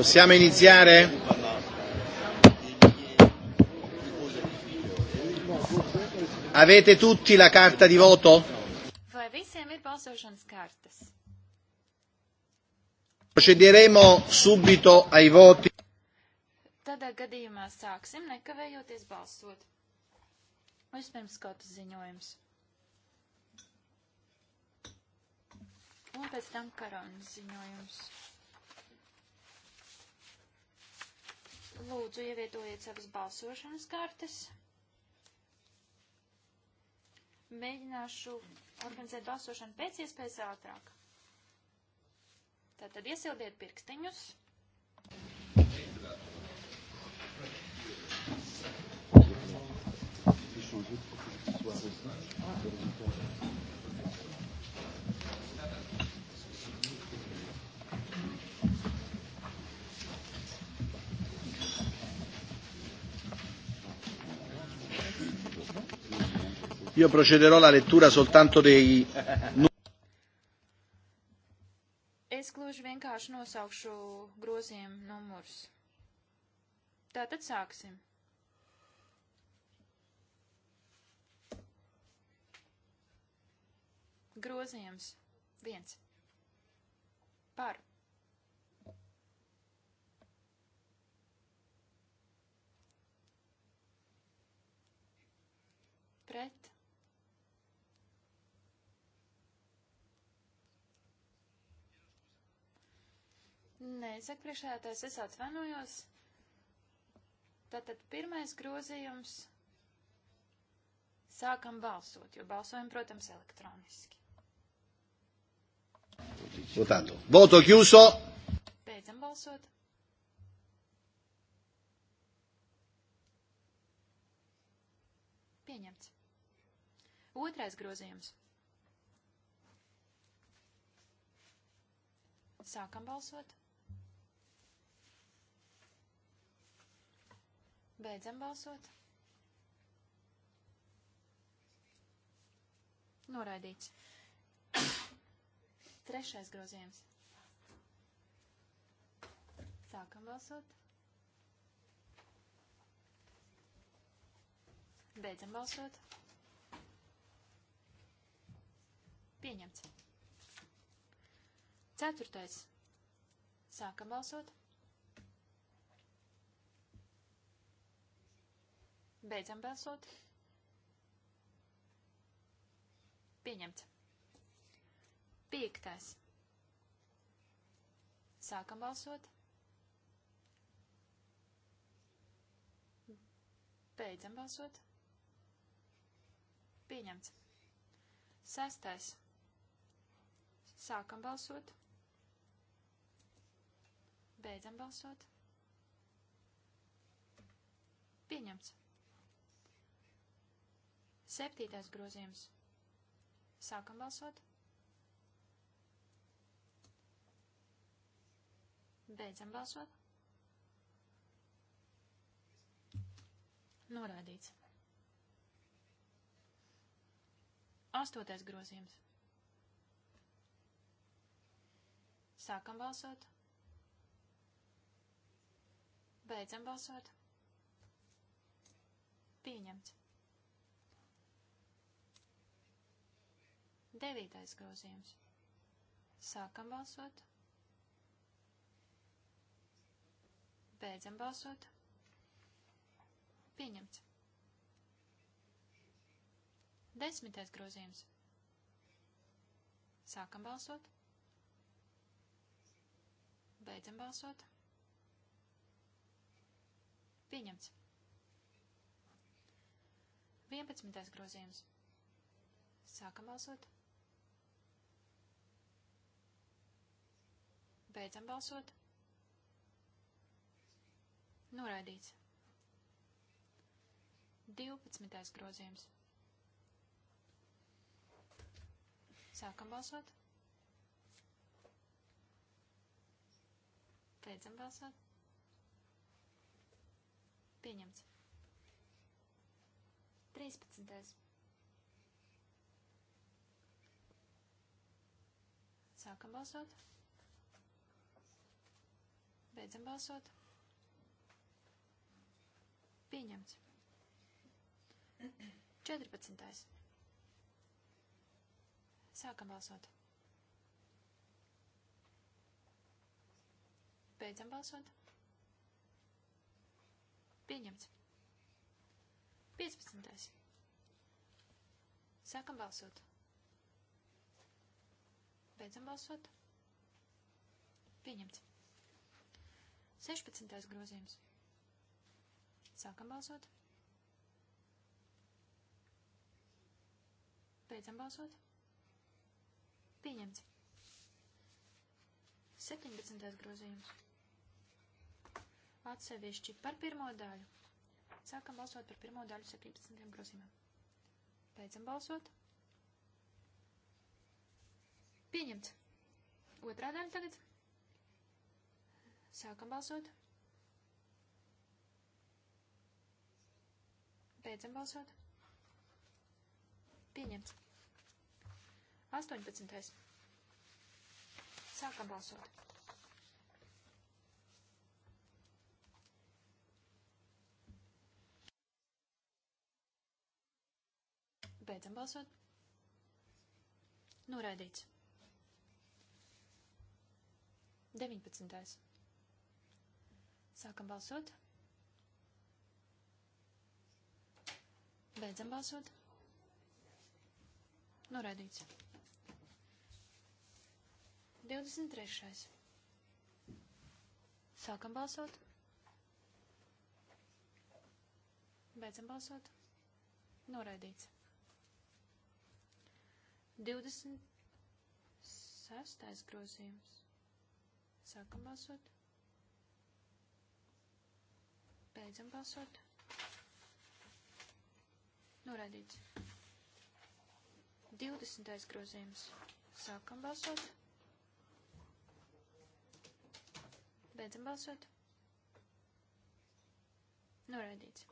Possiamo iniziare? Avete tutti la carta di voto? Vai visiem ir balsošanas kartes. Procederemo subito ai voti. Tādā gadījumā sāksim nekavējoties balsot. Vispirms kaut ziņojums. Un pēc tam karonas ziņojums. Lūdzu, ievietojiet savas balsošanas kartes. Mēģināšu organizēt balsošanu pēc iespējas ātrāk. Tātad iesildiet pirkstiņus. Thank you. Io procederò alla lettura soltanto dei. Nu- es gluži vienkārši nosaukšu grozījumu numurus. Tātad sāksim. Grozījums viens par. Pret. Nē, saka priekšējātais, es atvainojos. Tātad pirmais grozījums. Sākam balsot, jo balsojam, protams, elektroniski. Votato. Voto chiuso. Beidzam balsot. Pieņemts. Otrais grozījums. Sākam balsot. Beidzam balsot. Noraidīts. Trešais grozījums. Sākam balsot. Beidzam balsot. Pieņemts. Ceturtais. Sākam balsot. Beidzam balsot. Pieņemts. Piektais. Sākam balsot. Beidzam balsot. Pieņemts. Sestais. Sākam balsot. Beidzam balsot. Pieņemts. Septītais grozījums. Sākam balsot. Beidzam balsot. Norādīts. Astotais grozījums. Sākam balsot. Beidzam balsot. Pieņemts. Devītais grozījums. Sākam balsot. Beidzam balsot. Pieņemts. Desmitais grozījums. Sākam balsot. Beidzam balsot. Pieņemts. 11. grozījums. Sākam balsot. Beidzam balsot. Noraidīts. 12. grozījums. Sākam balsot. Beidzam balsot. Pieņemts. 13. Sākam balsot. Beidzam balsot. Pieņemts. 14. Sākam balsot. Beidzam balsot. Pieņemts. 15. Sākam balsot. Beidzam balsot. Pieņemts. 16. grozījums. Sākam balsot. Beidzam balsot. Pieņemts. 17. grozījums. Atsevišķi par pirmo daļu. Sākam balsot par pirmo daļu 17. grozījumam. Beidzam balsot. Pieņemts. Otrā daļa tagad. Sākam balsot. Beidzam balsot. Pieņemts. 18. Sākam balsot. Beidzam balsot. Noraidīts. 19. Sākam balsot. Beidzam balsot. Noraidīts. 23. Sākam balsot. Beidzam balsot. Noraidīts. 26. grozījums. Sākam balsot. Beidzam balsot. Noraidīts. 20. grozījums. Sākam balsot. Beidzam balsot. Noraidīts.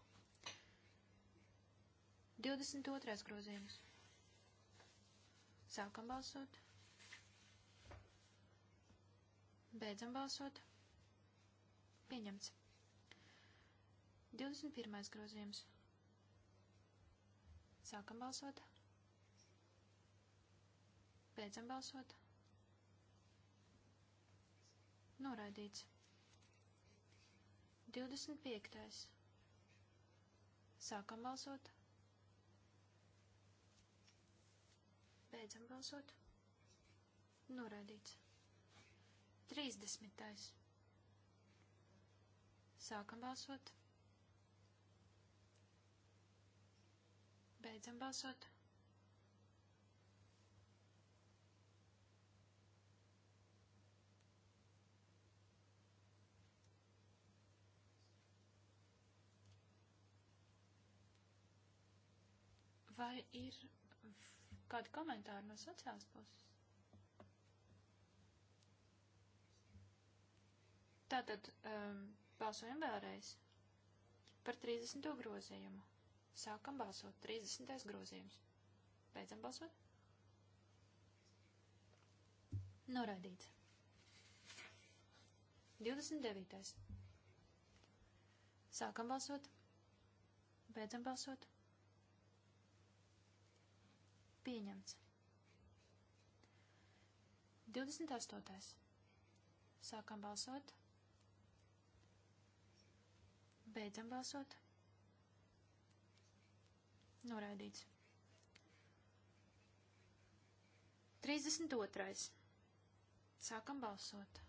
22. grozījums. Sākam balsot. Beidzam balsot. Pieņemts. 21. grozījums. Sākam balsot. Beidzam balsot. Noraidīts. 25. Sākam balsot. Beidzam balsot. Noraidīts. 30. Sākam balsot. Beidzam balsot. Vai ir kādi komentāri no sociālas puses? Tātad um, balsojam vēlreiz par 30. grozījumu. Sākam balsot. 30. grozījums. Beidzam balsot. Noraidīts. 29. Sākam balsot. Beidzam balsot. Pieņemts. 28. Sākam balsot. Beidzam balsot. Noraidīts. 32. Sākam balsot.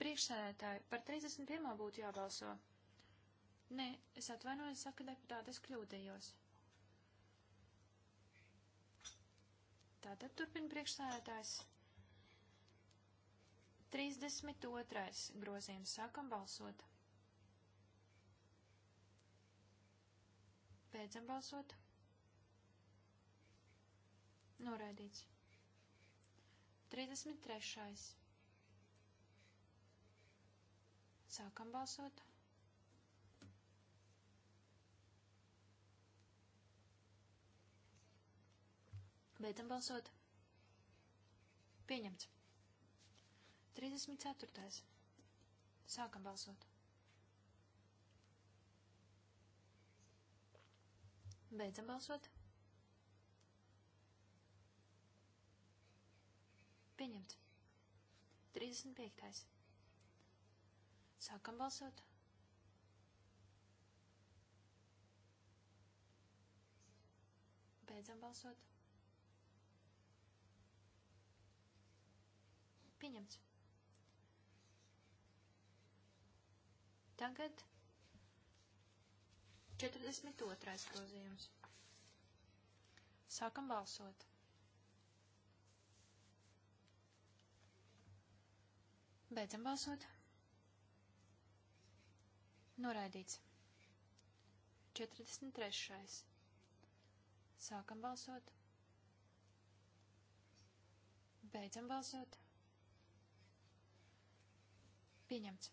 Priekšsēdētāji, par 31. būtu jābalso. Nē, es atvainojos, saka deputāte, es kļūdījos. Tātad turpina priekšsēdētājs. 32. grozījums. Sākam balsot. Beidzam balsot. Noraidīts. 33. Sākam balsot. Beidzam balsot. Pieņemts. 34. Sākam balsot. Beidzam balsot. Pieņemts. 35. Sākam balsot. Beidzam balsot. Pieņemts. Tagad 42. grozījums. Sākam balsot. Beidzam balsot. Noraidīts. 43. Sākam balsot. Beidzam balsot. Pieņemts.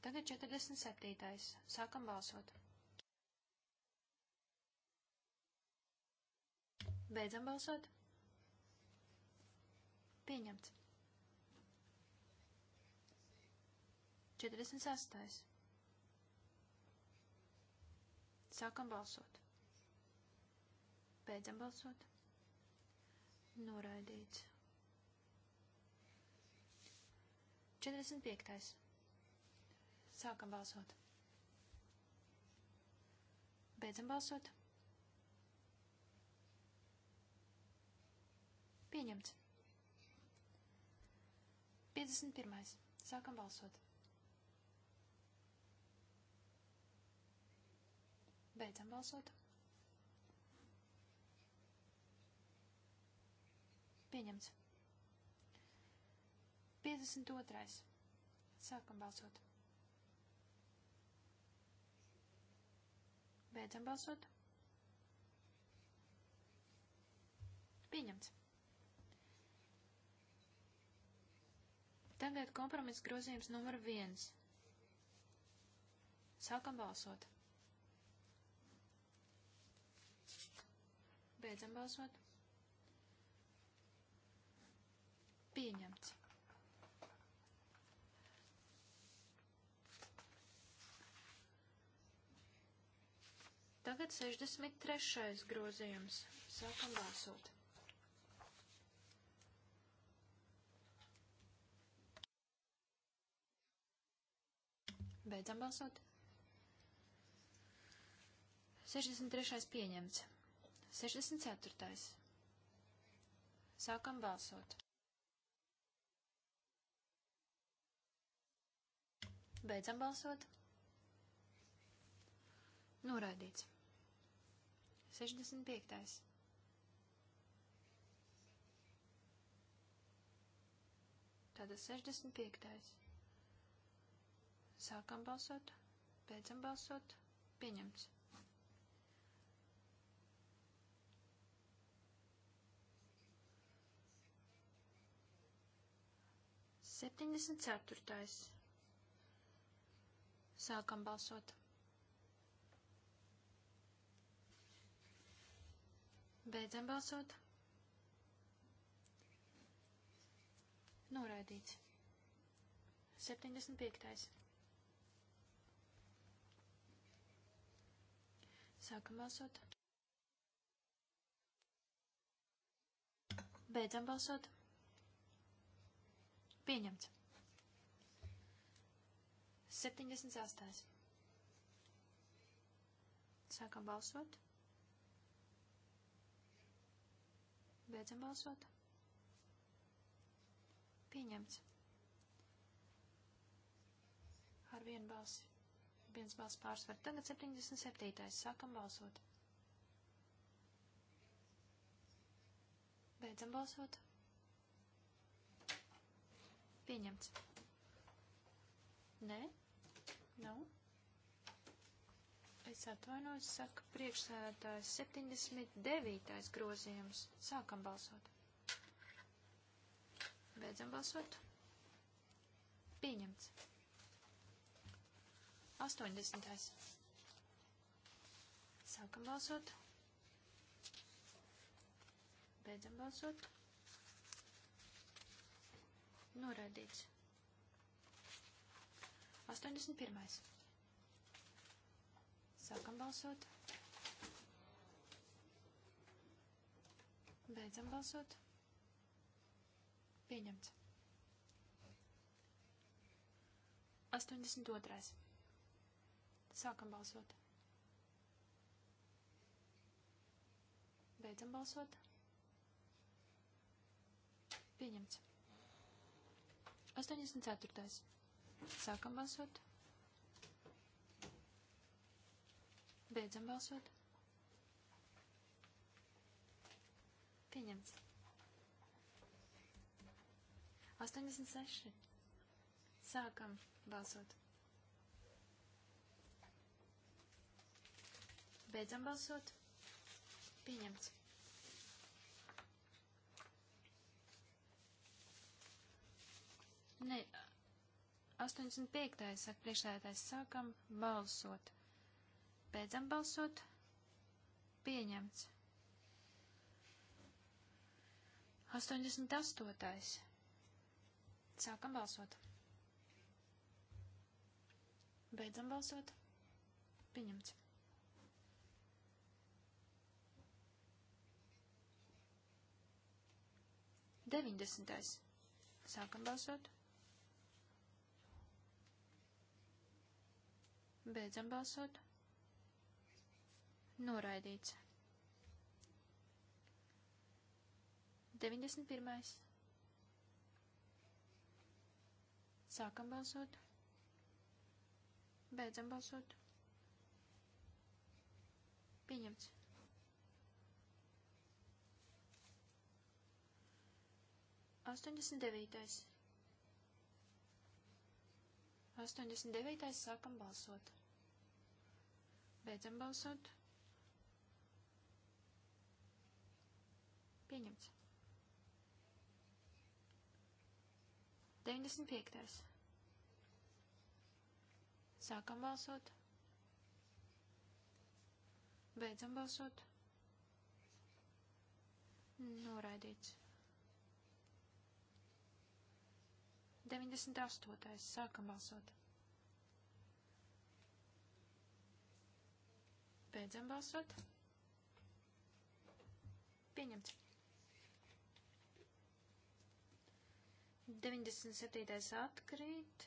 Tagad 47. Sākam balsot. Beidzam balsot. Pieņemts. 48. Sākam balsot. Beidzam balsot. Noraidīts. 45. Sākam balsot. Beidzam balsot. Pieņemts. 51. Sākam balsot. Beidzam balsot. Pieņemts. 52. Sākam balsot. Beidzam balsot. Pieņemts. Tagad kompromiss grozījums numur viens. Sākam balsot. Beidzam balsot. Pieņemts. Tagad 63. grozījums. Sākam balsot. Beidzam balsot. 63. pieņemts. 64. Sākam balsot. Beidzam balsot. Noraidīts. 65. Tātad 65. Sākam balsot, beidzam balsot, pieņemts. Septiņdesmit ceturtais. Sākam balsot. Beidzam balsot. Noraidīts. 75. Sākam balsot. Beidzam balsot. Pieņemts. 78. Sākam balsot. Beidzam balsot. Pieņemts. Ar vienu balsi. Viens balss pārsvar. Tagad 77. Sākam balsot. Beidzam balsot. Pieņemts. Nē? Nav? No? Es atvainojos, saka priekšsēdētājs 79. grozījums. Sākam balsot. Beidzam balsot. Pieņemts. 80. Sākam balsot. Beidzam balsot. Noraidīts. 81. Sākam balsot. Beidzam balsot. Pieņemts. 82. Sākam balsot. Beidzam balsot. Pieņemts. 84. Sākam balsot. Beidzam balsot. Pieņemts. 86. Sākam balsot. Beidzam balsot. Pieņemts. Ne, 85. saka priekšsēdētājs, sākam balsot. Beidzam balsot. Pieņemts. 88. Sākam balsot. Beidzam balsot. Pieņemts. Deviņdesmitais. Sākam balsot. Beidzam balsot. Noraidīts. 91. Sākam balsot. Beidzam balsot. Pieņemts. Astoņdesmit devītais. Astoņdesmit devītais sākam balsot. Beidzam balsot. Pieņemts. 95. Sākam balsot. Beidzam balsot. Noraidīts. 98. Sākam balsot. Beidzam balsot. Pieņemts. 97. atkrīt.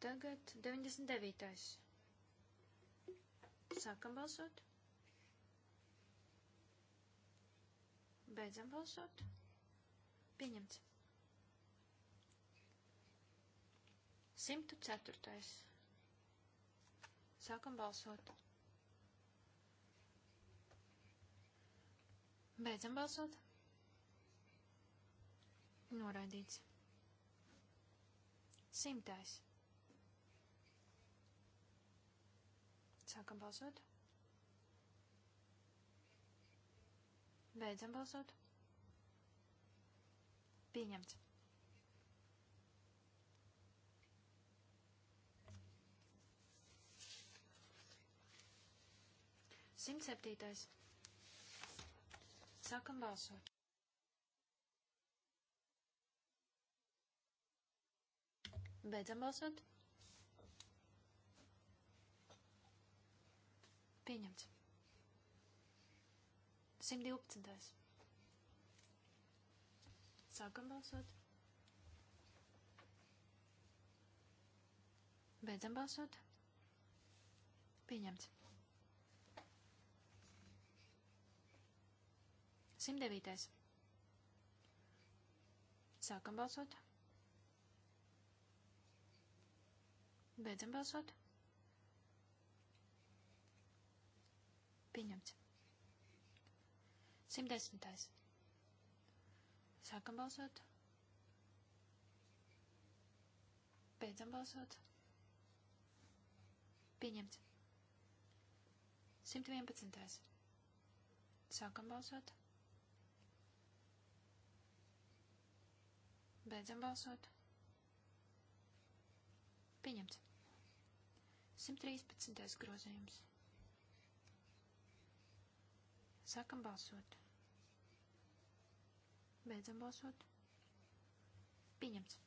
Tagad 99. Sākam balsot. Beidzam balsot. Pieņemts. 104. Sākam balsot. Beidzam balsot. Noraidīts. Simtais. Sākam balsot. Beidzam balsot. Pieņemts. Simt septītais. Sākam balsot. Beidzam balsot. Pieņemts. 112. Sākam balsot. Beidzam balsot. Pieņemts. 109. Sākam balsot. Beidzam balsot. Pieņemts. 110. Sākam balsot. Beidzam balsot. Pieņemts. 111. Sākam balsot. Beidzam balsot. Pieņemts. 113. grozījums. Sākam balsot. Beidzam balsot. Pieņemts.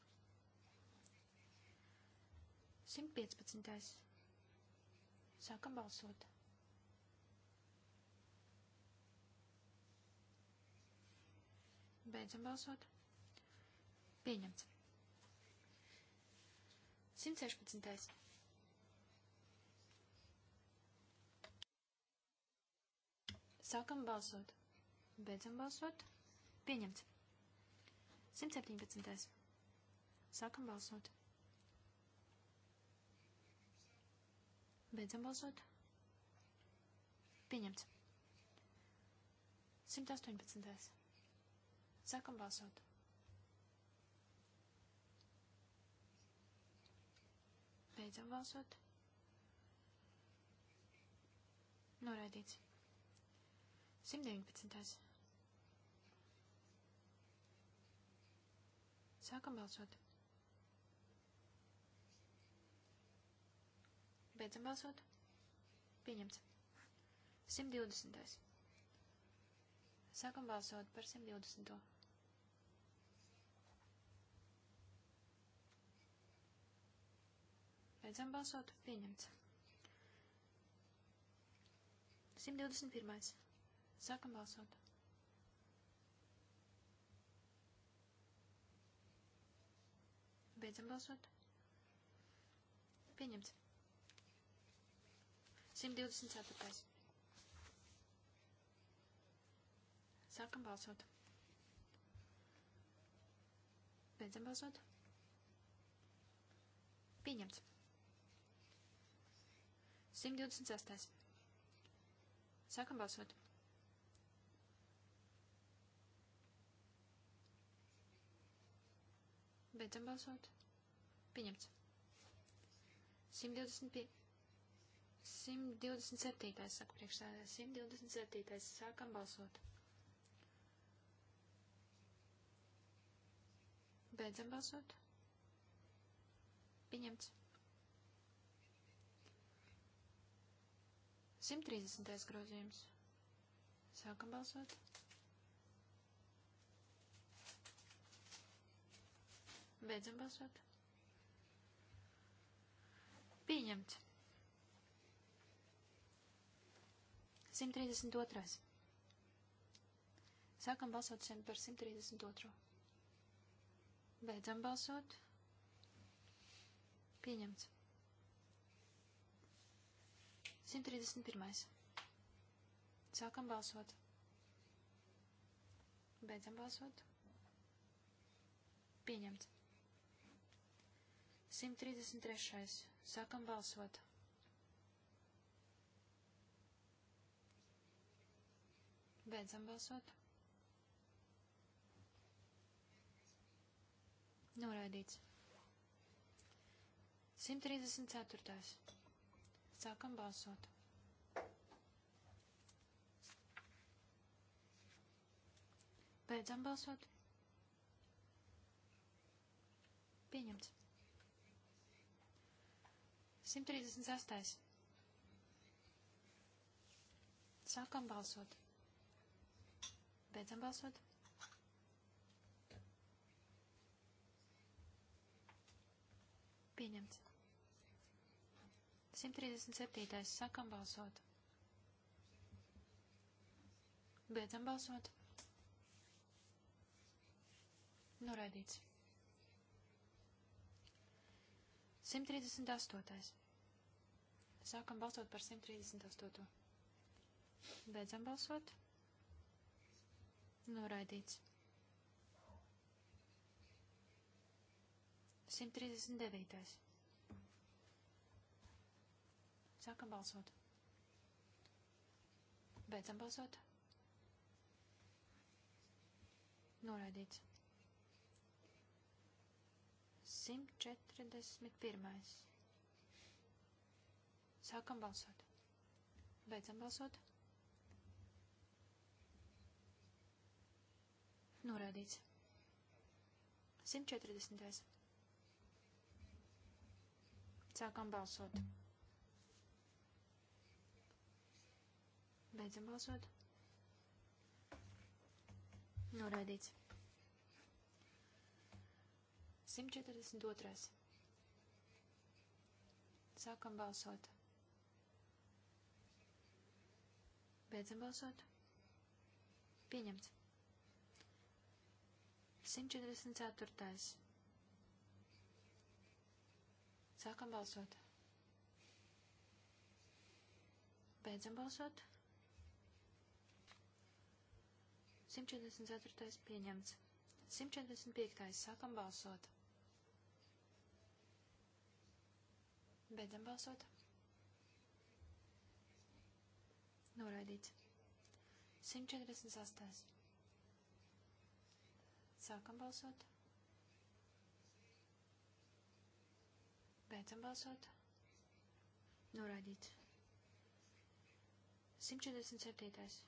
115. Sākam balsot. Beidzam balsot. Pieņemts. 116. Sākam balsot. Beidzam balsot. Pieņemts. 117. Sākam balsot. Beidzam balsot. Pieņemts. 118. Sākam balsot. Beidzam balsot. Noraidīts. 119. Sākam balsot. Beidzam balsot. Pieņemts. 120. Sākam balsot par 120. Beidzam balsot. Pieņemts. 121. Sākam balsot. Beidzam balsot. Pieņemts. 124. Sākam balsot. Beidzam balsot. Pieņemts. 126. Sākam balsot. Beidzam balsot. Pieņemts. 125. 127. saka priekšsēdē. 127. sākam balsot. Beidzam balsot. Pieņemts. 130. grozījums. Sākam balsot. Beidzam balsot. Pieņemts. 132. Sākam balsot par 132. Beidzam balsot. Pieņemts. 131. Sākam balsot. Beidzam balsot. Pieņemts. 133. Sākam balsot. Beidzam balsot. Noraidīts. 134. Sākam balsot. Beidzam balsot. Pieņemts. 138. Sākam balsot. Beidzam balsot. Pieņemts. 137. Sākam balsot. Beidzam balsot. Noraidīts. 138. Sākam balsot par 138. Beidzam balsot. Noraidīts. 139. Sākam balsot. Beidzam balsot. Noraidīts. 141. Sākam balsot. Beidzam balsot. Norādīts. 140. Sākam balsot. Beidzam balsot. Norādīts. 142. Sākam balsot. Beidzam balsot. Pieņemts. 144. Sākam balsot. Beidzam balsot. 144. pieņemts. 145. sākam balsot. Beidzam balsot. Noraidīts. 148. Sākam balsot. Beidzam balsot. Noraidīts. 147.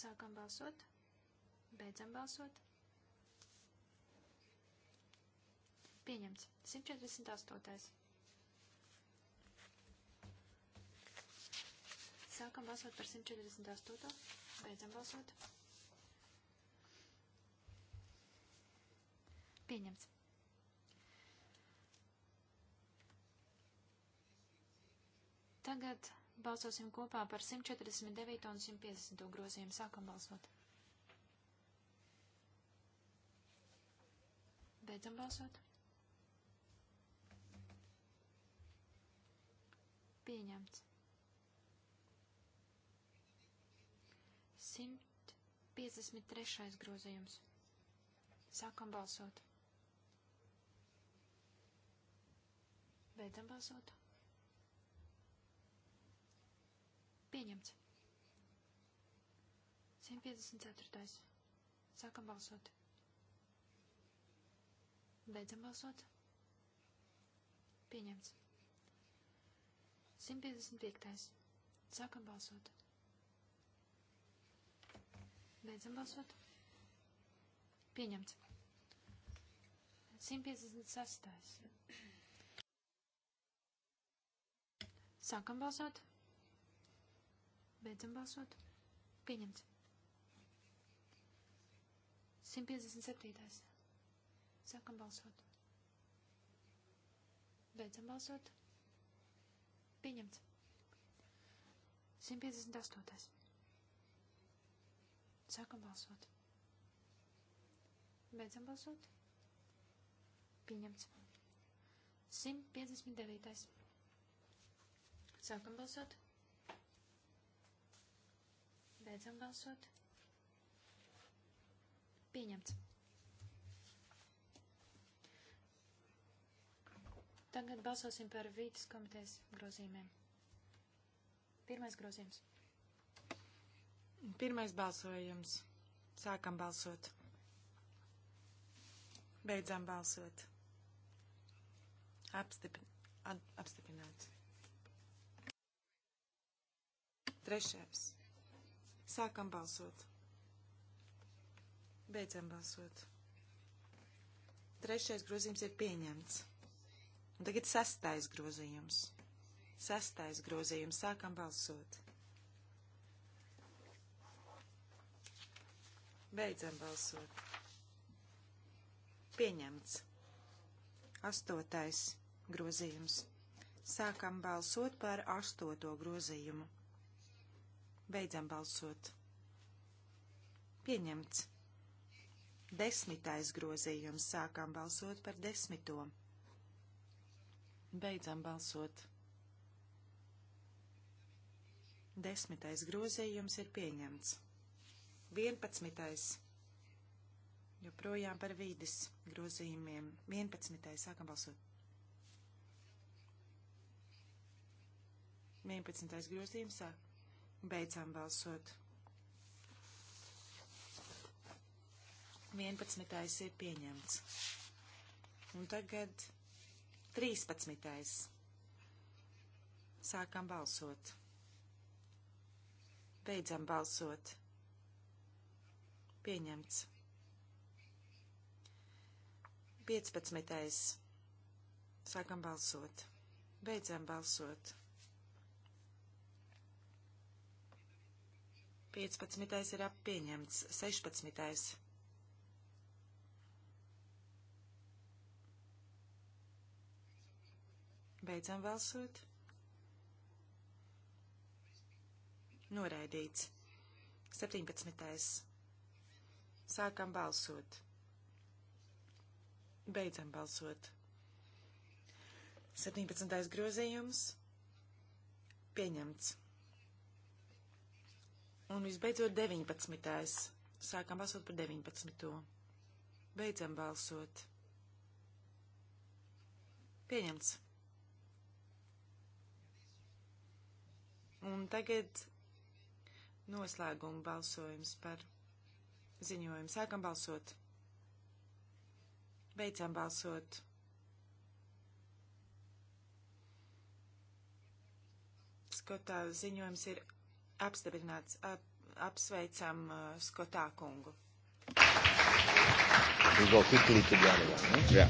Sākam balsot. Beidzam balsot. Pieņemts. 148. Sākam balsot par 148. Beidzam balsot. Pieņemts. Tagad balsosim kopā par 149 un 150 grozījumu. Sākam balsot. Beidzam balsot. Pieņemts. 153. grozījums. Sākam balsot. Beidzam balsot. Pieņemts. 154. Sākam balsot. Beidzam balsot. Pieņemts. 155. Sākam balsot. Beidzam balsot. Pieņemts. 156. Sākam balsot. Beidzam balsot. Pieņemts. 157. Sākam balsot. Beidzam balsot. Pieņemts. 158. Sākam balsot. Beidzam balsot. Pieņemts. 159. Sākam balsot. Beidzam balsot. Pieņemts. Tagad balsosim par vītas komitejas grozījumiem. Pirmais grozījums. Pirmais balsojums. Sākam balsot. Beidzam balsot. Apstipri at, apstiprināts. Trešais. Sākam balsot. Beidzam balsot. Trešais grozījums ir pieņemts. Un tagad sastais grozījums. Sastais grozījums. Sākam balsot. Beidzam balsot. Pieņemts. Astotais grozījums. Sākam balsot par astoto grozījumu. Beidzam balsot. Pieņemts. Desmitais grozījums. Sākām balsot par desmito. Beidzam balsot. Desmitais grozījums ir pieņemts. 11. Joprojām par vīdes grozījumiem. 11. sākam balsot. 11. grozījums sāk. Beidzām balsot. 11. ir pieņemts. Un tagad 13. Sākam balsot. Beidzam balsot. Pieņemts. 15. Sākam balsot. Beidzam balsot. 15. ir pieņemts. 16. Beidzam balsot. Noraidīts. 17. Sākam balsot. Beidzam balsot. 17. grozījums pieņemts. Un visbeidzot 19. Sākam balsot par 19. Beidzam balsot. Pieņemts. Un tagad noslēguma balsojums par ziņojumu. Sākam balsot. Beidzam balsot. Skotā ziņojums ir apstiprināts. Ap, apsveicam uh, Skotā kungu. We'll go quickly to the other one. Eh? Yeah.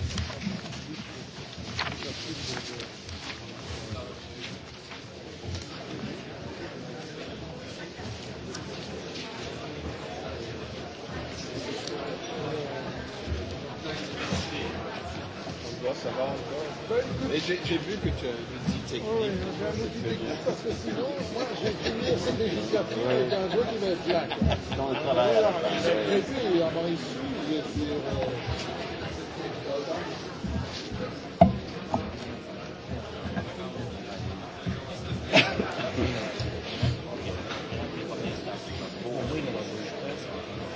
Mais j'ai vu que tu as une petite technique. Oh, oui, j'ai un outil technique parce que sinon, moi, j'ai fini à cette législature ouais. avec un jeu qui va être là. Non, ça va. J'ai prêté à Marisou, j'ai été.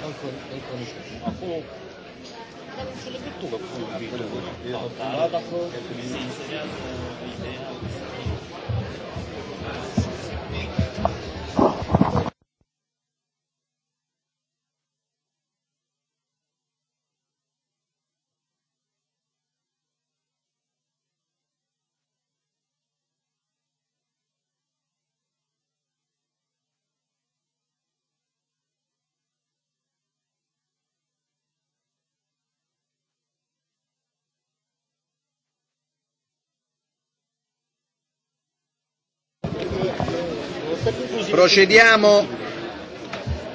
Alcohol, alcohol. Alcohol. Παράδαφο, συνήθως, ιδέα, Procediamo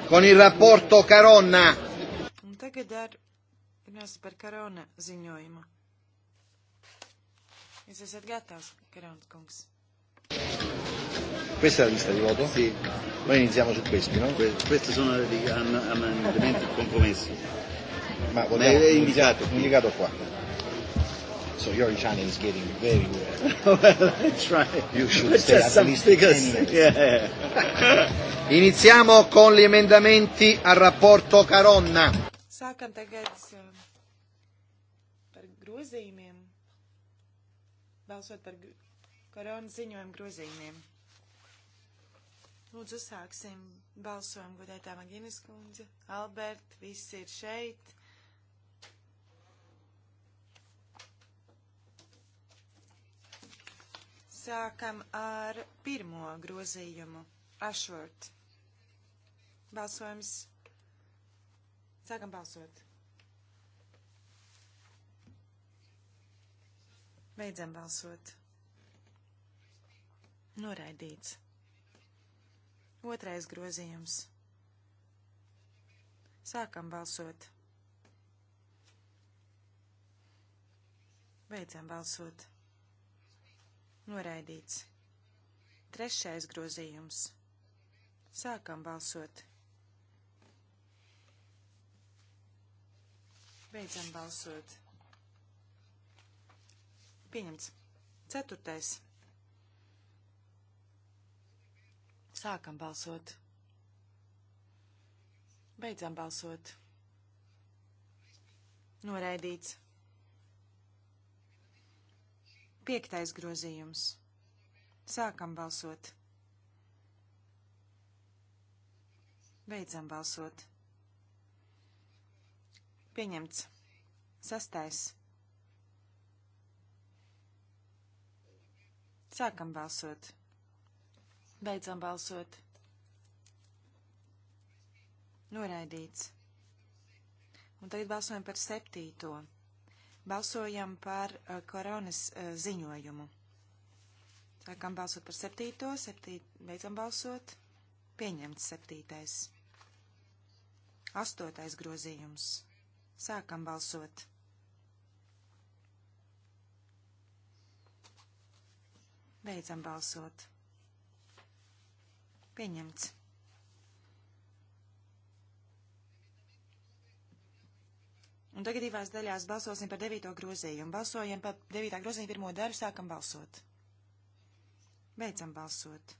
con il rapporto Caronna. Un tagad ar runāsim par Karona ziņojumu. Jūs esat gatavs, Karons kungs? Questa è la lista di voto? Sì. Noi iniziamo su questi, no? Questi sono gli am- amendamenti compromessi. Ma vogliamo, è indicato, indicato qua. So your Italian is getting very well. well I try. You should But stay at least 10 years. Yeah. Iniziamo con gli emendamenti al rapporto Caronna. Sākam tagad um, par grozījumiem. Balsot par koronas ziņojumu grozījumiem. Lūdzu, sāksim balsojumu, godētā Maginis kundze. Albert, viss ir šeit. Sākam ar pirmo grozījumu. Ašvort. Balsojums. Sākam balsot. Beidzam balsot. Noraidīts. Otrais grozījums. Sākam balsot. Beidzam balsot. Noraidīts. Trešais grozījums. Sākam balsot. Beidzam balsot. Pieņemts. Ceturtais. Sākam balsot. Beidzam balsot. Noraidīts. Piektais grozījums. Sākam balsot. Beidzam balsot. Pieņemts. Sastais. Sākam balsot. Beidzam balsot. Noraidīts. Un tagad balsojam par septīto. Balsojam par uh, koronas uh, ziņojumu. Sākam balsot par septīto, septīt, beidzam balsot. Pieņemts septītais. Astotais grozījums. Sākam balsot. Beidzam balsot. Pieņemts. Un tagad divās daļās balsosim par devīto grozījumu. Balsojam par devītā grozījuma pirmo daļu, sākam balsot. Beidzam balsot.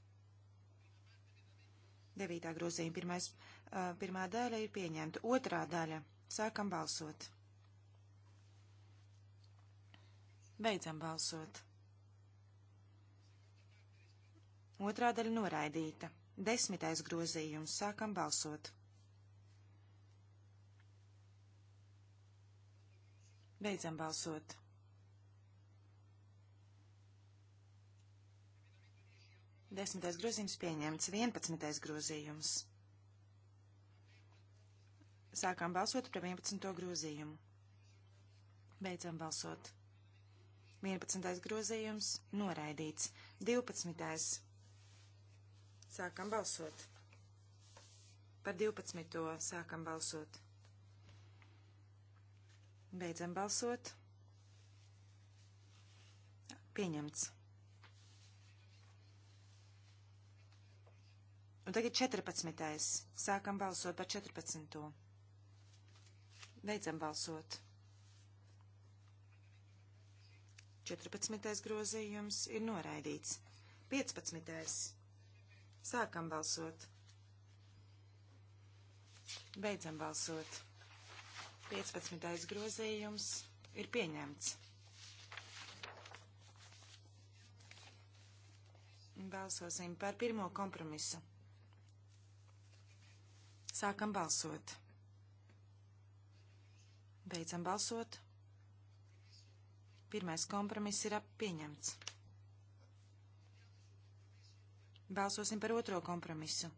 Devītā grozījuma pirmais, uh, pirmā daļa ir pieņemta. Otrā daļa. Sākam balsot. Beidzam balsot. Otrā daļa noraidīta. Desmitais grozījums. Sākam balsot. Beidzam balsot. Desmitais grozījums pieņemts. Vienpadsmitais grozījums. Sākām balsot par 11. grozījumu. Beidzam balsot. 11. grozījums noraidīts. 12. Sākam balsot. Par 12. sākam balsot. Beidzam balsot. Pieņemts. Un tagad 14. Sākam balsot par 14. Beidzam balsot. 14. grozījums ir noraidīts. 15. Sākam balsot. Beidzam balsot. 15. grozījums ir pieņemts. Balsosim par pirmo kompromisu. Sākam balsot. Beidzam balsot. Pirmais kompromiss ir pieņemts. Balsosim par otro kompromisu.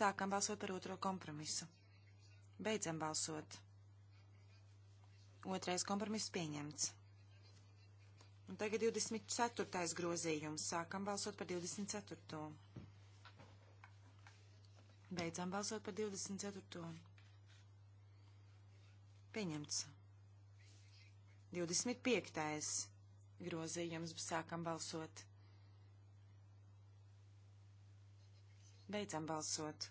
Sākam balsot par otro kompromisu. Beidzam balsot. Otrais kompromiss pieņemts. Un tagad 24. grozījums. Sākam balsot par 24. Beidzam balsot par 24. Pieņemts. 25. grozījums. Sākam balsot. Beidzam balsot.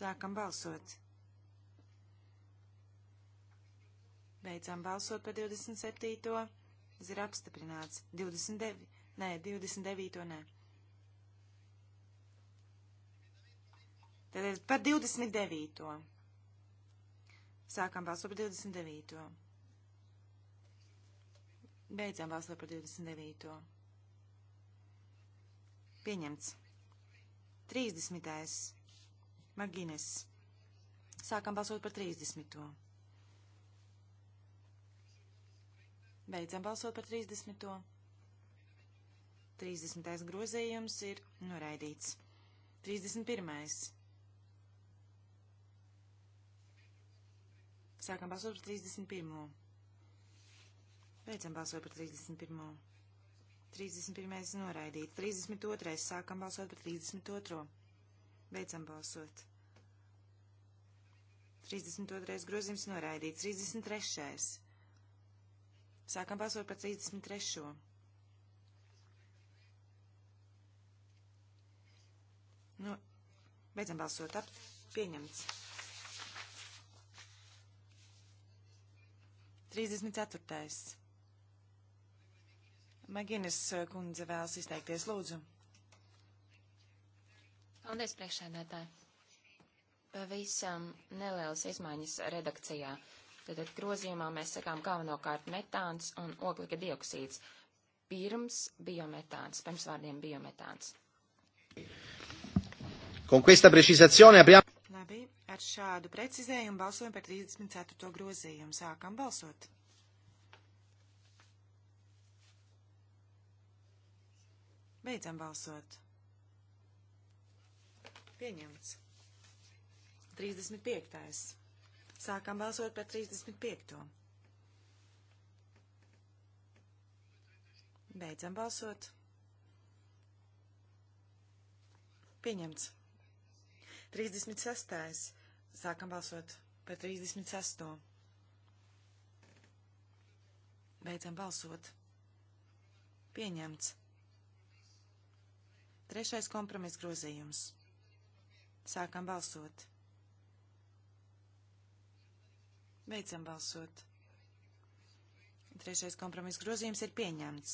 Sākam balsot. Beidzam balsot par 27. Tas ir apstiprināts. 29. Nē, 29. Nē. Tātad par 29. Sākam balsot par 29. Beidzam balsot par 29. Pieņemts. 30. Magines. Sākam balsot par 30. Beidzam balsot par 30. 30. grozījums ir noraidīts. 31. Sākam balsot par 31. Beidzam balsot par 31. 31. noraidīts. 32. Sākam balsot par 32. Beidzam balsot. 32. grozījums noraidīts. 33. Sākam balsot par 33. Nu, beidzam balsot ap. Pieņemts. 34. Maginas eh, kundze vēlas izteikties. Lūdzu. Paldies, priekšsēdētāji pavisam nelielas izmaiņas redakcijā. Tātad grozījumā mēs sakām galvenokārt metāns un oglika dioksīds. Pirms biometāns, pirms vārdiem biometāns. Con questa precisazione apriamo. Labi, ar šādu precizējumu balsojam par 34. grozījumu. Sākam balsot. Beidzam balsot. Pieņemts. 35. Sākam balsot par 35. Beidzam balsot. Pieņemts. 36. Sākam balsot par 36. Beidzam balsot. Pieņemts. Trešais kompromiss grozījums. Sākam balsot. Beidzam balsot. Trešais kompromiss grozījums ir pieņemts.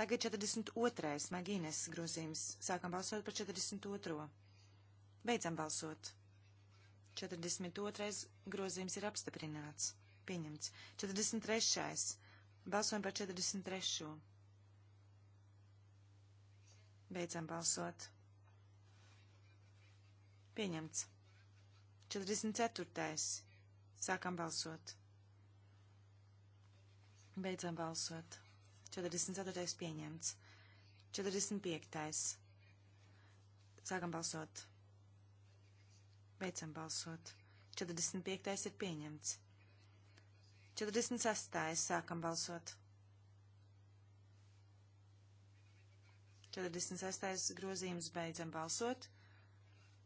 Tagad 42. Magīnes grozījums. Sākam balsot par 42. Beidzam balsot. 42. grozījums ir apstiprināts. Pieņemts. 43. Balsojam par 43. Beidzam balsot. Pieņemts. 44. Sākam balsot. Beidzam balsot. 44. pieņemts. 45. Sākam balsot. Beidzam balsot. 45. ir pieņemts. 46. sākam balsot. 46. grozījums beidzam balsot.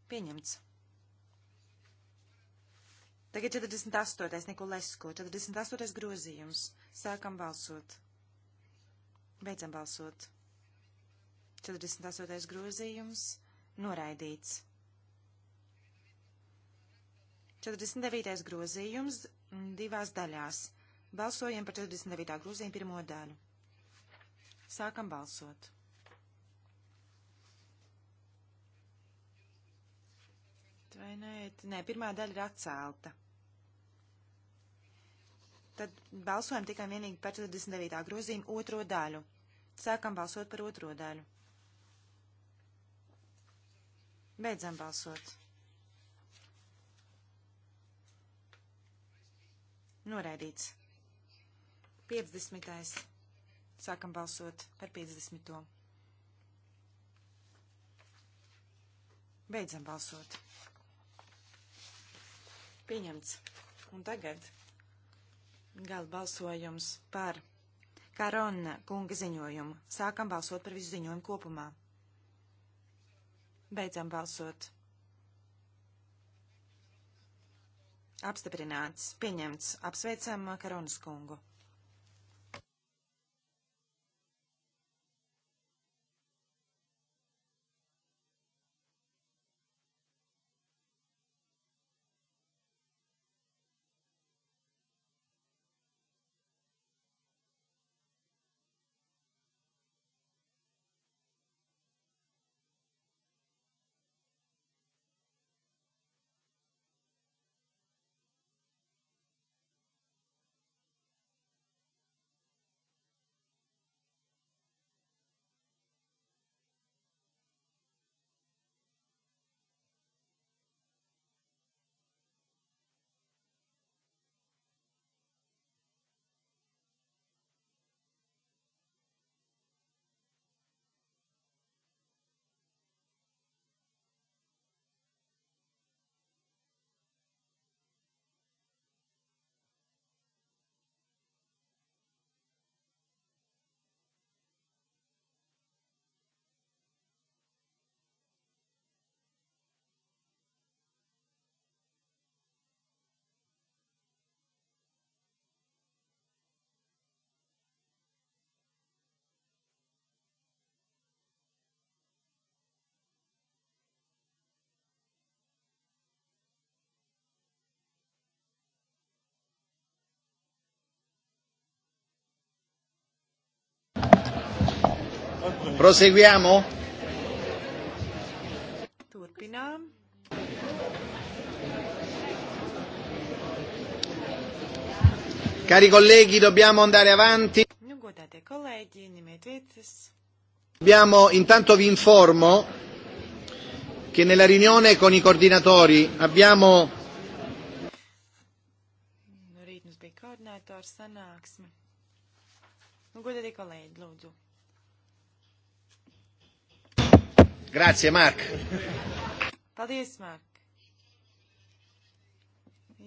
Pieņemts. Tagad 48. Nikolesko, 48. grozījums. Sākam balsot. Beidzam balsot. 48. grozījums. Noraidīts. 49. grozījums divās daļās. Balsojam par 49. grozījumu pirmo daļu. Sākam balsot. vai nē? Nē, pirmā daļa ir atcelta. Tad balsojam tikai vienīgi par 49. grozījumu otro daļu. Sākam balsot par otro daļu. Beidzam balsot. Noraidīts. 50. Sākam balsot par 50. Beidzam balsot. Pieņemts. Un tagad gala balsojums par Karona kunga ziņojumu. Sākam balsot par visu ziņojumu kopumā. Beidzam balsot. Apstiprināts, pieņemts, apsveicam Karonas kungu. Proseguiamo? Turpinām. Cari colleghi, dobbiamo andare avanti. Nu, godate colleghi, ņemiet vietas. Abbiamo, intanto vi informo che nella riunione con i coordinatori abbiamo nu, Rīt mums bija koordinātors sanāksme. Nu, godīgi kolēģi, lūdzu. Grazie, Mark! Paldies, Mark!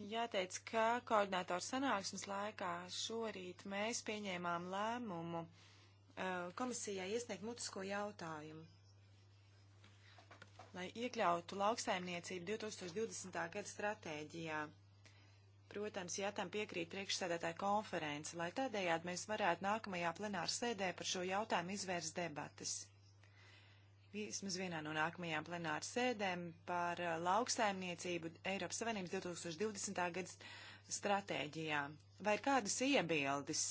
Jāteic, ka koordinātoru sanāksmes laikā šorīt mēs pieņēmām lēmumu eh, komisijai iesniegt mutisko jautājumu, lai iekļautu lauksaimniecību 2020. gada stratēģijā. Protams, ja tam piekrīt priekšsēdētāja konference, lai tādējādi mēs varētu nākamajā plenāra sēdē par šo jautājumu izvērst debatas vismaz vienā no nākamajām plenāru sēdēm par uh, lauksaimniecību Eiropas Savienības 2020. gada stratēģijā. Vai ir kādas iebildes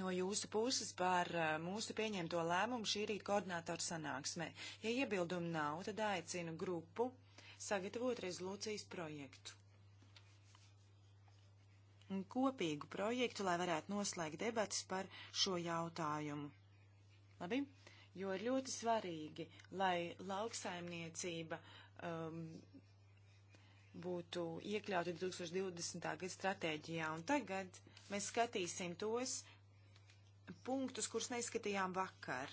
no jūsu puses par uh, mūsu pieņemto lēmumu šī rīta koordinātoru sanāksmē? Ja iebildumu nav, tad aicinu grupu sagatavot rezolūcijas projektu. Un kopīgu projektu, lai varētu noslēgt debatas par šo jautājumu. Labi? jo ir ļoti svarīgi, lai lauksaimniecība um, būtu iekļauta 2020. gada stratēģijā. Un tagad mēs skatīsim tos punktus, kurus neskatījām vakar.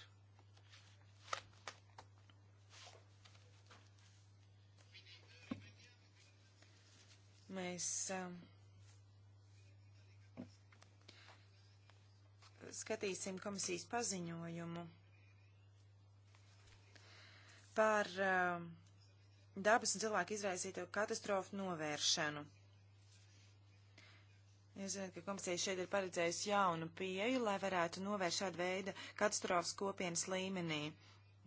Mēs um, skatīsim komisijas paziņojumu par uh, dabas un cilvēku izraisīto katastrofu novēršanu. Es zinu, ka komisija šeit ir paredzējusi jaunu pieju, lai varētu novērst šādu veidu katastrofas kopienas līmenī.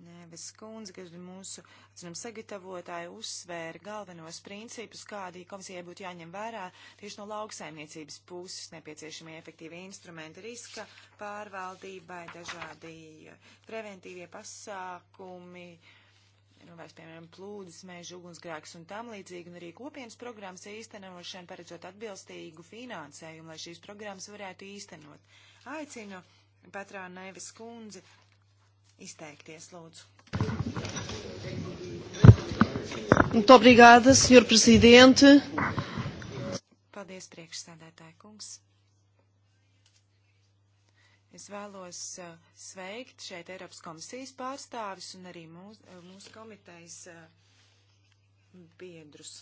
Nevis kundze, kas ir mūsu, atzinām, sagatavotāja, uzsvēra galvenos principus, kādī komisijai būtu jāņem vērā tieši no lauksaimniecības puses nepieciešamie efektīvi instrumenti riska pārvaldībai, dažādi preventīvie pasākumi, uh, nu, vairs, piemēram, plūdes, mēža ugunsgrēks un tam līdzīgi, un arī kopienas programmas īstenošana, paredzot atbilstīgu finansējumu, lai šīs programmas varētu īstenot. Aicinu Patrāna Neves kundzi izteikties, lūdzu. Muito obrigada, Sr. Presidente. Paldies, priekšsādātāja kungs. Es vēlos uh, sveikt šeit Eiropas komisijas pārstāvis un arī mūs, uh, mūsu komitejas uh, biedrus.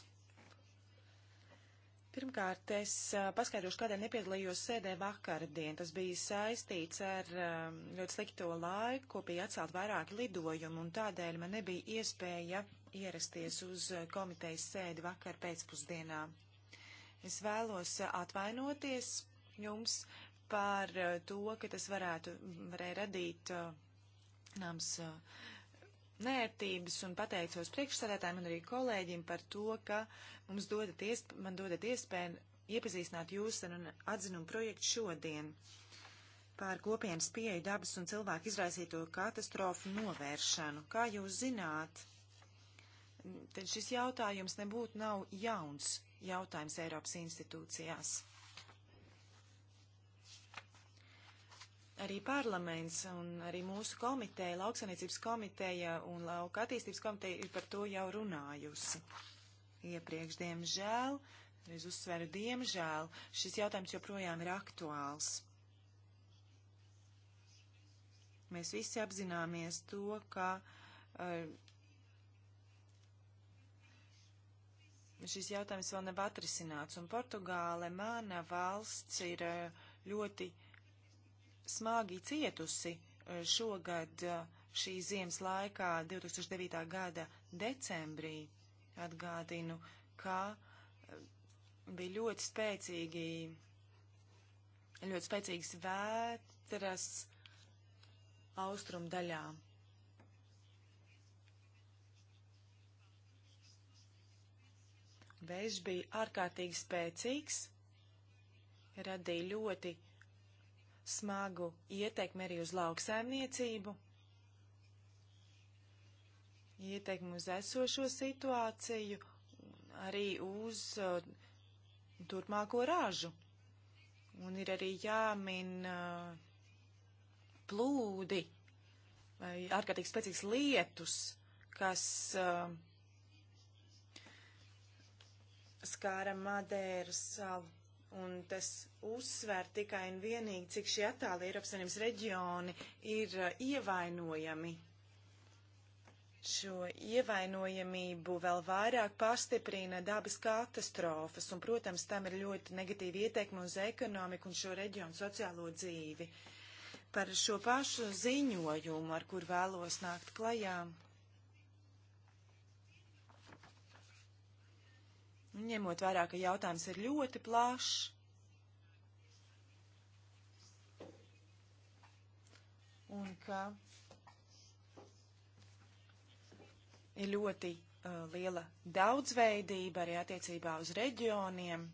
Pirmkārt, es uh, paskaidrošu, kādēļ nepiedalījos sēdē vakardien. Tas bija saistīts ar um, ļoti slikto laiku, ko bija atcelt vairāki lidojumi, un tādēļ man nebija iespēja ierasties uz uh, komitejas sēdi vakar pēcpusdienā. Es vēlos uh, atvainoties jums par eh, to, ka tas varētu varēja radīt eh, nams eh, nērtības un pateicos priekšsādātājiem un arī kolēģim par to, ka mums dodat iesp man dodat iespēju iepazīstināt jūs ar atzinumu projektu šodien par kopienas pieeju dabas un cilvēku izraisīto katastrofu novēršanu. Kā jūs zināt, tad šis jautājums nebūtu nav jauns jautājums Eiropas institūcijās. arī parlaments un arī mūsu komiteja, lauksaimniecības komiteja un lauka attīstības komiteja ir par to jau runājusi. Iepriekš, diemžēl, es uzsveru, diemžēl, šis jautājums joprojām ir aktuāls. Mēs visi apzināmies to, ka uh, šis jautājums vēl nav atrisināts, un Portugāle, mana valsts, ir uh, ļoti uh, smagi cietusi e, šogad e, šī ziemas laikā, 2009. gada decembrī. Atgādinu, ka e, bija ļoti spēcīgi, ļoti spēcīgas vētras austrum daļā. Vējš bija ārkārtīgi spēcīgs, radīja ļoti smagu ietekmi arī uz lauksaimniecību, ietekmi uz esošo situāciju, arī uz uh, turpmāko ražu. Un ir arī jāmin uh, plūdi vai ārkārtīgi spēcīgs lietus, kas uh, skāra Madēras salu un tas uzsver tikai un vienīgi, cik šie attāli Eiropas Savienības reģioni ir uh, ievainojami. Šo ievainojamību vēl vairāk pastiprina dabas katastrofas, un, protams, tam ir ļoti negatīva ietekme uz ekonomiku un šo reģionu sociālo dzīvi. Par šo pašu ziņojumu, ar kur vēlos nākt klajām Un ņemot vērā, ka jautājums ir ļoti plašs. Un ka ir ļoti uh, liela daudzveidība arī attiecībā uz reģioniem.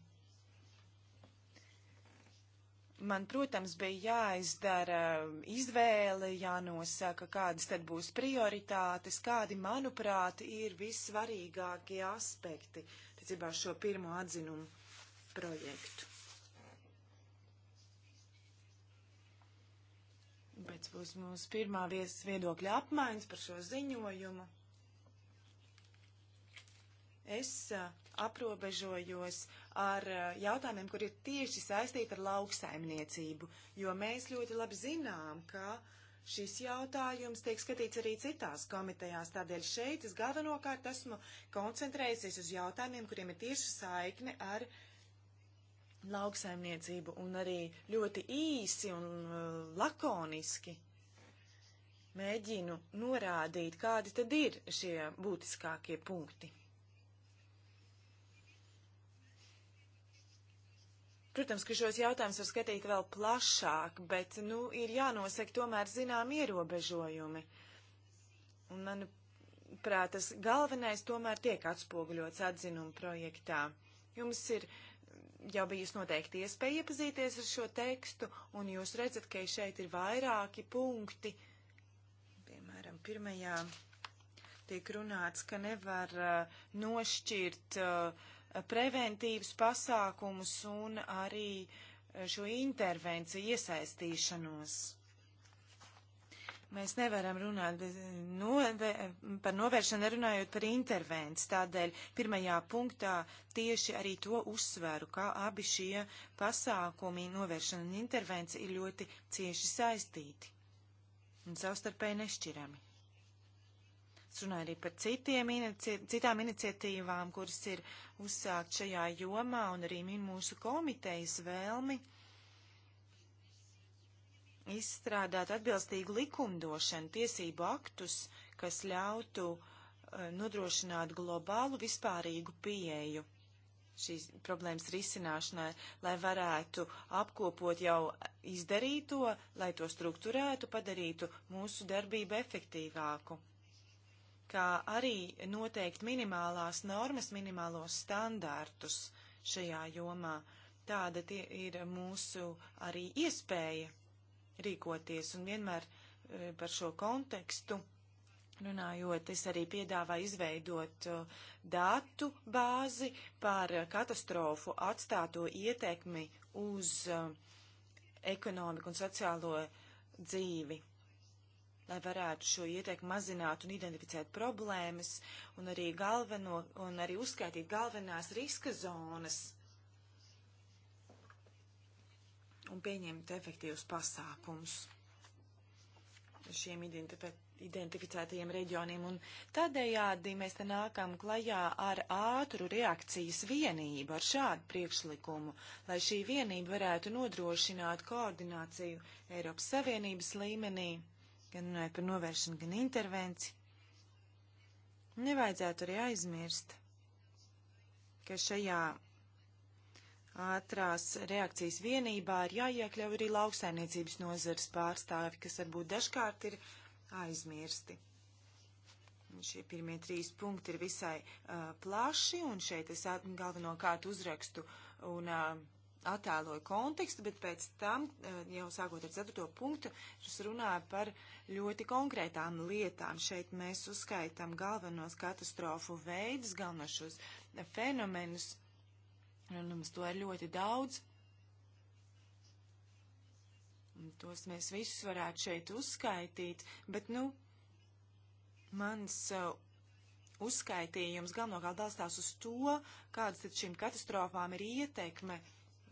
Man, protams, bija jāizdara um, izvēle, jānosaka, kādas tad būs prioritātes, kādi, manuprāt, ir vissvarīgākie aspekti. Uh, attiecībā uz šo pirmo atzinumu projektu. Pēc būs mūsu pirmā viesas viedokļa apmaiņas par šo ziņojumu. Es a, aprobežojos ar a, jautājumiem, kur ir tieši saistīti ar lauksaimniecību, jo mēs ļoti labi zinām, ka uh, Šis jautājums tiek skatīts arī citās komitejās, tādēļ šeit es galvenokārt esmu koncentrējusies uz jautājumiem, kuriem ir tieši saikne ar lauksaimniecību un arī ļoti īsi un uh, lakoniski mēģinu norādīt, kādi tad ir šie būtiskākie punkti. Protams, ka šos jautājumus var skatīt vēl plašāk, bet, nu, ir jānosaka tomēr zinām ierobežojumi. Un, manuprāt, tas galvenais tomēr tiek atspoguļots atzinuma projektā. Jums ir jau bijusi noteikti iespēja iepazīties ar šo tekstu, un jūs redzat, ka šeit ir vairāki punkti. Piemēram, pirmajā tiek runāts, ka nevar uh, nošķirt uh, preventīvus pasākumus un arī eh, šo intervenciju iesaistīšanos. Mēs nevaram runāt bez, eh, no, eh, par novēršanu, runājot par intervenciju. Tādēļ pirmajā punktā tieši arī to uzsveru, kā abi šie pasākumi, novēršana un intervencija, ir ļoti cieši saistīti un savstarpēji nešķirami. Es runāju arī par citiem, inici citām iniciatīvām, kuras ir uzsākt šajā jomā un arī min mūsu komitejas vēlmi izstrādāt atbilstīgu likumdošanu, tiesību aktus, kas ļautu uh, nodrošināt globālu vispārīgu pieeju šīs problēmas risināšanai, lai varētu apkopot jau izdarīto, lai to struktūrētu, padarītu mūsu darbību efektīvāku kā arī noteikt minimālās normas, minimālos standārtus šajā jomā. Tāda ir mūsu arī iespēja rīkoties un vienmēr e, par šo kontekstu runājot, es arī piedāvāju izveidot e, datu bāzi par katastrofu atstāto ietekmi uz e, ekonomiku un sociālo dzīvi lai varētu šo ieteikumu mazināt un identificēt problēmas un arī, galveno, un arī uzskaitīt galvenās riska zonas un pieņemt efektīvus pasākums šiem identificētajiem reģioniem. Un tādējādi mēs te nākam klajā ar ātru reakcijas vienību, ar šādu priekšlikumu, lai šī vienība varētu nodrošināt koordināciju Eiropas Savienības līmenī gan runājot par novēršanu, gan intervenciju, nevajadzētu arī aizmirst, ka šajā ātrās reakcijas vienībā ir jāiekļau arī lauksainiecības nozares pārstāvi, kas varbūt dažkārt ir aizmirsti. Un šie pirmie trīs punkti ir visai uh, plaši, un šeit es galvenokārt uzrakstu un uh, attēloju kontekstu, bet pēc tam, eh, jau sākot ar ceturto punktu, es runāju par ļoti konkrētām lietām. Šeit mēs uzskaitām galvenos katastrofu veidus, galvenos šos fenomenus, un mums to ir ļoti daudz. Un tos mēs visus varētu šeit uzskaitīt, bet, nu, mans eh, uzskaitījums galvenokārt balstās uz to, kādas tad šīm katastrofām ir ietekme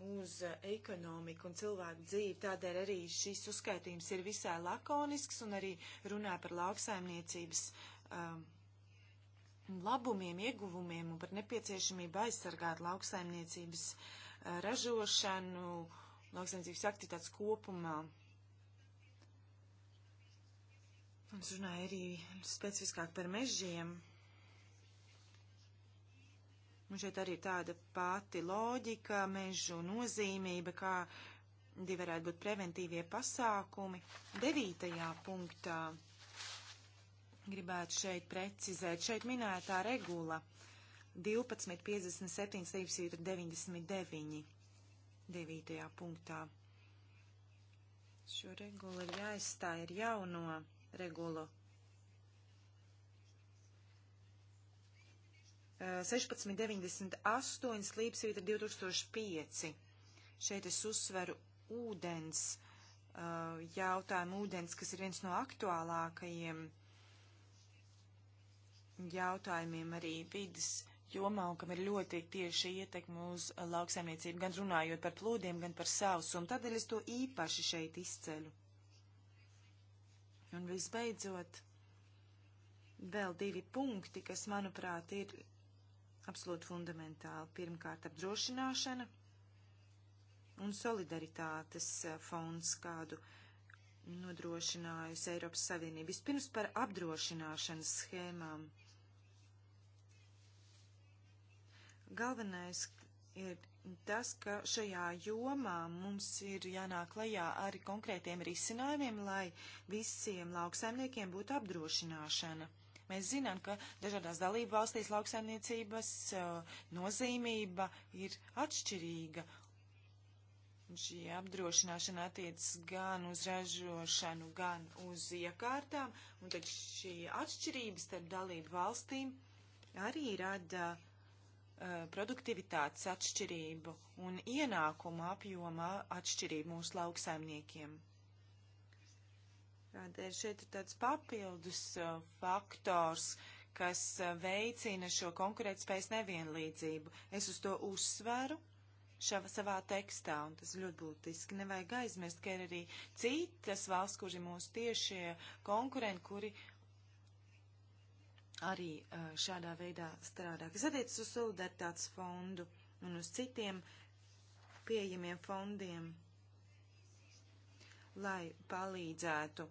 uz ekonomiku un cilvēku dzīvi. Tādēļ arī šis uzskaitījums ir visai lakonisks un arī runā par lauksaimniecības um, labumiem, ieguvumiem un par nepieciešamību aizsargāt lauksaimniecības uh, ražošanu, lauksaimniecības aktivitātes kopumā. Mums runāja arī specifiskāk par mežiem. Un šeit arī tāda pati loģika, mežu nozīmība, kā divi varētu būt preventīvie pasākumi. Devītajā punktā gribētu šeit precizēt, šeit minētā regula 12.57.99. 99. 9. punktā. Šo regulu ir jāizstāj ar jauno regulu 12.57.99. 1698 slīpsvīta 2005. Šeit es uzsveru ūdens uh, jautājumu, ūdens, kas ir viens no aktuālākajiem jautājumiem arī vidas jomā un kam ir ļoti tieši ietekme uz lauksaimniecību, gan runājot par plūdiem, gan par sausumu. Tādēļ es to īpaši šeit izceļu. Un visbeidzot, vēl divi punkti, kas, manuprāt, ir absolūti fundamentāli. Pirmkārt, apdrošināšana un solidaritātes eh, fonds, kādu nodrošinājusi Eiropas Savienība. Vispirms par apdrošināšanas schēmām. Galvenais ir tas, ka šajā jomā mums ir jānāk lajā ar konkrētiem risinājumiem, lai visiem lauksaimniekiem būtu apdrošināšana. Mēs zinām, ka dažādās dalību valstīs lauksaimniecības uh, nozīmība ir atšķirīga. Un šī apdrošināšana attiecas gan uz ražošanu, gan uz iekārtām, un tad šī atšķirības starp dalību valstīm arī rada uh, produktivitātes atšķirību un ienākuma apjoma atšķirību mūsu lauksaimniekiem. Tādēļ šeit ir tāds papildus uh, faktors, kas uh, veicina šo konkurētspējas nevienlīdzību. Es uz to uzsveru šava, savā tekstā, un tas ļoti būtiski. Nevajag aizmirst, ka ir arī citas valsts, kuri mūsu tiešie konkurenti, kuri arī uh, šādā veidā strādā. Kas attiecas uz solidaritātes fondu un uz citiem pieejamiem fondiem, lai palīdzētu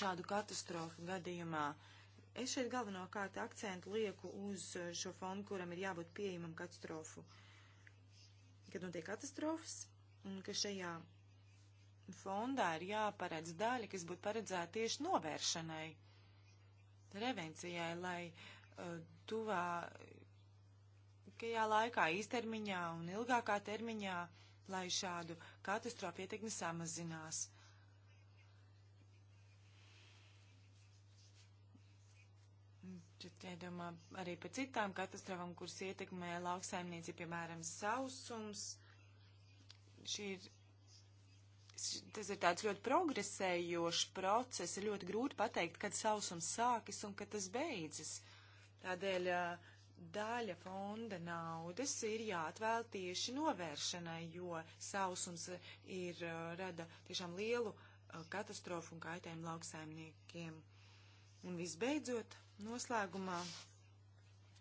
šādu katastrofu gadījumā. Es šeit galvenokārt akcentu lieku uz eh, šo fondu, kuram ir jābūt pieejamam katastrofu. Kad notiek katastrofas, ka šajā fondā ir jāparedz daļa, kas būtu paredzēta tieši novēršanai, prevencijai, lai uh, eh, tuvā ilgākajā laikā, īstermiņā un ilgākā termiņā, lai šādu katastrofa ietekme samazinās. Tad jādomā arī par citām katastrofām, kuras ietekmē lauksaimniecību, piemēram, sausums. Šī ir, š, tas ir tāds ļoti progresējošs process, ir ļoti grūti pateikt, kad sausums sākas un kad tas beidzas. Tādēļ uh, daļa fonda naudas ir jāatvēl tieši novēršanai, jo sausums ir uh, rada tiešām lielu uh, katastrofu un kaitējumu lauksaimniekiem. Un visbeidzot, noslēgumā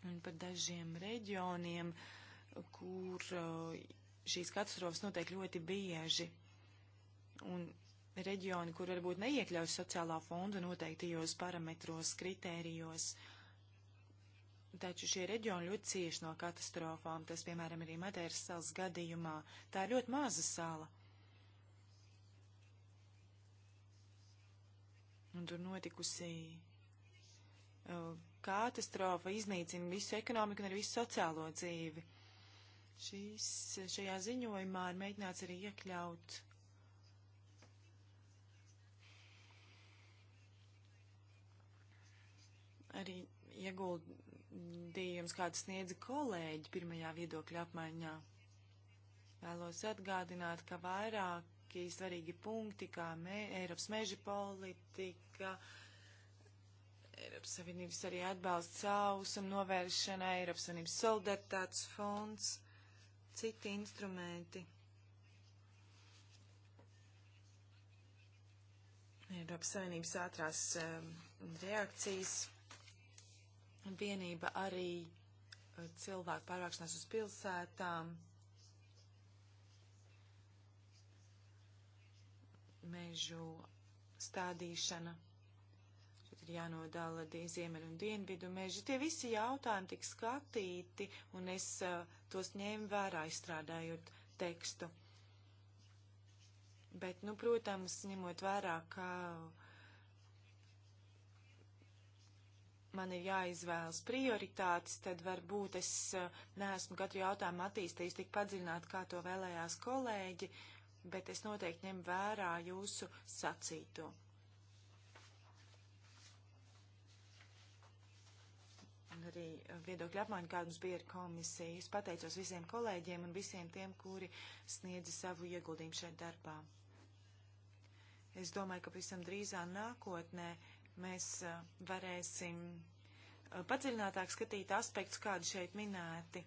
un par dažiem reģioniem, kur uh, šīs katastrofas notiek ļoti bieži. Un reģioni, kur varbūt neiekļaujas sociālā fonda noteiktajos parametros, kritērijos. Uh, Taču šie reģioni ļoti cieši no katastrofām. Tas, piemēram, arī Madeiras salas gadījumā. Tā ir ļoti maza sala. Un tur notikusi uh, katastrofa, iznīcina visu ekonomiku un arī visu sociālo dzīvi. Šis, šajā ziņojumā ir mēģināts arī iekļaut arī ieguld Dījums kāds sniedza kolēģi pirmajā viedokļa apmaiņā. Vēlos atgādināt, ka vairāki svarīgi punkti, kā mē, Eiropas meža politika, Eiropas Savienības arī atbalsts sausam novēršana, Eiropas Savienības solidaritātes fonds, citi instrumenti. Eiropas Savienības ātrās um, reakcijas vienība arī eh, cilvēku pārvākšanās uz pilsētām, mežu stādīšana. Šeit ir jānodala ziemeļu un dienvidu meži. Tie visi jautājumi tik skatīti, un es uh, tos ņēmu vērā, izstrādājot tekstu. Bet, nu, protams, ņemot vērā, ka uh, man ir jāizvēlas prioritātes, tad varbūt es eh, neesmu katru jautājumu attīstījis tik padziļināt, kā to vēlējās kolēģi, bet es noteikti ņem vērā jūsu sacīto. Un arī viedokļu apmaiņu, kāda mums bija ar komisiju. Es pateicos visiem kolēģiem un visiem tiem, kuri sniedza savu ieguldījumu šeit darbā. Es domāju, ka pavisam drīzā nākotnē mēs varēsim padziļinātāk skatīt aspektus, kādi šeit minēti.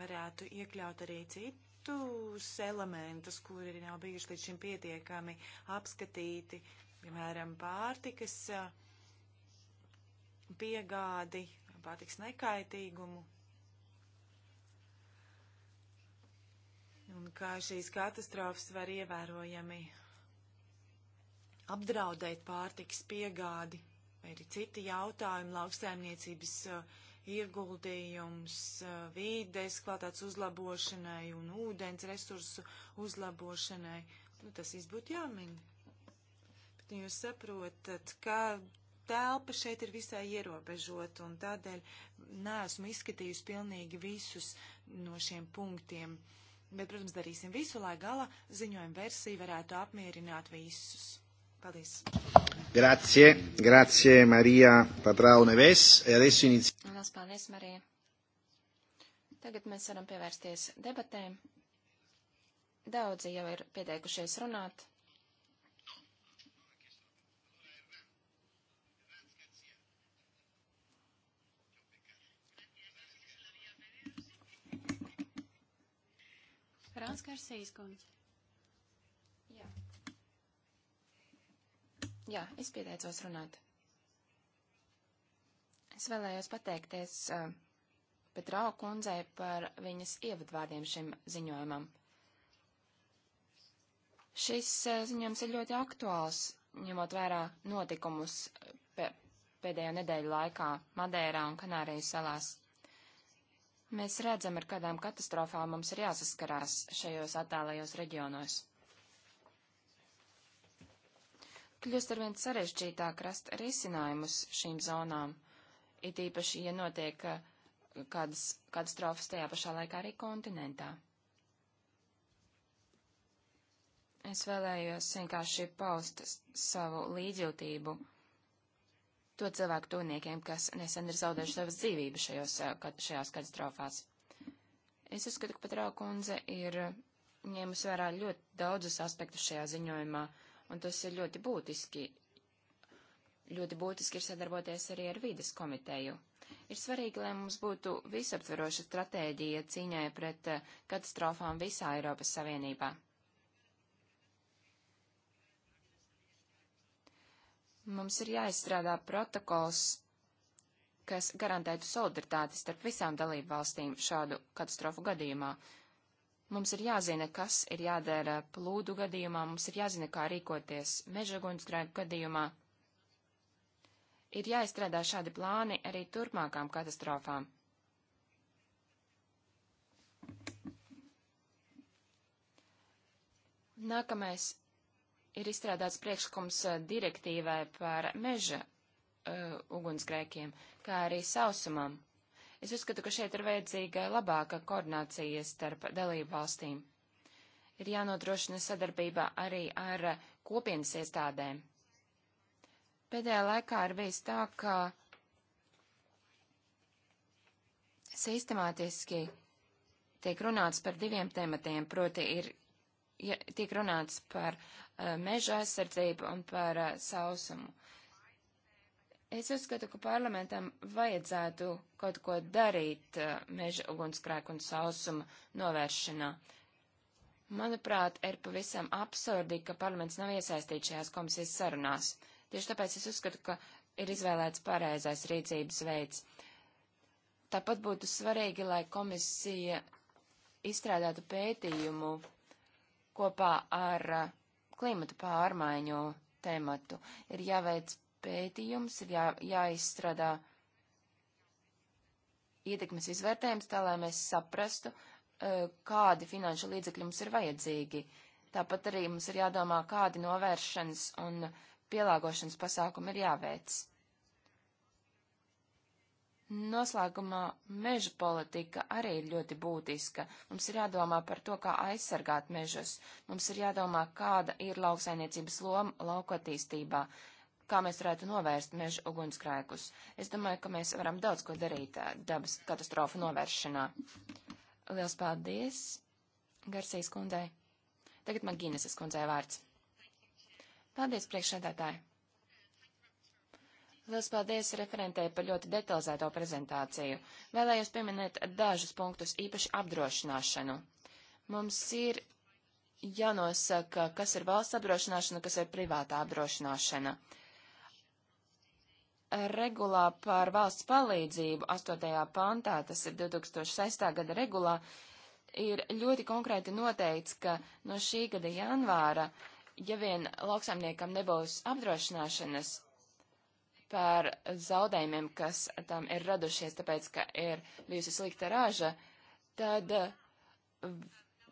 Varētu iekļaut arī citus elementus, kuri nav bijuši līdz šim pietiekami apskatīti, piemēram, pārtikas piegādi, pārtiks nekaitīgumu. Un kā šīs katastrofas var ievērojami apdraudēt pārtiks piegādi, vai arī citi jautājumi, lauksaimniecības uh, ieguldījums uh, vīdes kvalitātes uzlabošanai un ūdens resursu uzlabošanai. Nu, tas viss būtu jāmin. Bet jūs saprotat, ka telpa šeit ir visai ierobežota un tādēļ neesmu izskatījusi pilnīgi visus no šiem punktiem. Bet, protams, darīsim visu, lai gala ziņojuma versija varētu apmierināt visus. Paldies! Grazie, grazie Marija Patrau Neves. E adesso iniziamo. Lielas paldies, Marija. Tagad mēs varam pievērsties debatēm. Daudzi jau ir pieteikušies runāt. Frāns Karsīs, kundze. Jā, es pieteicos runāt. Es vēlējos pateikties uh, Petrau kundzei par viņas ievadvārdiem šim ziņojumam. Šis uh, ziņojums ir ļoti aktuāls, ņemot vērā notikumus eh, pēdējo nedēļu laikā Madērā un Kanārijas salās. Mēs redzam, ar kādām katastrofām mums ir jāsaskarās šajos attālajos reģionos. Kļūst arvien sarežģītāk rast risinājumus šīm zonām, it īpaši, ja notiek eh, kādas katastrofas tajā pašā laikā arī kontinentā. Es vēlējos vienkārši paust savu līdzjūtību to cilvēku tūniekiem, kas nesen ir zaudējuši savas dzīvības šajos, eh, šajās katastrofās. Es uzskatu, ka Patrau kundze ir ņēmusi vērā ļoti daudzus aspektus šajā ziņojumā, un tas ir ļoti būtiski. Ļoti būtiski ir sadarboties arī ar vīdes komiteju. Ir svarīgi, lai mums būtu visaptveroša stratēģija cīņai pret eh, katastrofām visā Eiropas Savienībā. Mums ir jāizstrādā protokols, kas garantētu solidaritāti starp visām dalību valstīm šādu katastrofu gadījumā, Mums ir jāzina, kas ir jādara plūdu gadījumā, mums ir jāzina, kā rīkoties mežagunsgrēku gadījumā. Ir jāizstrādā šādi plāni arī turpmākām katastrofām. Nākamais ir izstrādāts priekšlikums eh, direktīvai par meža uh, ugunsgrēkiem, kā arī sausumam. Es uzskatu, ka šeit ir vajadzīga labāka koordinācija starp dalību valstīm. Ir jānodrošina sadarbība arī ar kopienas iestādēm. Pēdējā laikā ir bijis tā, ka sistemātiski tiek runāts par diviem tematiem, proti ir ja, tiek runāts par uh, meža aizsardzību un par uh, sausumu. Uh, Es uzskatu, ka parlamentam vajadzētu kaut ko darīt uh, meža ugunskrēku un sausuma novēršanā. Manuprāt, ir pavisam absurdi, ka parlaments nav iesaistīts šajās komisijas sarunās. Tieši tāpēc es uzskatu, ka ir izvēlēts pareizais rīcības veids. Tāpat būtu svarīgi, lai komisija izstrādātu pētījumu kopā ar uh, klimata pārmaiņu tematu. Ir jāveic pētījums, ir jā, jāizstrādā ietekmes izvērtējums, tā lai mēs saprastu, e, kādi finanšu līdzekļi mums ir vajadzīgi. Tāpat arī mums ir jādomā, kādi novēršanas un pielāgošanas pasākumi ir jāveic. Noslēgumā meža politika arī ir ļoti būtiska. Mums ir jādomā par to, kā aizsargāt mežus. Mums ir jādomā, kāda ir lauksainiecības loma lauku attīstībā kā mēs varētu novērst meža ugunskrēkus. Es domāju, ka mēs varam daudz ko darīt eh, dabas katastrofu novēršanā. Liels paldies Garsijas kundzei. Tagad man Gīneses kundzei vārds. Paldies, priekšsēdētāji. Liels paldies referentē par ļoti detalizēto prezentāciju. Vēlējos pieminēt dažus punktus, īpaši apdrošināšanu. Mums ir jānosaka, kas ir valsts apdrošināšana, kas ir privātā apdrošināšana. Uh, regulā par valsts palīdzību, 8. pantā, tas ir 2006. gada regulā, ir ļoti konkrēti noteikts, ka no šī gada janvāra, ja vien lauksaimniekam nebūs apdrošināšanas par zaudējumiem, kas tam ir radušies, tāpēc, ka ir bijusi slikta raža, tad uh,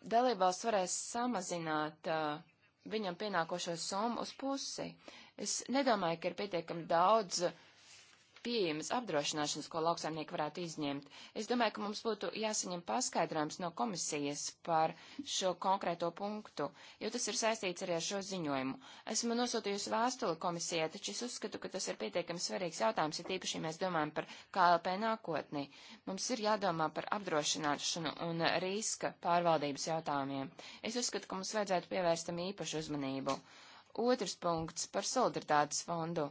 dalībvalsts varēs samazināt uh, viņam pienākošo summu uz pusi. Es nedomāju, ka ir pietiekami daudz uh, pieejamas apdrošināšanas, ko lauksaimnieki varētu izņemt. Es domāju, ka mums būtu jāsaņem paskaidrojums no komisijas par šo konkrēto punktu, jo tas ir saistīts arī ar šo ziņojumu. Esmu nosūtījusi vēstuli komisijai, taču es uzskatu, ka tas ir pietiekami svarīgs jautājums, ja tīpaši mēs domājam par KLP nākotni. Mums ir jādomā par apdrošināšanu un riska pārvaldības jautājumiem. Es uzskatu, ka mums vajadzētu pievērst tam īpašu uzmanību. Otrs punkts par solidaritātes fondu.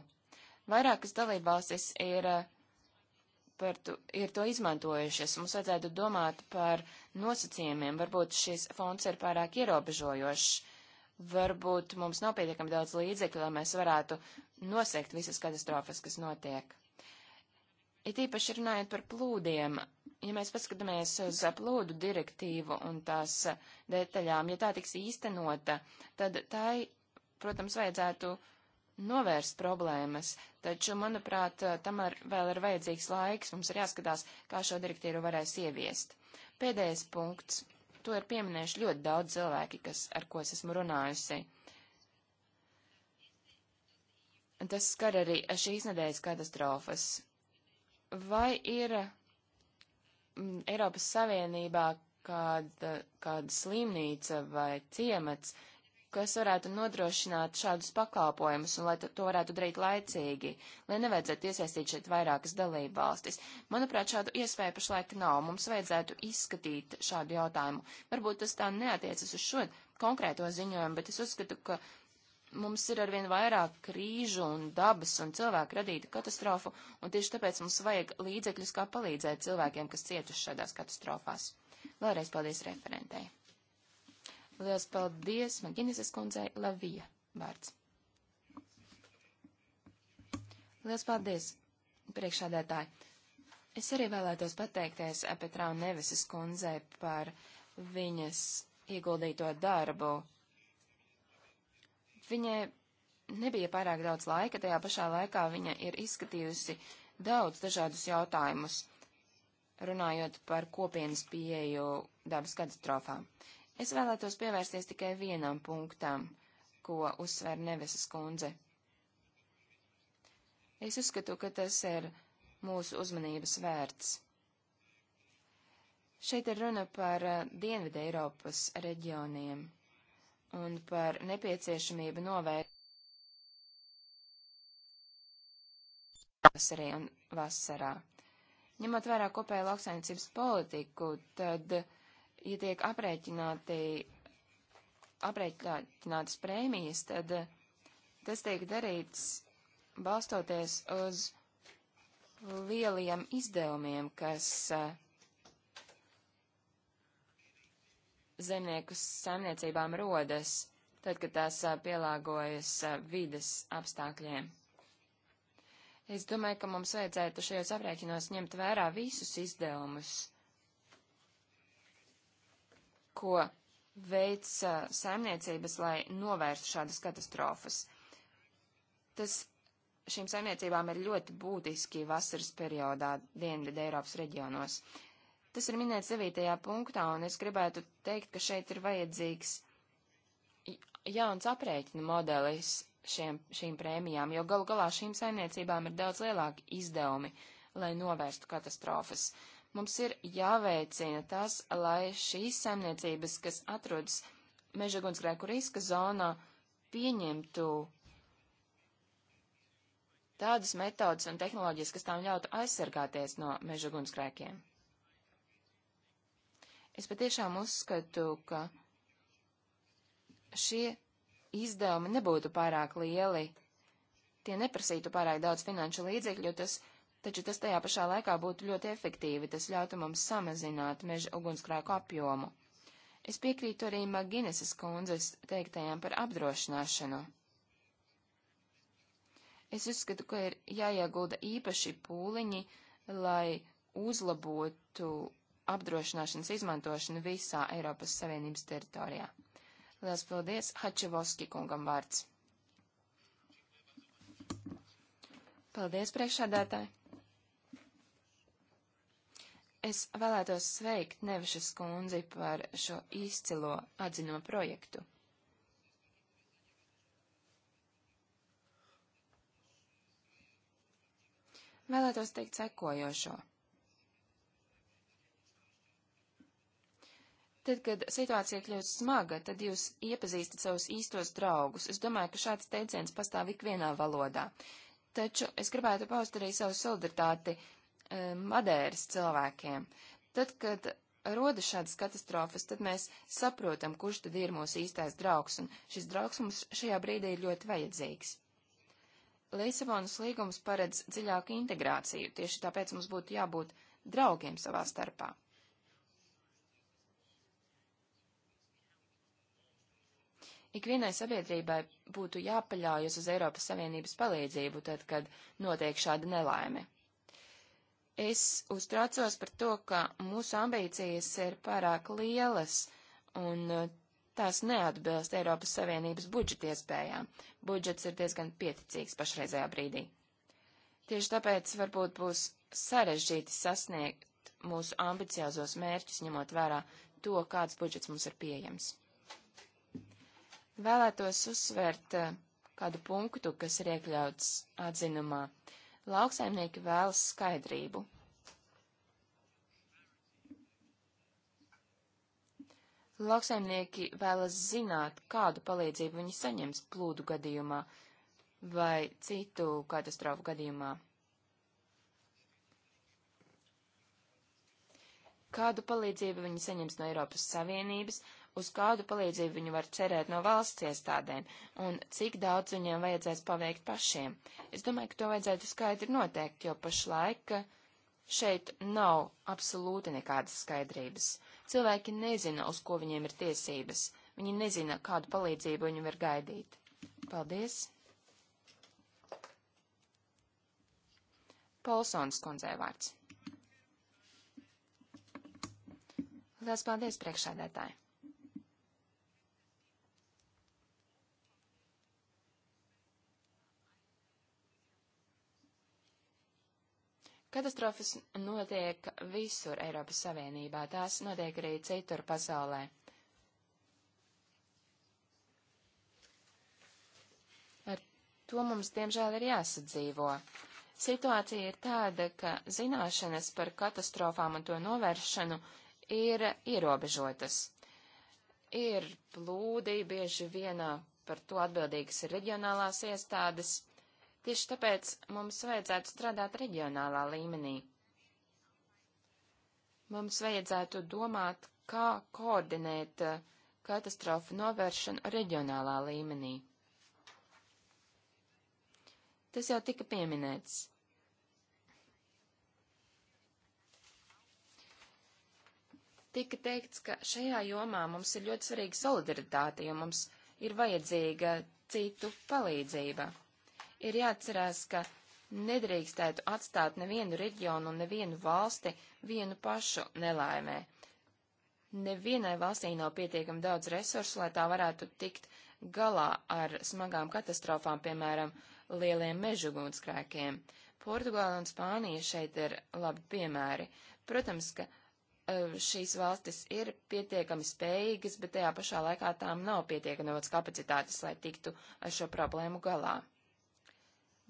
Vairākas dalībvalstis ir, eh, par tu, ir to izmantojušas. Mums vajadzētu domāt par nosacījumiem. Varbūt šis fonds ir pārāk ierobežojošs. Varbūt mums nav pietiekami daudz līdzekļu, lai mēs varētu nosekt visas katastrofas, kas notiek. It īpaši runājot par plūdiem, ja mēs paskatāmies uz plūdu direktīvu un tās detaļām, ja tā tiks īstenota, tad tai, protams, vajadzētu novērst problēmas, taču, manuprāt, eh, tam ar, vēl ir vajadzīgs laiks, mums ir jāskatās, kā šo direktīvu varēs ieviest. Pēdējais punkts. To ir pieminējuši ļoti daudz cilvēki, kas, ar ko es esmu runājusi. Tas skar arī šīs nedēļas katastrofas. Vai ir m, mm, Eiropas Savienībā kāda, kāda slimnīca vai ciemats, kas varētu nodrošināt šādus pakalpojumus un lai to varētu darīt laicīgi, lai nevajadzētu iesaistīt šeit vairākas dalībvalstis. Manuprāt, šādu iespēju pašlaik nav. Mums vajadzētu izskatīt šādu jautājumu. Varbūt tas tā neatiecas uz šo konkrēto ziņojumu, bet es uzskatu, ka mums ir arvien vairāk krīžu un dabas un cilvēku radītu katastrofu, un tieši tāpēc mums vajag līdzekļus, kā palīdzēt cilvēkiem, kas cietuši šādās katastrofās. Vēlreiz paldies referentei. Lielas paldies Magineses kundzei Lavija vārds. Lielas paldies, priekšādētāji. Es arī vēlētos pateikties Petrā un Neveses kundzei par viņas ieguldīto darbu. Viņai nebija pārāk daudz laika, tajā pašā laikā viņa ir izskatījusi daudz dažādus jautājumus, runājot par kopienas pieeju dabas katastrofām. Es vēlētos pievērsties tikai vienam punktam, ko uzsver Nevesas kundze. Es uzskatu, ka tas ir mūsu uzmanības vērts. Šeit ir runa par eh, Dienvidu Eiropas reģioniem un par nepieciešamību novērt pavasarī un vasarā. Ņemot vērā kopēju lauksainicības politiku, tad uh, ja tiek aprēķināti, aprēķinātas prēmijas, tad eh, tas tiek darīts balstoties uz lieliem izdevumiem, kas eh, zemnieku saimniecībām rodas, tad, kad tās eh, pielāgojas vides apstākļiem. Es domāju, ka mums vajadzētu šajos aprēķinos ņemt vērā visus izdevumus ko veids saimniecības, lai novērstu šādas katastrofas. Tas šīm saimniecībām ir ļoti būtiski vasaras periodā Dienvidu Eiropas reģionos. Tas ir minēts 9. punktā, un es gribētu teikt, ka šeit ir vajadzīgs jauns aprēķina modelis šiem, šīm prēmijām, jo galu galā šīm saimniecībām ir daudz lielāki izdevumi, lai novērstu katastrofas. Uh, Mums ir jāveicina tas, lai šīs saimniecības, kas atrodas mežagunsgrēku riska zonā, pieņemtu tādas metodas un tehnoloģijas, kas tām ļautu aizsargāties no mežagunsgrēkiem. Es patiešām uzskatu, ka šie izdevumi nebūtu pārāk lieli, tie neprasītu pārāk daudz finanšu līdzekļu, tas taču tas tajā pašā laikā būtu ļoti efektīvi, tas ļautu mums samazināt meža ugunskrēku apjomu. Es piekrītu arī Magineses kundzes teiktajām par apdrošināšanu. Es uzskatu, ka ir jāiegulda īpaši pūliņi, lai uzlabotu apdrošināšanas izmantošanu visā Eiropas Savienības teritorijā. Lielas paldies Hačevoski kungam vārds. Paldies, priekšādātāji! Es vēlētos sveikt Nevišas kundzi par šo izcilo atzinuma projektu. Vēlētos teikt sekojošo. Tad, kad situācija kļūst smaga, tad jūs iepazīstat savus īstos draugus. Es domāju, ka šāds teiciens pastāv ikvienā valodā. Taču es gribētu paust arī savu solidaritāti Um, Madēras cilvēkiem. Tad, kad rodas šādas katastrofas, tad mēs saprotam, kurš tad ir mūsu īstais draugs, un šis draugs mums šajā brīdī ir ļoti vajadzīgs. Lisabonas līgums paredz dziļāku integrāciju, tieši tāpēc mums būtu jābūt draugiem savā starpā. Ikvienai sabiedrībai būtu jāpaļaujas uz Eiropas Savienības palīdzību, tad, kad notiek šāda nelaime. Es uztraucos par to, ka mūsu ambīcijas ir pārāk lielas un uh, tās neatbilst Eiropas Savienības budžeta iespējām. Budžets ir diezgan pieticīgs pašreizējā brīdī. Tieši tāpēc varbūt būs sarežģīti sasniegt mūsu ambiciozos mērķus, ņemot vērā to, kāds budžets mums ir pieejams. Vēlētos uzsvērt uh, kādu punktu, kas ir iekļauts atzinumā. Uh, Lauksaimnieki vēlas skaidrību. Lauksaimnieki vēlas zināt, kādu palīdzību viņi saņems plūdu gadījumā vai citu katastrofu gadījumā. Kādu palīdzību viņi saņems no Eiropas Savienības, uz kādu palīdzību viņi var cerēt no valsts iestādēm un cik daudz viņiem vajadzēs paveikt pašiem. Es domāju, ka to vajadzētu skaidri noteikt, jo pašlaik šeit nav absolūti nekādas skaidrības. Cilvēki nezina, uz ko viņiem ir tiesības. Viņi nezina, kādu palīdzību viņi var gaidīt. Paldies! Polsons kundzei vārds. Liels paldies, priekšsēdētāji! Katastrofas notiek visur Eiropas Savienībā, tās notiek arī citur pasaulē. Ar to mums, diemžēl, ir jāsadzīvo. Situācija ir tāda, ka zināšanas par katastrofām un to novēršanu ir ierobežotas. Ir plūdi, bieži vienā par to atbildīgas ir reģionālās iestādes, Tieši tāpēc mums vajadzētu strādāt reģionālā līmenī. Mums vajadzētu domāt, kā koordinēt eh, katastrofu novēršanu reģionālā līmenī. Tas jau tika pieminēts. tika teikts, ka šajā jomā mums ir ļoti svarīga solidaritāte, jo mums ir vajadzīga citu palīdzība. Ir jāatcerās, ka nedrīkstētu atstāt nevienu reģionu un nevienu valsti vienu pašu nelaimē. Nevienai valstī nav pietiekami daudz resursu, lai tā varētu tikt galā ar smagām katastrofām, piemēram, lieliem mežugunskrēkiem. Portugāla un Spānija šeit ir labi piemēri. Protams, ka eh, šīs valstis ir pietiekami spējīgas, bet tajā pašā laikā tām nav pietiekami daudz kapacitātes, lai tiktu ar šo problēmu galā.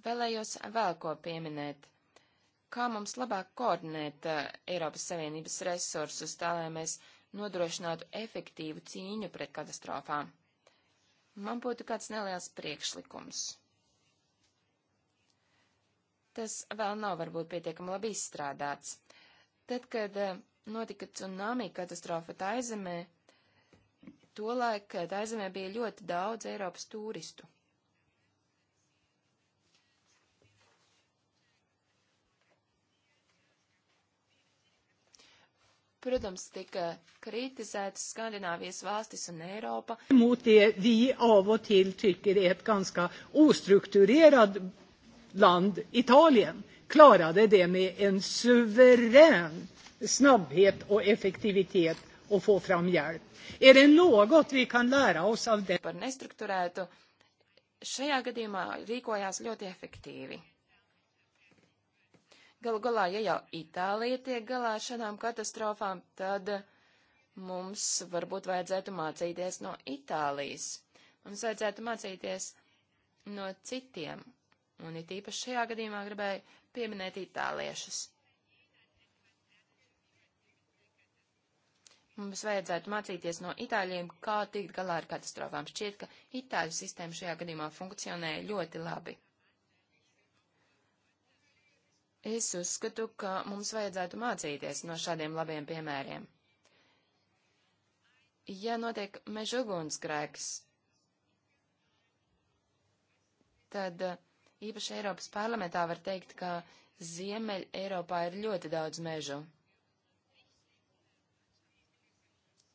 Vēlējos vēl ko pieminēt. Kā mums labāk koordinēt uh, Eiropas Savienības resursus tā, lai mēs nodrošinātu efektīvu cīņu pret katastrofām? Man būtu kāds neliels priekšlikums. Tas vēl nav varbūt pietiekami labi izstrādāts. Tad, kad uh, notika tsunami katastrofa Taizemē, tolaik eh, Taizemē bija ļoti daudz Eiropas turistu. Protams, tika kritizētas Skandināvijas valstis un Eiropa. Mot det vi av och till tycker är ett ganska ostrukturerat land, Italien, klarade det med en suverän snabbhet och effektivitet att få fram hjälp. Är det något vi kan lära oss av det? Par nestrukturētu šajā gadījumā rīkojās ļoti efektīvi. Galu galā, ja jau Itālija tiek galā ar šādām katastrofām, tad mums varbūt vajadzētu mācīties no Itālijas. Mums vajadzētu mācīties no citiem, un it īpaši šajā gadījumā gribēju pieminēt itāliešus. Mums vajadzētu mācīties no itāļiem, kā tikt galā ar katastrofām. Šķiet, ka itāļu sistēma šajā gadījumā funkcionēja ļoti labi. Es uzskatu, ka mums vajadzētu mācīties no šādiem labiem piemēriem. Ja notiek meža ugunsgrēks, tad uh, īpaši Eiropas parlamentā var teikt, ka Ziemeļ Eiropā ir ļoti daudz mežu.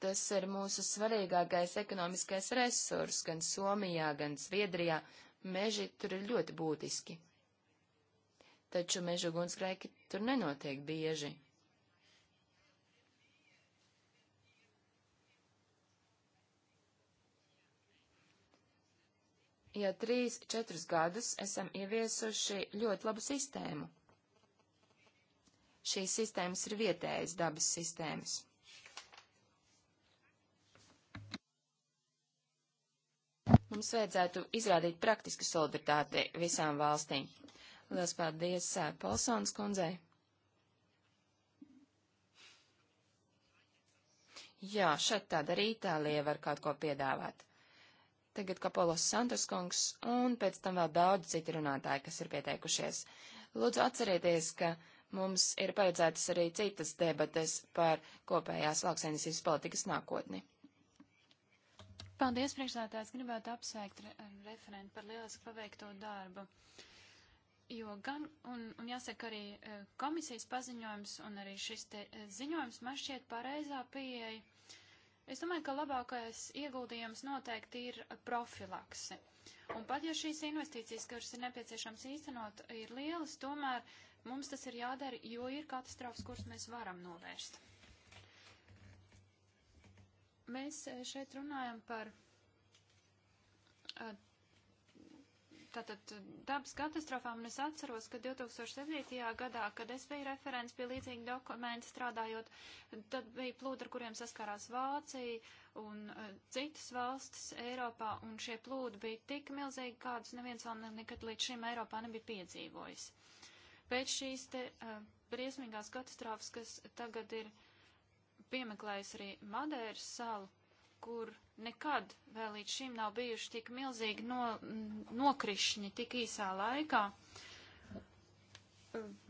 Tas ir mūsu svarīgākais ekonomiskais resurs, gan Somijā, gan Zviedrijā. Meži tur ir ļoti būtiski taču meža ugunsgrēki tur nenotiek bieži. Ja trīs, četrus gadus esam ieviesuši ļoti labu sistēmu. Šīs sistēmas ir vietējas dabas sistēmas. Mums vajadzētu izrādīt praktisku solidaritāti visām valstīm. Lielas paldies Polsons kundzei. Jā, šeit tāda arī Itālija var kaut ko piedāvāt. Tagad Kapolos Santos kungs un pēc tam vēl daudz citi runātāji, kas ir pieteikušies. Lūdzu atcerieties, ka mums ir paredzētas arī citas debates par kopējās lauksainisības politikas nākotni. Paldies, priekšsētājs. Gribētu apsveikt re referentu par lielisku paveikto darbu. Uh, Jo gan, un, un jāsaka arī e, komisijas paziņojums un arī šis te e, ziņojums man šķiet pareizā pieeja. Es domāju, ka labākais ieguldījums noteikti ir profilakse. Un pat ja šīs investīcijas, kuras ir nepieciešams īstenot, ir lielas, tomēr mums tas ir jādara, jo ir katastrofas, kuras mēs varam novērst. Mēs e, šeit runājam par Tātad eh, dabas katastrofām, un es atceros, ka 2007. gadā, kad es biju referents pie līdzīga dokumenta strādājot, tad bija plūdi, ar kuriem saskārās Vācija un uh, citas valstis Eiropā, un šie plūdi bija tik milzīgi, kādus neviens vēl nekad līdz šim Eiropā nebija piedzīvojis. Pēc šīs te uh, briesmīgās katastrofas, kas tagad ir piemeklējis arī Madēras salu, kur Nekad vēl līdz šim nav bijuši tik milzīgi no, mm, nokrišņi tik īsā laikā.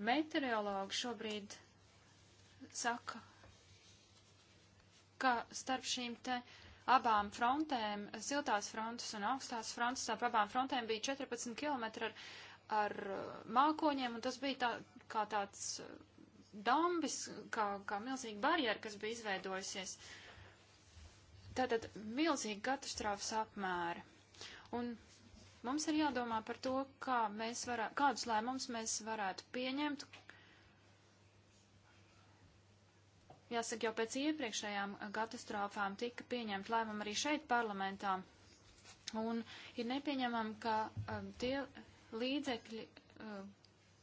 Meteorologi šobrīd saka, ka starp šīm te abām frontēm, siltās frontes un augstās frontes, starp abām frontēm bija 14 km ar, ar uh, mākoņiem, un tas bija tā, kā tāds uh, dambis, kā, kā milzīga barjera, kas bija izveidojusies. Uh, Tātad milzīgi katastrofas apmēri. Un mums ir jādomā par to, kā mēs varā, kādus lēmumus mēs varētu pieņemt. Jāsaka, jau pēc iepriekšējām katastrofām tika pieņemt lēmumu arī šeit parlamentā. Un ir nepieņemam, ka um, tie līdzekļi, um,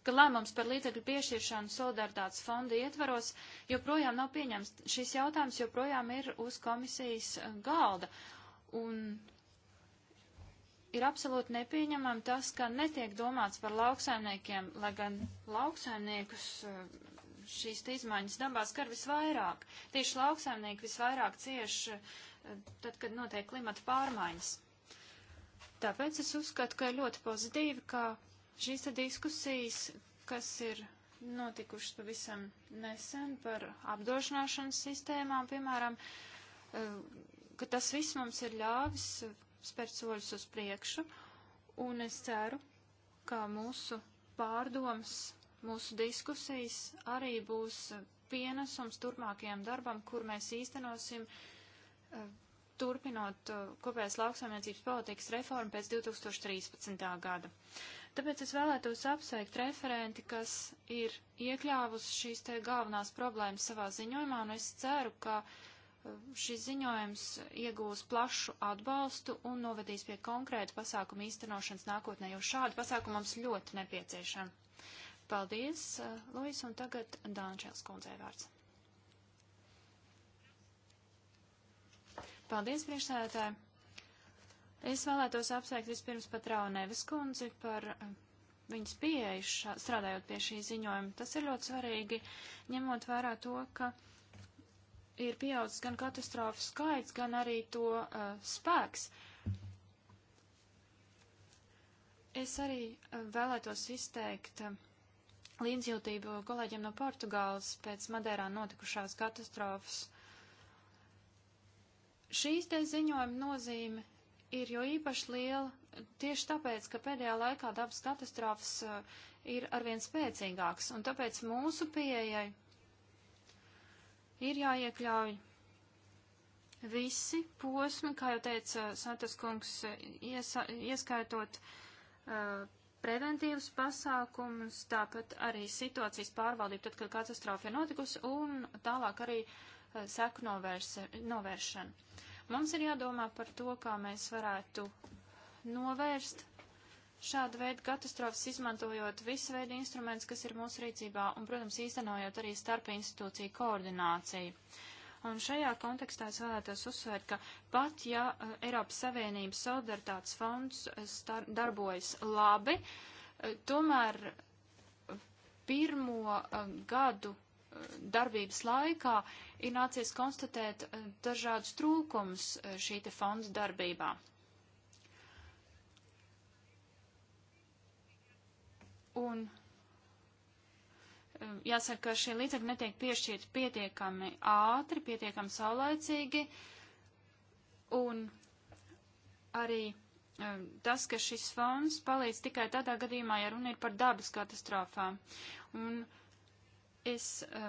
ka lēmums par līdzekļu piešķiršanu solidaritātes fonda ietvaros joprojām nav pieņemts. Šis jautājums joprojām ir uz komisijas eh, galda. Un ir absolūti nepieņemam tas, ka netiek domāts par lauksaimniekiem, lai gan lauksaimniekus eh, šīs izmaiņas dabā skar visvairāk. Tieši lauksaimnieki visvairāk cieši eh, tad, kad notiek klimata pārmaiņas. Tāpēc es uzskatu, ka ir ļoti pozitīvi, ka Šīs diskusijas, kas ir notikušas pavisam nesen par apdošanāšanas sistēmām, piemēram, eh, ka tas viss mums ir ļāvis spērt soļus uz priekšu, un es ceru, ka mūsu pārdomas, mūsu diskusijas arī būs pienesums turpmākajam darbam, kur mēs īstenosim eh, turpinot eh, kopējās lauksaimniecības politikas reformu pēc 2013. gada. Tāpēc es vēlētos apsveikt referenti, kas ir iekļāvusi šīs te galvenās problēmas savā ziņojumā, un es ceru, ka uh, šis ziņojums iegūs plašu atbalstu un novedīs pie konkrēta pasākuma īstenošanas nākotnē, jo šādu pasākumu mums ļoti nepieciešama. Paldies, uh, Luis, un tagad Dānčēls kundzei vārds. Paldies, priekšsēdētāji! Es vēlētos apsveikt vispirms pat Raunēvis kundzi par eh, viņas pieeju šā, strādājot pie šī ziņojuma. Tas ir ļoti svarīgi, ņemot vērā to, ka ir pieaudzis gan katastrofu skaits, gan arī to uh, spēks. Es arī uh, vēlētos izteikt uh, līdzjūtību kolēģiem no Portugāles pēc Madērā notikušās katastrofas. Šīs te ziņojuma nozīme ir jo īpaši liela tieši tāpēc, ka pēdējā laikā dabas katastrofas uh, ir arvien spēcīgāks, un tāpēc mūsu pieejai ir jāiekļauj visi posmi, kā jau teica uh, Santas kungs, uh, iesa, ieskaitot uh, preventīvas pasākumus, tāpat arī situācijas pārvaldību, tad, kad katastrofa ir notikusi, un tālāk arī uh, seku novērse, novēršana. Mums ir jādomā par to, kā mēs varētu novērst šādu veidu katastrofas, izmantojot visu veidu instrumentus, kas ir mūsu rīcībā, un, protams, īstenojot arī starp institūciju koordināciju. Un šajā kontekstā es vēlētos uzsvērt, ka pat ja uh, Eiropas Savienības solidaritātes fonds eh, star, darbojas labi, uh, tomēr pirmo uh, gadu darbības laikā ir nācies konstatēt eh, dažādus trūkums eh, šī te fonda darbībā. Un eh, jāsaka, ka šie līdzekļi netiek piešķirti pietiekami ātri, pietiekami saulaicīgi, un arī tas, ka šis fonds palīdz tikai tādā gadījumā, ja runa ir par dabas katastrofām. Un uh, Es uh,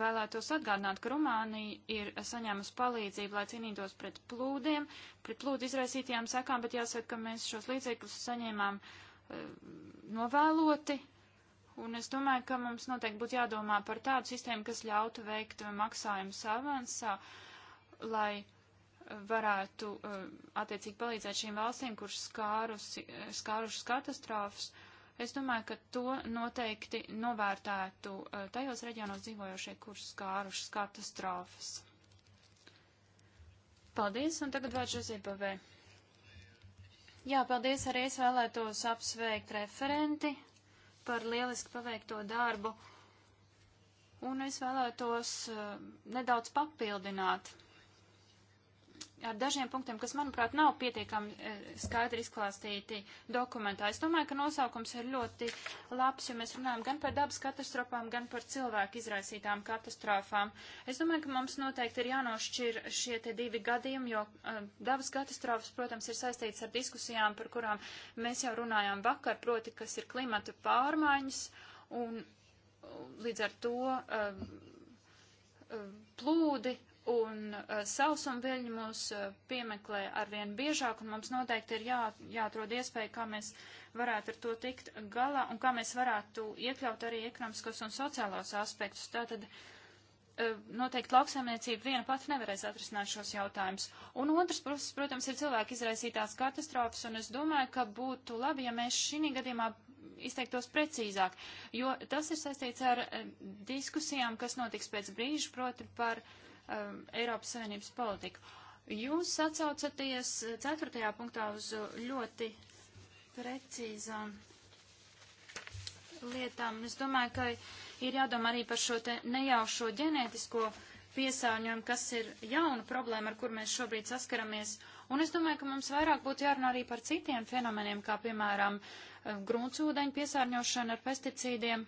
vēlētos atgādināt, ka Rumānija ir saņēmusi palīdzību, lai cīnītos pret plūdiem, pret plūdu izraisītajām sekām, bet jāsaka, ka mēs šos līdzekļus saņēmām uh, novēloti. Un es domāju, ka mums noteikti būtu jādomā par tādu sistēmu, kas ļautu veikt maksājumu savansā, lai eh, varētu uh, attiecīgi palīdzēt šīm valstīm, kuras skārušas katastrofas. Uh, Es domāju, ka to noteikti novērtētu eh, tajos reģionos dzīvojošie, kurus skārušas katastrofas. Paldies, un tagad vārds Žozibavē. Jā, paldies arī es vēlētos apsveikt referenti par lieliski paveikto darbu, un es vēlētos uh, nedaudz papildināt ar dažiem punktiem, kas, manuprāt, nav pietiekami e, skaidri izklāstīti dokumentā. Es domāju, ka nosaukums ir ļoti labs, jo mēs runājam gan par dabas katastrofām, gan par cilvēku izraisītām katastrofām. Es domāju, ka mums noteikti ir jānošķir šie te divi gadījumi, jo e, dabas katastrofas, protams, ir saistīts ar diskusijām, par kurām mēs jau runājām vakar, proti, kas ir klimata pārmaiņas, un līdz ar to e, e plūdi Un uh, eh, sausumviļņi mūs uh, piemeklē arvien biežāk, un mums noteikti ir jā, jāatrod iespēja, kā mēs varētu ar to tikt galā, un kā mēs varētu iekļaut arī ekonomiskos un sociālos aspektus. Tātad uh, noteikti lauksaimniecība viena pati nevarēs atrisināt šos jautājumus. Un otrs, protams, ir cilvēku izraisītās katastrofas, un es domāju, ka būtu labi, ja mēs šī gadījumā izteiktos precīzāk, jo tas ir saistīts ar diskusijām, kas notiks pēc brīža, proti par uh, um, Eiropas Savienības politiku. Jūs atsaucaties uh, ceturtajā punktā uz ļoti precīzām lietām. Es domāju, ka ir jādomā arī par šo nejaušo ģenētisko piesārņojumu, kas ir jauna problēma, ar kur mēs šobrīd saskaramies. Un es domāju, ka mums vairāk būtu jārunā arī par citiem fenomeniem, kā piemēram um, gruntsūdeņu piesārņošana ar pesticīdiem.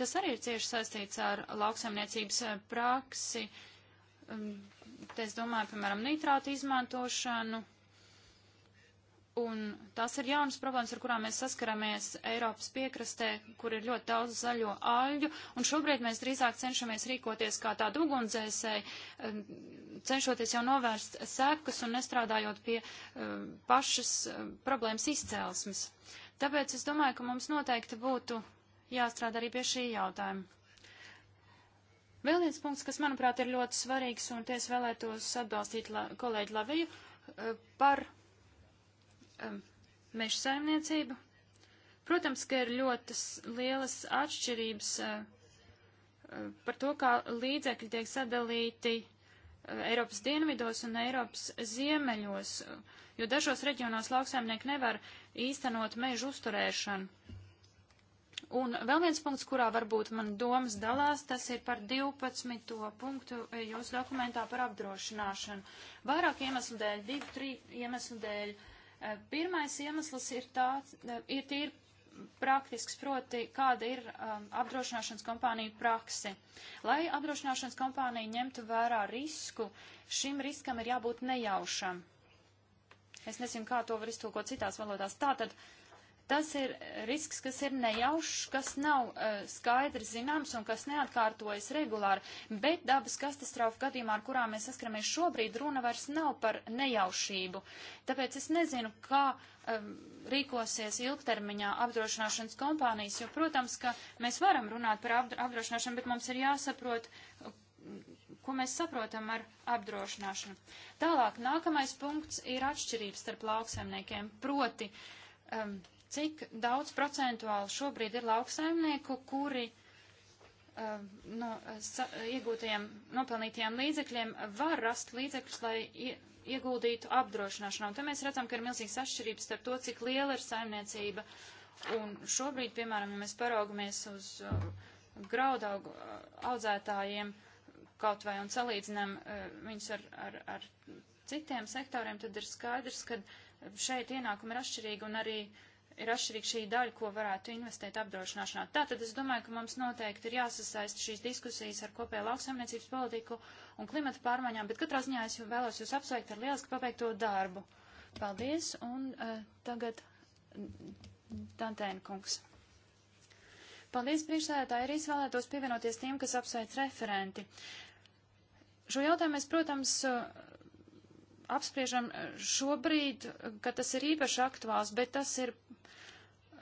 Tas arī ir cieši saistīts ar lauksaimniecības eh, praksi. Um, te es domāju, piemēram, nitrātu izmantošanu. Un tās ir jaunas problēmas, ar kurām mēs saskaramies Eiropas piekrastē, kur ir ļoti daudz zaļo aļu. Un šobrīd mēs drīzāk cenšamies rīkoties kā tāda ugunsdzēsēji, um, cenšoties jau novērst sekas un nestrādājot pie um, pašas problēmas izcēlesmes. Tāpēc es domāju, ka mums noteikti būtu jāstrādā arī pie šī jautājuma. Vēl viens punkts, kas, manuprāt, ir ļoti svarīgs, un es vēlētos atbalstīt la, kolēģi Laviju eh, par um, meža saimniecību. Protams, ka ir ļoti lielas atšķirības uh, par to, kā līdzekļi tiek sadalīti uh, Eiropas dienvidos un Eiropas ziemeļos, jo dažos reģionos lauksaimnieki nevar īstenot mežu uzturēšanu. Un vēl viens punkts, kurā varbūt man domas dalās, tas ir par 12. punktu e, jūsu dokumentā par apdrošināšanu. Vairāk iemeslu dēļ, divu, trīs iemeslu dēļ. E, pirmais iemesls ir tāds, e, ir tīri praktisks, proti, kāda ir um, apdrošināšanas kompānija praksi. Lai apdrošināšanas kompānija ņemtu vērā risku, šim riskam ir jābūt nejaušam. Es nezinu, kā to var iztulkot citās valodās. Tātad, uh, Tas ir risks, kas ir nejaušs, kas nav uh, e, skaidri zināms un kas neatkārtojas regulāri, bet dabas katastrofu gadījumā, ar kurām mēs saskaramies šobrīd, runa vairs nav par nejaušību. Tāpēc es nezinu, kā um, rīkosies ilgtermiņā apdrošināšanas kompānijas, jo, protams, ka mēs varam runāt par apdrošināšanu, bet mums ir jāsaprot, ko mēs saprotam ar apdrošināšanu. Tālāk, nākamais punkts ir atšķirības starp lauksaimniekiem, proti um, cik daudz procentuāli šobrīd ir lauksaimnieku, kuri uh, no eh, sa, iegūtajiem nopelnītajiem līdzekļiem var rast līdzekļus, lai ie, ieguldītu apdrošināšanā. Un te mēs redzam, ka ir milzīgs atšķirības starp to, cik liela ir saimniecība. Un šobrīd, piemēram, ja mēs paraugamies uz uh, graudaugu uh, audzētājiem kaut vai un salīdzinām viņus ar, ar, ar citiem sektoriem, tad ir skaidrs, ka šeit ienākumi ir atšķirīgi un arī uh, ir atšķirīga šī daļa, ko varētu investēt apdrošināšanā. Tātad es domāju, ka mums noteikti ir jāsasaist šīs diskusijas ar kopēju lauksaimniecības politiku un klimata pārmaiņām, bet katrā ziņā es jau vēlos jūs apsveikt ar lieliski pabeigto darbu. Paldies, un uh, tagad Dantēna kungs. Paldies, priekšsēdētāji, arī es vēlētos pievienoties tiem, kas apsveic referenti. Šo jautājumu mēs, protams, uh, apspriežam eh, šobrīd, ka tas ir īpaši aktuāls, bet tas ir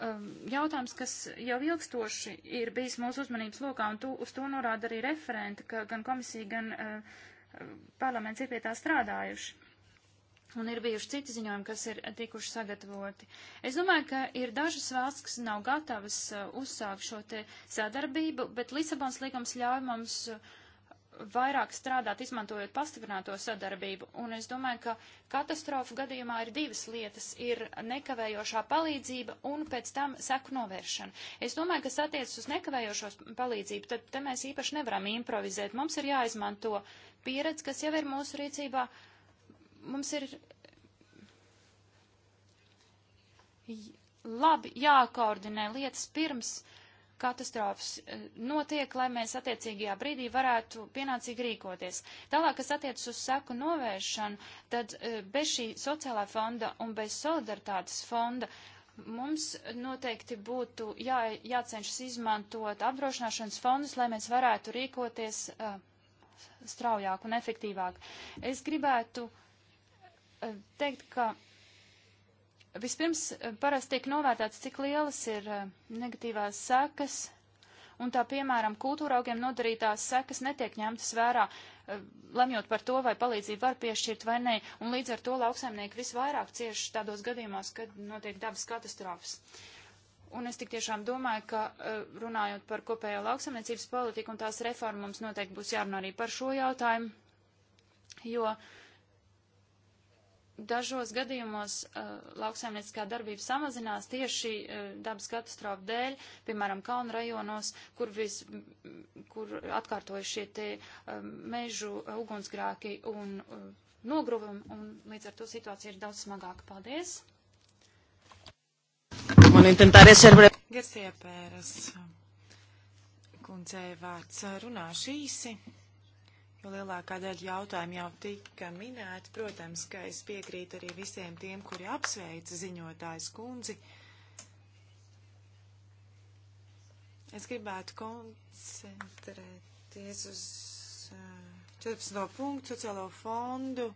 um, jautājums, kas jau ilgstoši ir bijis mūsu uzmanības lokā, un tu, uz to norāda arī referenti, ka gan komisija, gan uh, parlaments ir pie tā strādājuši. Un ir bijuši citi ziņojumi, kas ir tikuši sagatavoti. Es domāju, ka ir dažas valsts, kas nav gatavas uh, uzsākt šo te sadarbību, bet Lisabons līgums ļauj mums uh, vairāk strādāt, izmantojot pastiprināto sadarbību. Un es domāju, ka katastrofu gadījumā ir divas lietas - ir nekavējošā palīdzība un pēc tam seku novēršana. Es domāju, kas attiecas uz nekavējošos palīdzību, tad te mēs īpaši nevaram improvizēt. Mums ir jāizmanto pieredze, kas jau ir mūsu rīcībā. Mums ir labi jākoordinē lietas pirms. Uh, katastrofas eh, notiek, lai mēs attiecīgajā brīdī varētu pienācīgi rīkoties. Tālāk, kas attiecas uz seku novēršanu, tad eh, bez šī sociālā fonda un bez solidaritātes fonda mums noteikti būtu jā, jācenšas izmantot apdrošināšanas fondus, lai mēs varētu rīkoties uh, straujāk un efektīvāk. Es gribētu uh, teikt, ka Vispirms eh, parasti tiek novērtēts, cik lielas ir eh, negatīvās sekas, un tā piemēram kultūraugiem nodarītās sekas netiek ņemtas vērā, eh, lemjot par to, vai palīdzību var piešķirt vai nē, un līdz ar to lauksaimnieki visvairāk cieši tādos gadījumos, kad notiek dabas katastrofas. Un es tik tiešām domāju, ka runājot par kopējo lauksamniecības politiku un tās reformu, mums noteikti būs jārunā arī par šo jautājumu, jo uh, dažos gadījumos uh, lauksaimnieciskā darbība samazinās tieši uh, dabas katastrofu dēļ, piemēram, kalnu rajonos, kur, vis, kur atkārtojas šie te um, uh, mežu ugunsgrāki un uh, nogruvumi, un līdz ar to situācija ir daudz smagāka. Paldies! Garsie pēras kundzei vārds runāšu īsi jo lielākā daļa jautājumu jau tika minēti. Protams, ka es piekrītu arī visiem tiem, kuri apsveica ziņotājs kundzi. Es gribētu koncentrēties uz 14. Uh, punktu sociālo fondu.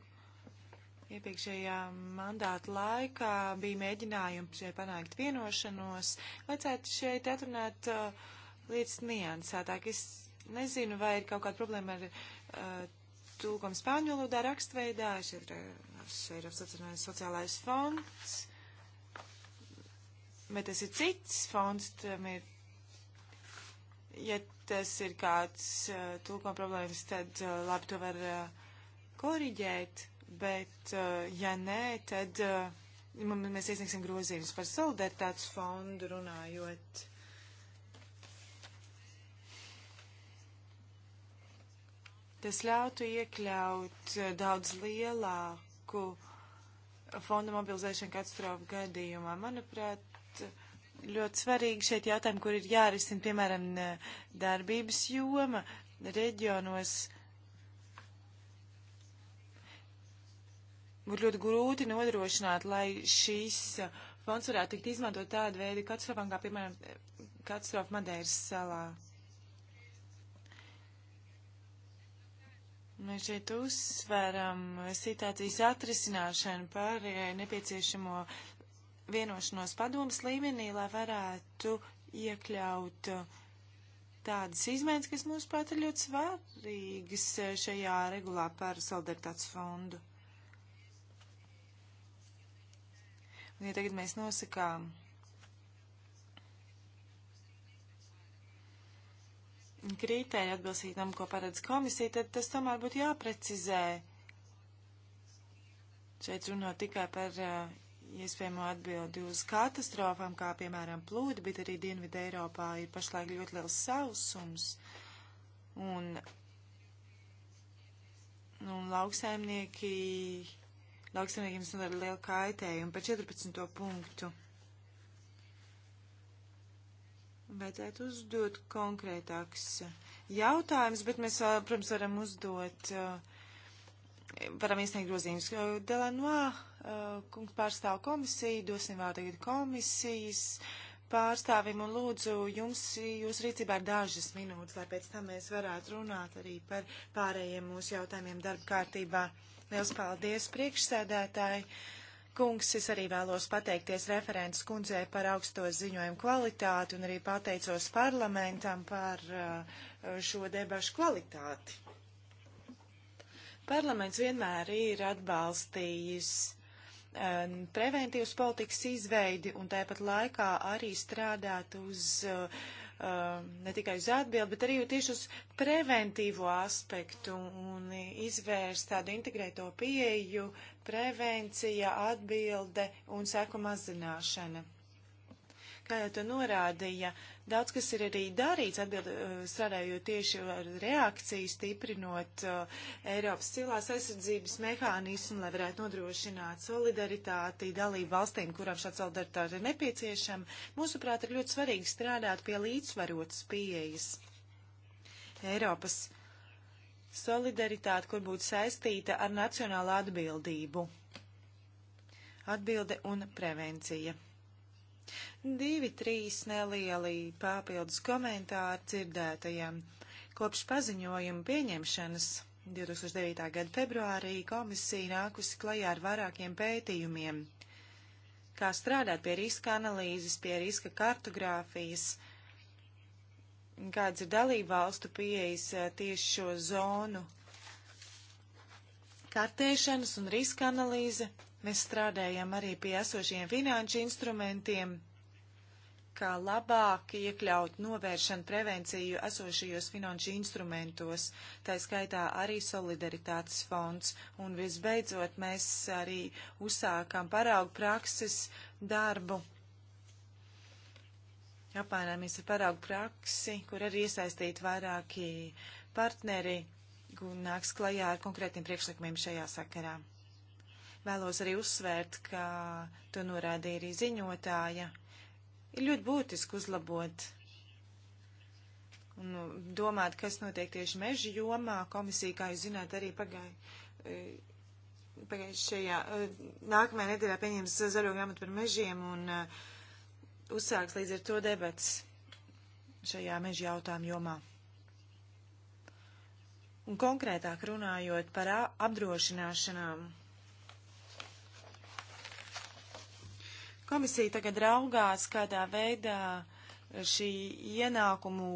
Iepriekšējā mandāta laikā bija mēģinājumi šeit panākt vienošanos. Vajadzētu šeit atrunāt uh, lietas niansētāk. Es nezinu, vai ir kaut kāda problēma ar uh, Eh, tūkums spāņu valodā rakstveidā, šeit ir eh, apsacinājums sociālais fonds, bet tas ir cits fonds, tam ir, ja tas ir kāds eh, tūkuma problēmas, tad labi to var koriģēt, bet ja nē, tad mēs iesniegsim grozījumus par solidaritātes fondu runājot. Tas ļautu iekļaut eh, daudz lielāku fondu mobilizēšanu katastrofu gadījumā. Manuprāt, ļoti svarīgi šeit jautājumi, kur ir jārisina, piemēram, eh, darbības joma reģionos. Būtu ļoti grūti nodrošināt, lai šīs eh, fonds varētu tikt izmantot tādu veidu katastrofām, kā, piemēram, katastrofa Madeiras salā. Mēs šeit uzsveram situācijas atrisināšanu par nepieciešamo vienošanos padomas līmenī, lai varētu iekļaut tādas izmaiņas, kas mums pat ir ļoti svarīgas šajā regulā par solidaritātes fondu. Un ja tagad mēs nosakām kritēri atbilstīt tam, ko paredz komisija, tad tas tomēr būtu jāprecizē. Šeit runā tikai par uh, iespējamo atbildi uz katastrofām, kā piemēram plūdi, bet arī Dienvidē Eiropā ir pašlaik ļoti liels sausums. Un, nu, un lauksaimnieki, lauksaimniekiem sanāda liela kaitējuma par 14. punktu. vajadzētu uzdot konkrētāks jautājums, bet mēs, protams, varam uzdot, varam iesniegt grozījumus. Delanoā, kungs pārstāv komisiju, dosim vārdu tagad komisijas pārstāvim un lūdzu jums, jūs rīcībā ir dažas minūtes, lai pēc tam mēs varētu runāt arī par pārējiem mūsu jautājumiem darba kārtībā. Liels paldies priekšsēdētāji! Uh, kungs, es arī vēlos pateikties referents kundzei par augsto ziņojumu kvalitāti un arī pateicos parlamentam par uh, šo debašu kvalitāti. Parlaments vienmēr ir atbalstījis um, preventīvas politikas izveidi un tāpat laikā arī strādāt uz uh, Um, ne tikai uz atbildi, bet arī tieši uz preventīvo aspektu un izvērst tādu integrēto pieeju, prevencija, atbilde un sēku mazināšana. Kā jau to norādīja, daudz kas ir arī darīts, atbild, uh, strādājot tieši ar reakciju, stiprinot uh, Eiropas cilvēks aizsardzības mehānismu, lai varētu nodrošināt solidaritāti dalību valstīm, kurām šāda solidaritāte ir nepieciešama. Mūsuprāt, ir ļoti svarīgi strādāt pie līdzsvarotas pieejas. Eiropas solidaritāte, kur būtu saistīta ar nacionālu atbildību. Atbilde un prevencija. Divi, trīs nelieli papildus komentāri dzirdētajam. Kopš paziņojuma pieņemšanas 2009. gada februārī komisija nākusi klajā ar vairākiem pētījumiem, kā strādāt pie riska analīzes, pie riska kartogrāfijas, kāds ir dalību valstu pieejas eh, tieši šo zonu kartēšanas un riska analīze. Mēs strādājam arī pie esošiem finanšu instrumentiem, kā labāk iekļaut novēršanu prevenciju esošajos finanšu instrumentos, tā skaitā arī solidaritātes fonds. Un visbeidzot, mēs arī uzsākām paraugu prakses darbu. Apmaināmies ar paraugu praksi, kur arī iesaistīti vairāki partneri un nāks klajā ar konkrētiem priekšlikumiem šajā sakarā. Vēlos arī uzsvērt, ka to norādīja arī ziņotāja Ir ļoti būtiski uzlabot un nu, domāt, kas notiek tieši meža jomā. Komisija, kā jūs zināt, arī pagāja. E, Pagājušajā e, nākamajā nedēļā pieņems zaļo grāmatu par mežiem un uh, uzsāks līdz ar to debats šajā meža jautājuma jomā. Un konkrētāk runājot par apdrošināšanām Komisija tagad raugās, kādā veidā šī ienākumu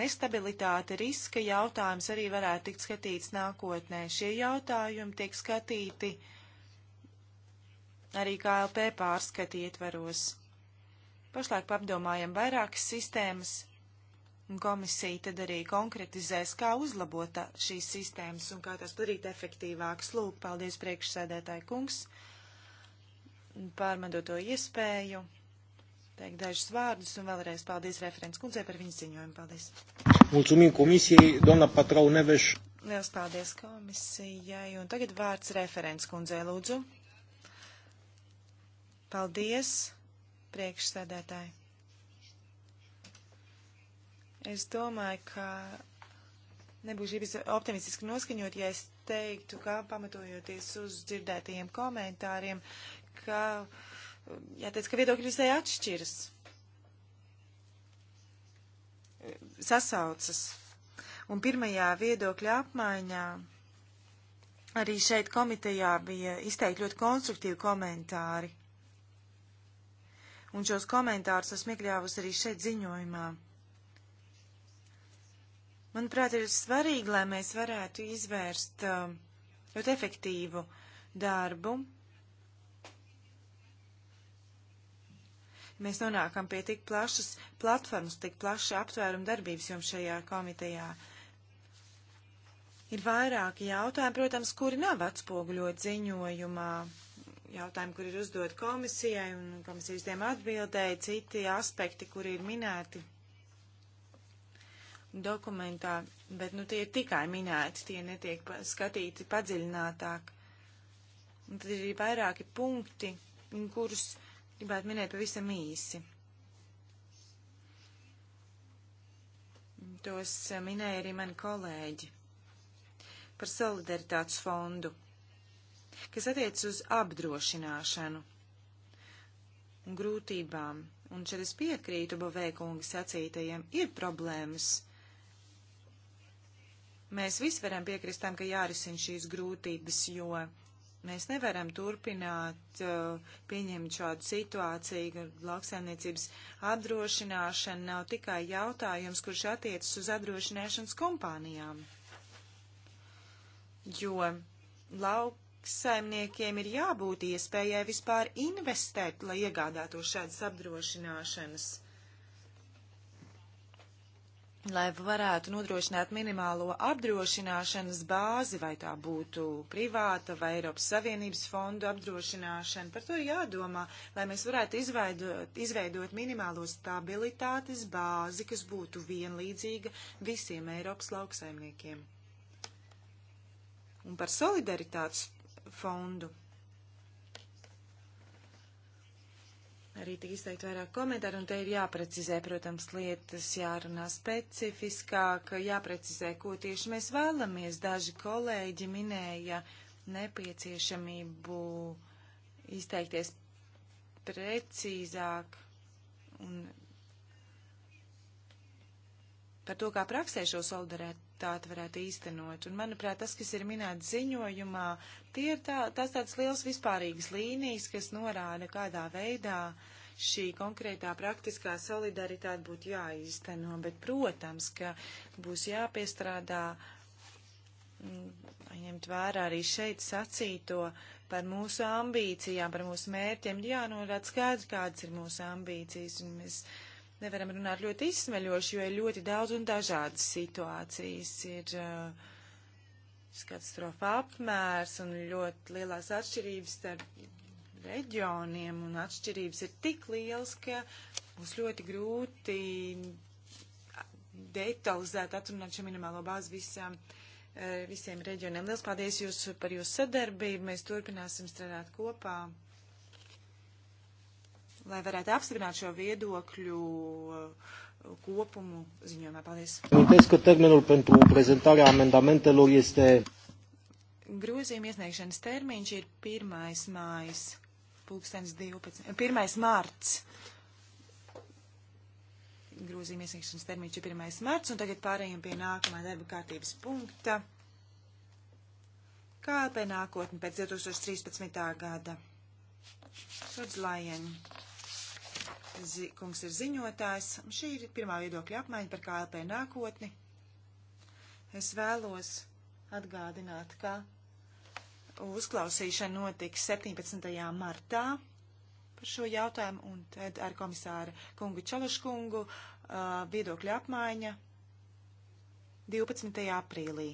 nestabilitāte riska jautājums arī varētu tikt skatīts nākotnē. Šie jautājumi tiek skatīti arī KLP pārskati ietvaros. Pašlaik papdomājam vairākas sistēmas, un komisija tad arī konkretizēs, kā uzlabota šīs sistēmas un kā tās padarīt efektīvākas. Lūk, paldies priekšsēdētāji kungs pārmantoto iespēju teikt dažus vārdus un vēlreiz paldies referents kundzē par viņas ziņojumu. Paldies. Mulțumim komisijai, doamna Patrau Neveš. Liels paldies komisijai. Un tagad vārds referents kundzē, lūdzu. Paldies, priekšsēdētāji. Es domāju, ka nebūšu optimistiski noskaņot, ja es teiktu, ka pamatojoties uz dzirdētajiem komentāriem, uh, ka, jāteic, ka viedokļi visai atšķiras, sasaucas. Un pirmajā viedokļa apmaiņā arī šeit komitejā bija izteikti ļoti konstruktīvi komentāri. Un šos komentārus esmu iekļāvusi arī šeit ziņojumā. Manuprāt, ir svarīgi, lai mēs varētu izvērst um, ļoti efektīvu darbu mēs nonākam pie tik plašas platformas, tik plaša aptvēruma darbības jums šajā komitejā. Ir vairāki jautājumi, protams, kuri nav atspoguļot ziņojumā. Jautājumi, kur ir uzdot komisijai un komisijas tiem atbildēja, citi aspekti, kuri ir minēti dokumentā, bet nu tie ir tikai minēti, tie netiek skatīti padziļinātāk. Un tad ir vairāki punkti, kurus gribētu minēt pavisam īsi. Tos minēja arī mani kolēģi par solidaritātes fondu, kas attiec uz apdrošināšanu un grūtībām. Un šeit es piekrītu Bovēkunga sacītajiem, ir problēmas. Mēs visi varam piekrist tam, ka jārisina šīs grūtības, jo Mēs nevaram turpināt uh, pieņemt šādu situāciju, ka lauksaimniecības apdrošināšana nav tikai jautājums, kurš attiecas uz apdrošināšanas kompānijām. Jo lauksaimniekiem ir jābūt iespējai vispār investēt, lai iegādātos šādas apdrošināšanas lai varētu nodrošināt minimālo apdrošināšanas bāzi, vai tā būtu privāta vai Eiropas Savienības fondu apdrošināšana. Par to ir jādomā, lai mēs varētu izveidot, izveidot minimālo stabilitātes bāzi, kas būtu vienlīdzīga visiem Eiropas lauksaimniekiem. Un par solidaritātes fondu arī tik izteikt vairāk komentāru, un te ir jāprecizē, protams, lietas, jārunā specifiskāk, jāprecizē, ko tieši mēs vēlamies. Daži kolēģi minēja nepieciešamību izteikties precīzāk un par to, kā praksē šo solidaritāti efektivitāti varētu īstenot. Un, manuprāt, tas, kas ir minēts ziņojumā, tie ir tā, tās tādas liels vispārīgas līnijas, kas norāda, kādā veidā šī konkrētā praktiskā solidaritāte būtu jāīsteno. Bet, protams, ka būs jāpiestrādā mm, ņemt vērā arī šeit sacīto par mūsu ambīcijām, par mūsu mērķiem. Jānorāda nu, skaidrs, kādas ir mūsu ambīcijas, un mēs nevaram runāt ļoti izsmeļoši, jo ir ļoti daudz un dažādas situācijas. Ir uh, katastrofa apmērs un ļoti lielās atšķirības starp reģioniem, un atšķirības ir tik lielas, ka būs ļoti grūti detalizēt atrunāt šo minimālo bāzi visām uh, visiem reģioniem. Liels paldies jūs par jūsu sadarbību. Mēs turpināsim strādāt kopā lai varētu apstiprināt šo viedokļu uh, kopumu ziņojumā. Paldies. Amintesc că termenul pentru prezentarea amendamentelor este. Grūzījuma iesniegšanas termiņš ir 1. mājas, 2012. 1. mārts. Grūzījuma iesniegšanas termiņš ir 1. mārts, un tagad pārējiem pie nākamā darba kārtības punkta. Kā pēc nākotni pēc 2013. gada? Šodz lajeni zi, kungs ir ziņotājs. Šī ir pirmā viedokļa apmaiņa par KLP nākotni. Es vēlos atgādināt, ka uzklausīšana notiks 17. martā par šo jautājumu un tad ar komisāru kungu Čalaškungu uh, viedokļa apmaiņa 12. aprīlī.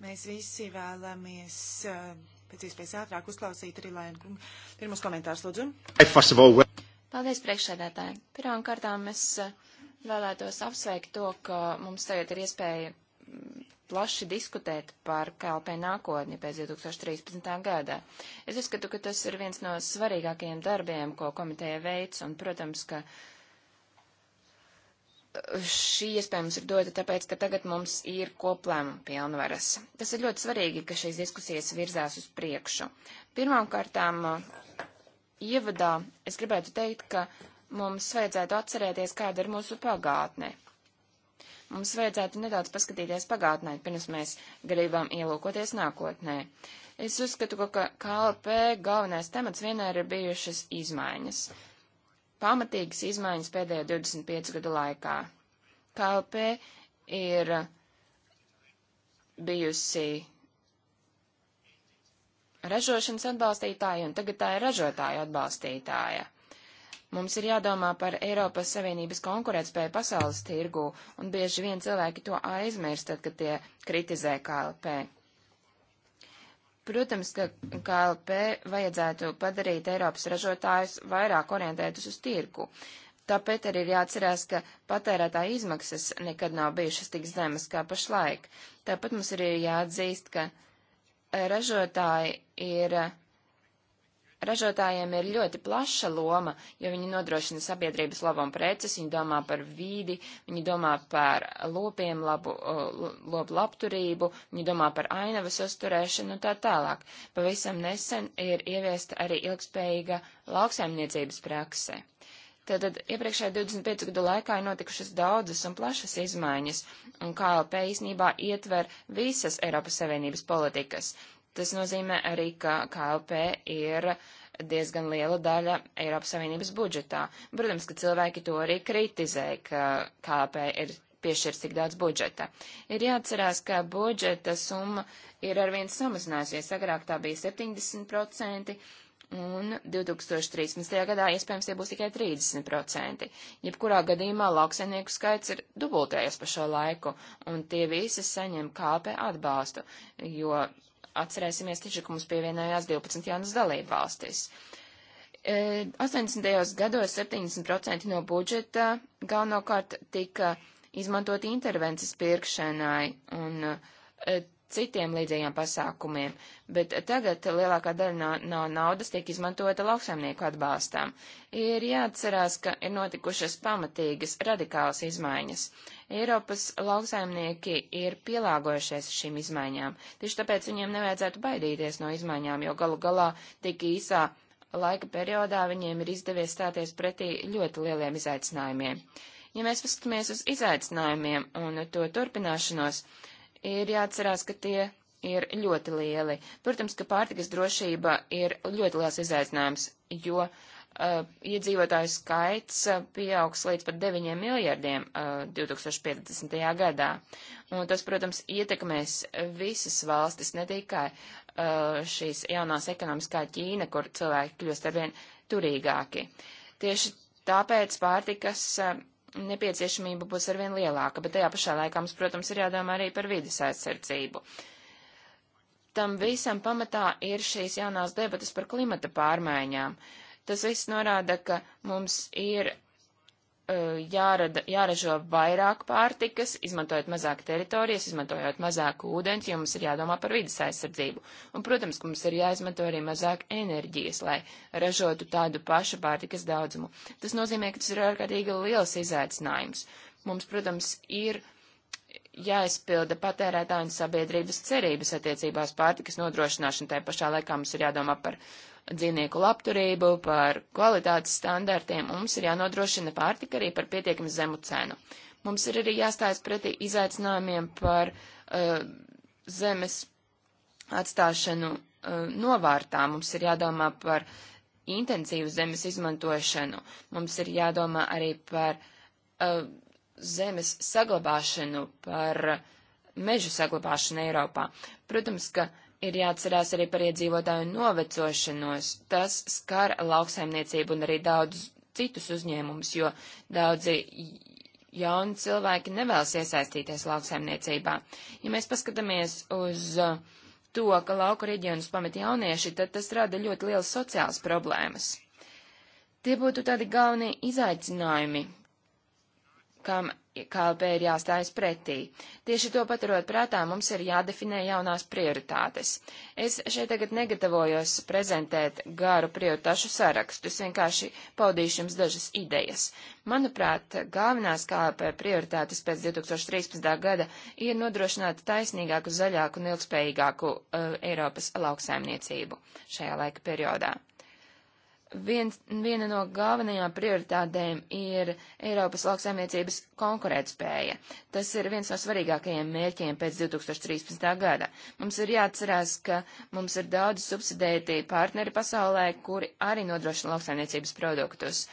Mēs visi vēlamies eh, pēc iespējas ātrāk uzklausīt arī Lēnu kungu. Pirmos komentārus lūdzu. Paldies, priekšsēdētāji. Pirmām kārtām es eh, vēlētos apsveikt to, ka mums tagad ir iespēja mm, plaši diskutēt par KLP nākotni pēc 2013. gadā. Es uzskatu, ka tas ir viens no svarīgākajiem darbiem, ko komiteja veic, un, protams, ka uh, šī iespējams ir dota tāpēc, ka tagad mums ir koplēma pilnvaras. Tas ir ļoti svarīgi, ka šīs diskusijas virzās uz priekšu. Pirmām kārtām, uh, ievadā es gribētu teikt, ka mums vajadzētu atcerēties, kāda ir mūsu pagātne. Mums vajadzētu nedaudz paskatīties pagātnē, pirms mēs gribam ielūkoties nākotnē. Es uzskatu, ka KLP galvenais temats vienmēr ir bijušas izmaiņas pamatīgas izmaiņas pēdējo 25 gadu laikā. KLP ir bijusi ražošanas atbalstītāja, un tagad tā ir ražotāja atbalstītāja. Mums ir jādomā par Eiropas Savienības konkurētspēju pasaules tirgu, un bieži vien cilvēki to aizmirst, tad, kad tie kritizē KLP. Protams, ka KLP vajadzētu padarīt Eiropas ražotājus vairāk orientētus uz tirgu. Tāpēc arī ir jāatcerās, ka patērētāja izmaksas nekad nav bijušas tik zemas kā pašlaik. Tāpat mums ir jāatzīst, ka ražotāji ir uh, Ražotājiem ir ļoti plaša loma, jo viņi nodrošina sabiedrības labam preces, viņi domā par vīdi, viņi domā par lopiem labu, lopu labturību, viņi domā par ainavas uzturēšanu un tā tālāk. Pavisam nesen ir ieviesta arī ilgspējīga lauksaimniecības prakse. Tātad iepriekšējā 25 gadu laikā ir notikušas daudzas un plašas izmaiņas, un KLP īsnībā ietver visas Eiropas Savienības politikas. Tas nozīmē arī, ka KLP ir diezgan liela daļa Eiropas Savienības budžetā. Protams, ka cilvēki to arī kritizē, ka KLP ir piešķirs tik daudz budžeta. Ir jāatcerās, ka budžeta summa ir arvien samazinājusies. Agrāk tā bija 70%, un 2013. gadā iespējams tie būs tikai 30%. Jebkurā gadījumā lauksainieku skaits ir dubultējies pa šo laiku, un tie visi saņem kāpē atbalstu, jo Atcerēsimies taču, ka mums pievienojās 12 jaunas dalība valstis. 80. E, gados 70% no budžeta galvenokārt tika izmantot intervences pirkšanai, un e, citiem līdzīgiem pasākumiem, bet tagad lielākā daļa no, no naudas tiek izmantota lauksaimnieku atbalstām. Ir jāatcerās, ka ir notikušas pamatīgas radikālas izmaiņas. Eiropas lauksaimnieki ir pielāgojušies šīm izmaiņām, tieši tāpēc viņiem nevajadzētu baidīties no izmaiņām, jo galu galā tik īsā laika periodā viņiem ir izdevies stāties pretī ļoti lieliem izaicinājumiem. Ja mēs paskatāmies uz izaicinājumiem un to turpināšanos, uh, ir jāatcerās, ka tie ir ļoti lieli. Protams, ka pārtikas drošība ir ļoti liels izaicinājums, jo uh, iedzīvotāju skaits uh, pieaugs līdz pat 9 miljardiem uh, 2050. gadā. Un tas, protams, ietekmēs visas valstis, ne tikai uh, šīs jaunās ekonomiskā Ķīna, kur cilvēki kļūst arvien turīgāki. Tieši tāpēc pārtikas uh, nepieciešamība būs arvien lielāka, bet tajā pašā laikā mums, protams, ir jādomā arī par vidas aizsardzību. Tam visam pamatā ir šīs jaunās debatas par klimata pārmaiņām. Tas viss norāda, ka mums ir Eh, jārada, jāražo vairāk pārtikas, izmantojot mazāk teritorijas, izmantojot mazāk ūdens, jo mums ir jādomā par vidas aizsardzību. Un, protams, ka mums ir jāizmanto arī mazāk enerģijas, lai ražotu tādu pašu pārtikas daudzumu. Tas nozīmē, ka tas ir ārkārtīgi liels izaicinājums. Mums, protams, ir jāizpilda patērētāju un sabiedrības cerības attiecībās pārtikas nodrošināšanu, tajā pašā laikā mums ir jādomā par uh, dzīvnieku labturību, par kvalitātes standartiem, mums ir jānodrošina pārtika arī par pietiekami zemu cenu. Mums ir arī jāstājas pretī izaicinājumiem par uh, zemes atstāšanu uh, novārtā. Mums ir jādomā par intensīvu zemes izmantošanu. Mums ir jādomā arī par uh, zemes saglabāšanu, par uh, mežu saglabāšanu Eiropā. Protams, ka Ir jāatcerās arī par iedzīvotāju novecošanos. Tas skar lauksaimniecību un arī daudzus citus uzņēmumus, jo daudzi jauni cilvēki nevēlas iesaistīties lauksaimniecībā. Ja mēs paskatāmies uz uh, to, ka lauku reģionus pamet jaunieši, tad tas rada ļoti lielas sociālas problēmas. Tie būtu tādi galvenie izaicinājumi, kam KLP ir jāstājas pretī. Tieši to paturot prātā, mums ir jādefinē jaunās prioritātes. Es šeit tagad negatavojos prezentēt garu prioritāšu sarakstu, es vienkārši paudīšu jums dažas idejas. Manuprāt, galvenās KLP prioritātes pēc 2013. gada ir nodrošināt taisnīgāku, zaļāku un ilgspējīgāku uh, Eiropas lauksaimniecību šajā laika periodā. Viens, viena no galvenajām prioritātēm ir Eiropas lauksaimniecības konkurētspēja. Tas ir viens no svarīgākajiem mērķiem pēc 2013. gada. Mums ir jāatcerās, ka mums ir daudz subsidēti partneri pasaulē, kuri arī nodrošina lauksaimniecības produktus.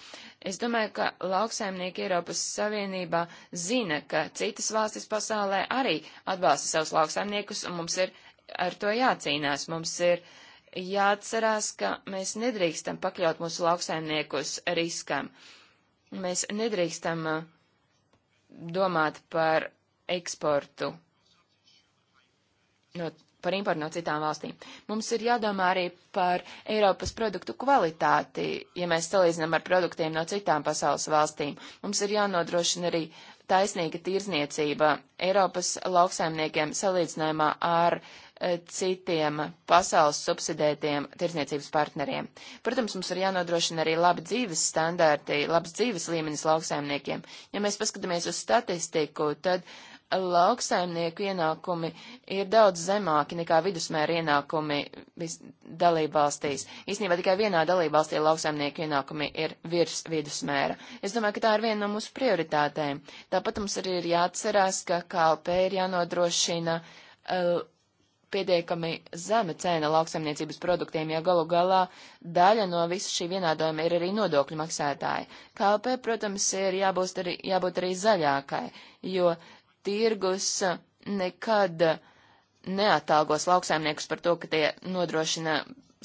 Es domāju, ka lauksaimnieki Eiropas Savienībā zina, ka citas valstis pasaulē arī atbalsta savus lauksaimniekus, un mums ir ar to jācīnās. Mums ir uh, jāatcerās, ka mēs nedrīkstam pakļaut mūsu lauksaimniekus riskam. Mēs nedrīkstam uh, domāt par eksportu, no, par importu no citām valstīm. Mums ir jādomā arī par Eiropas produktu kvalitāti, ja mēs salīdzinām ar produktiem no citām pasaules valstīm. Mums ir jānodrošina arī taisnīga tirzniecība Eiropas lauksaimniekiem salīdzinājumā ar eh, citiem pasaules subsidētiem tirzniecības partneriem. Protams, mums ir jānodrošina arī labi dzīves standārti, labs dzīves līmenis lauksaimniekiem. Ja mēs paskatāmies uz statistiku, tad lauksaimnieku ienākumi ir daudz zemāki nekā vidusmēra ienākumi dalībvalstīs. Īsnībā tikai vienā dalībvalstī lauksaimnieku ienākumi ir virs vidusmēra. Es domāju, ka tā ir viena no mūsu prioritātēm. Tāpat mums arī ir jāatcerās, ka KLP ir jānodrošina uh, pietiekami zema cena lauksaimniecības produktiem, ja galu galā daļa no visa šī vienādojuma ir arī nodokļu maksātāji. KLP, protams, ir jābūt arī, jābūt arī zaļākai, jo uh, tirgus nekad neatalgos lauksaimniekus par to, ka tie nodrošina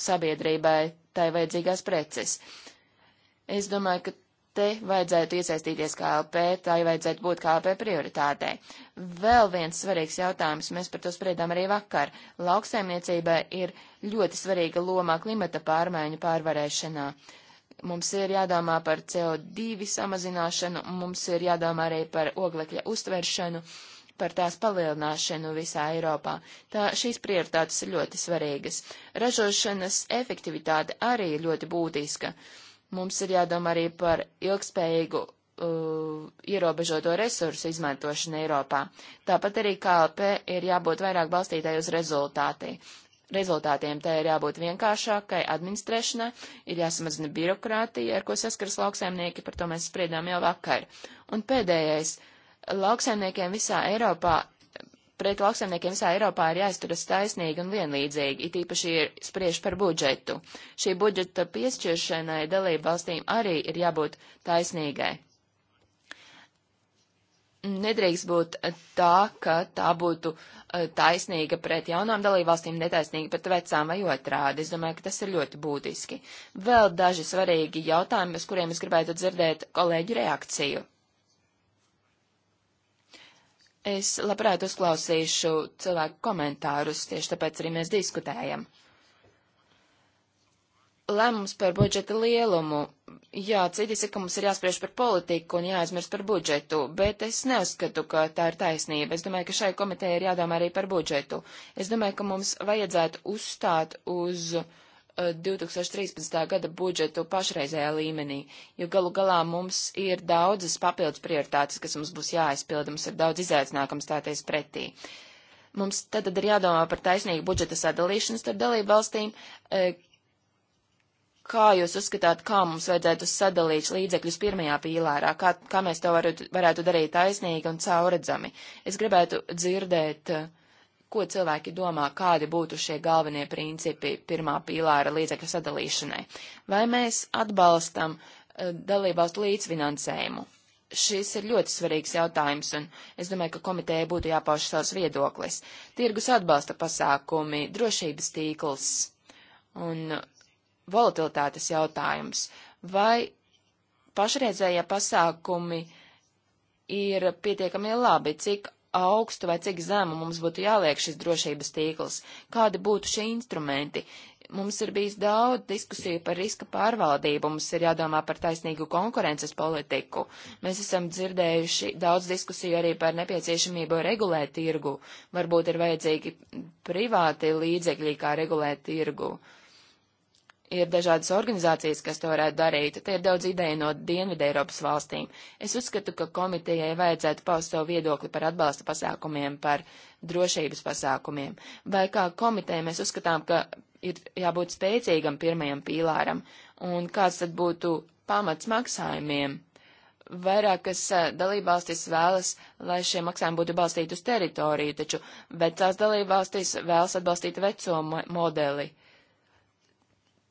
sabiedrībai tai vajadzīgās preces. Es domāju, ka te vajadzētu iesaistīties KLP, tai vajadzētu būt KLP prioritātei. Vēl viens svarīgs jautājums, mēs par to spriedām arī vakar. Lauksaimniecībai ir ļoti svarīga loma klimata pārmaiņu pārvarēšanā. Uh, Mums ir jādomā par CO2 samazināšanu, mums ir jādomā arī par oglekļa uztveršanu, par tās palielināšanu visā Eiropā. Tā šīs prioritātes ir ļoti svarīgas. Ražošanas efektivitāte arī ir ļoti būtiska. Mums ir jādomā arī par ilgspējīgu uh, ierobežoto resursu izmantošana Eiropā. Tāpat arī KLP ir jābūt vairāk balstītāji uz rezultāti rezultātiem. Tā ir jābūt vienkāršākai administrēšanai, ir jāsamazina birokrātija, ar ko saskaras lauksaimnieki, par to mēs spriedām jau vakar. Un pēdējais, lauksaimniekiem visā Eiropā, pret lauksaimniekiem visā Eiropā ir jāizturas taisnīgi un vienlīdzīgi, it īpaši ir spriež par budžetu. Šī budžeta piešķiršanai dalību valstīm arī ir jābūt taisnīgai nedrīkst būt tā, ka tā būtu e, taisnīga pret jaunām dalībvalstīm, netaisnīga pret vecām vai otrādi. Es domāju, ka tas ir ļoti būtiski. Vēl daži svarīgi jautājumi, uz kuriem es gribētu dzirdēt kolēģu reakciju. Es labprāt uzklausīšu cilvēku komentārus, tieši tāpēc arī mēs diskutējam lēmums par budžeta lielumu. Jā, citi saka, ka mums ir jāspriež par politiku un jāaizmirst par budžetu, bet es neuzskatu, ka tā ir taisnība. Es domāju, ka šai komitejai ir jādomā arī par budžetu. Es domāju, ka mums vajadzētu uzstāt uz uh, 2013. gada budžetu pašreizējā līmenī, jo galu galā mums ir daudzas papildus prioritātes, kas mums būs jāaizpilda, mums ir daudz izaicinājumu stāties pretī. Mums tad ir jādomā par taisnīgu budžeta sadalīšanu starp dalību valstīm, uh, kā jūs uzskatāt, kā mums vajadzētu sadalīt līdzekļus pirmajā pīlārā, kā, kā mēs to varētu, varētu darīt taisnīgi un cauredzami? Es gribētu dzirdēt, ko cilvēki domā, kādi būtu šie galvenie principi pirmā pīlāra līdzekļu sadalīšanai. Vai mēs atbalstam eh, dalībvalstu līdzfinansējumu? Šis ir ļoti svarīgs jautājums, un es domāju, ka komitēja būtu jāpauž savs viedoklis. Tirgus atbalsta pasākumi, drošības tīkls, un volatilitātes jautājums. Vai pašreizējie pasākumi ir pietiekami labi, cik augstu vai cik zemu mums būtu jāliek šis drošības tīkls, kādi būtu šie instrumenti. Mums ir bijis daudz diskusiju par riska pārvaldību, mums ir jādomā par taisnīgu konkurences politiku. Mēs esam dzirdējuši daudz diskusiju arī par nepieciešamību regulēt tirgu. Varbūt ir vajadzīgi privāti līdzekļi, kā regulēt tirgu. Uh, ir dažādas organizācijas, kas to varētu darīt. Te ir daudz ideju no Dienvidē Eiropas valstīm. Es uzskatu, ka komitejai vajadzētu paust savu viedokli par atbalsta pasākumiem, par drošības pasākumiem. Vai kā komiteja mēs uzskatām, ka ir jābūt spēcīgam pirmajam pīlāram, un kāds tad būtu pamats maksājumiem? vairākas dalībvalstis vēlas, lai šie maksājumi būtu balstīti uz teritoriju, taču vecās dalībvalstis vēlas atbalstīt veco modeli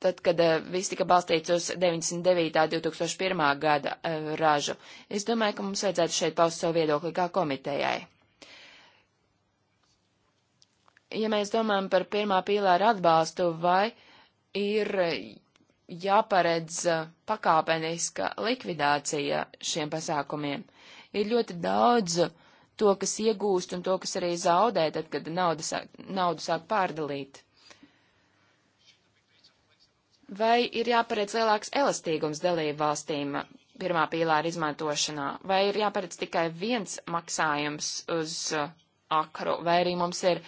tad, kad eh, viss tika balstīts uz 99. 2001. gada eh, ražu. Es domāju, ka mums vajadzētu šeit paust savu viedokli kā komitejai. Ja mēs domājam par pirmā pīlāra atbalstu, vai ir jāparedz eh, pakāpeniska likvidācija šiem pasākumiem? Ir ļoti daudz to, kas iegūst un to, kas arī zaudē, tad, kad nauda sāk, naudu sāk pārdalīt. Vai ir jāparedz lielāks elastīgums dalību valstīm pirmā pīlāra izmantošanā, vai ir jāparedz tikai viens maksājums uz uh, akru, vai arī mums ir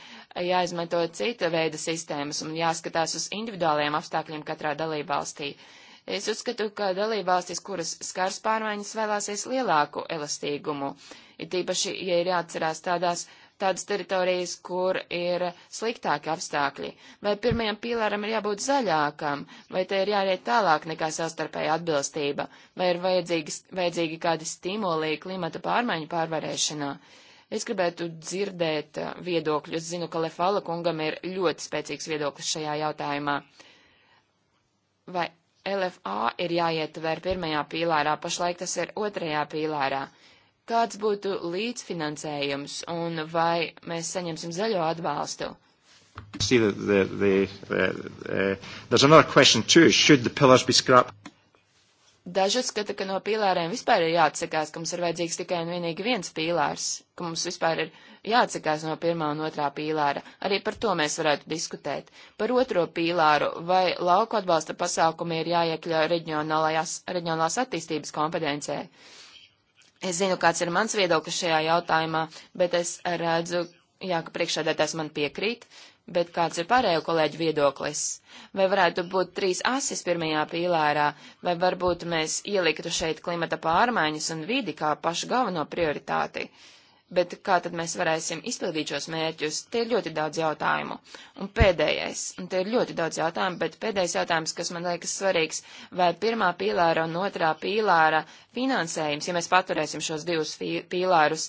jāizmanto cita veida sistēmas un jāskatās uz individuāliem apstākļiem katrā dalībvalstī. Es uzskatu, ka dalībvalstis, kuras skars pārmaiņas, vēlāsies lielāku elastīgumu, it īpaši, ja ir jāatcerās tādās tādas teritorijas, kur ir sliktāki apstākļi, vai pirmajam pīlāram ir jābūt zaļākam, vai te ir jāiet tālāk nekā savstarpēja atbilstība, vai ir vajadzīgi, vajadzīgi kādi stimuli klimata pārmaiņu pārvarēšanā. Es gribētu dzirdēt uh, viedokļus, zinu, ka Lefala kungam ir ļoti spēcīgs viedoklis šajā jautājumā. Vai LFA ir jāietver pirmajā pīlārā, pašlaik tas ir otrajā pīlārā kāds būtu līdzfinansējums un vai mēs saņemsim zaļo atbalstu? See the, the, the, the, uh, there's another question too. Should the pillars be scrapped? Daži uzskata, ka no pīlāriem vispār ir jāatsakās, ka mums ir vajadzīgs tikai un vienīgi viens pīlārs, ka mums vispār ir jāatsakās no pirmā un otrā pīlāra. Arī par to mēs varētu diskutēt. Par otro pīlāru, vai lauku atbalsta pasākumi ir jāiekļauj reģionālās attīstības kompetencē? Uh, Es zinu, kāds ir mans viedoklis šajā jautājumā, bet es redzu, jā, ka priekšsēdētājs man piekrīt, bet kāds ir pārējo kolēģu viedoklis? Vai varētu būt trīs asis pirmajā pīlārā, vai varbūt mēs ieliktu šeit klimata pārmaiņas un vidi kā pašu galveno prioritāti? Uh, Bet kā tad mēs varēsim izpildīt šos mērķus? Tie ir ļoti daudz jautājumu. Un pēdējais, un tie ir ļoti daudz jautājumu, bet pēdējais jautājums, kas man liekas svarīgs, vai pirmā pīlāra un otrā pīlāra finansējums, ja mēs paturēsim šos divus pīlārus,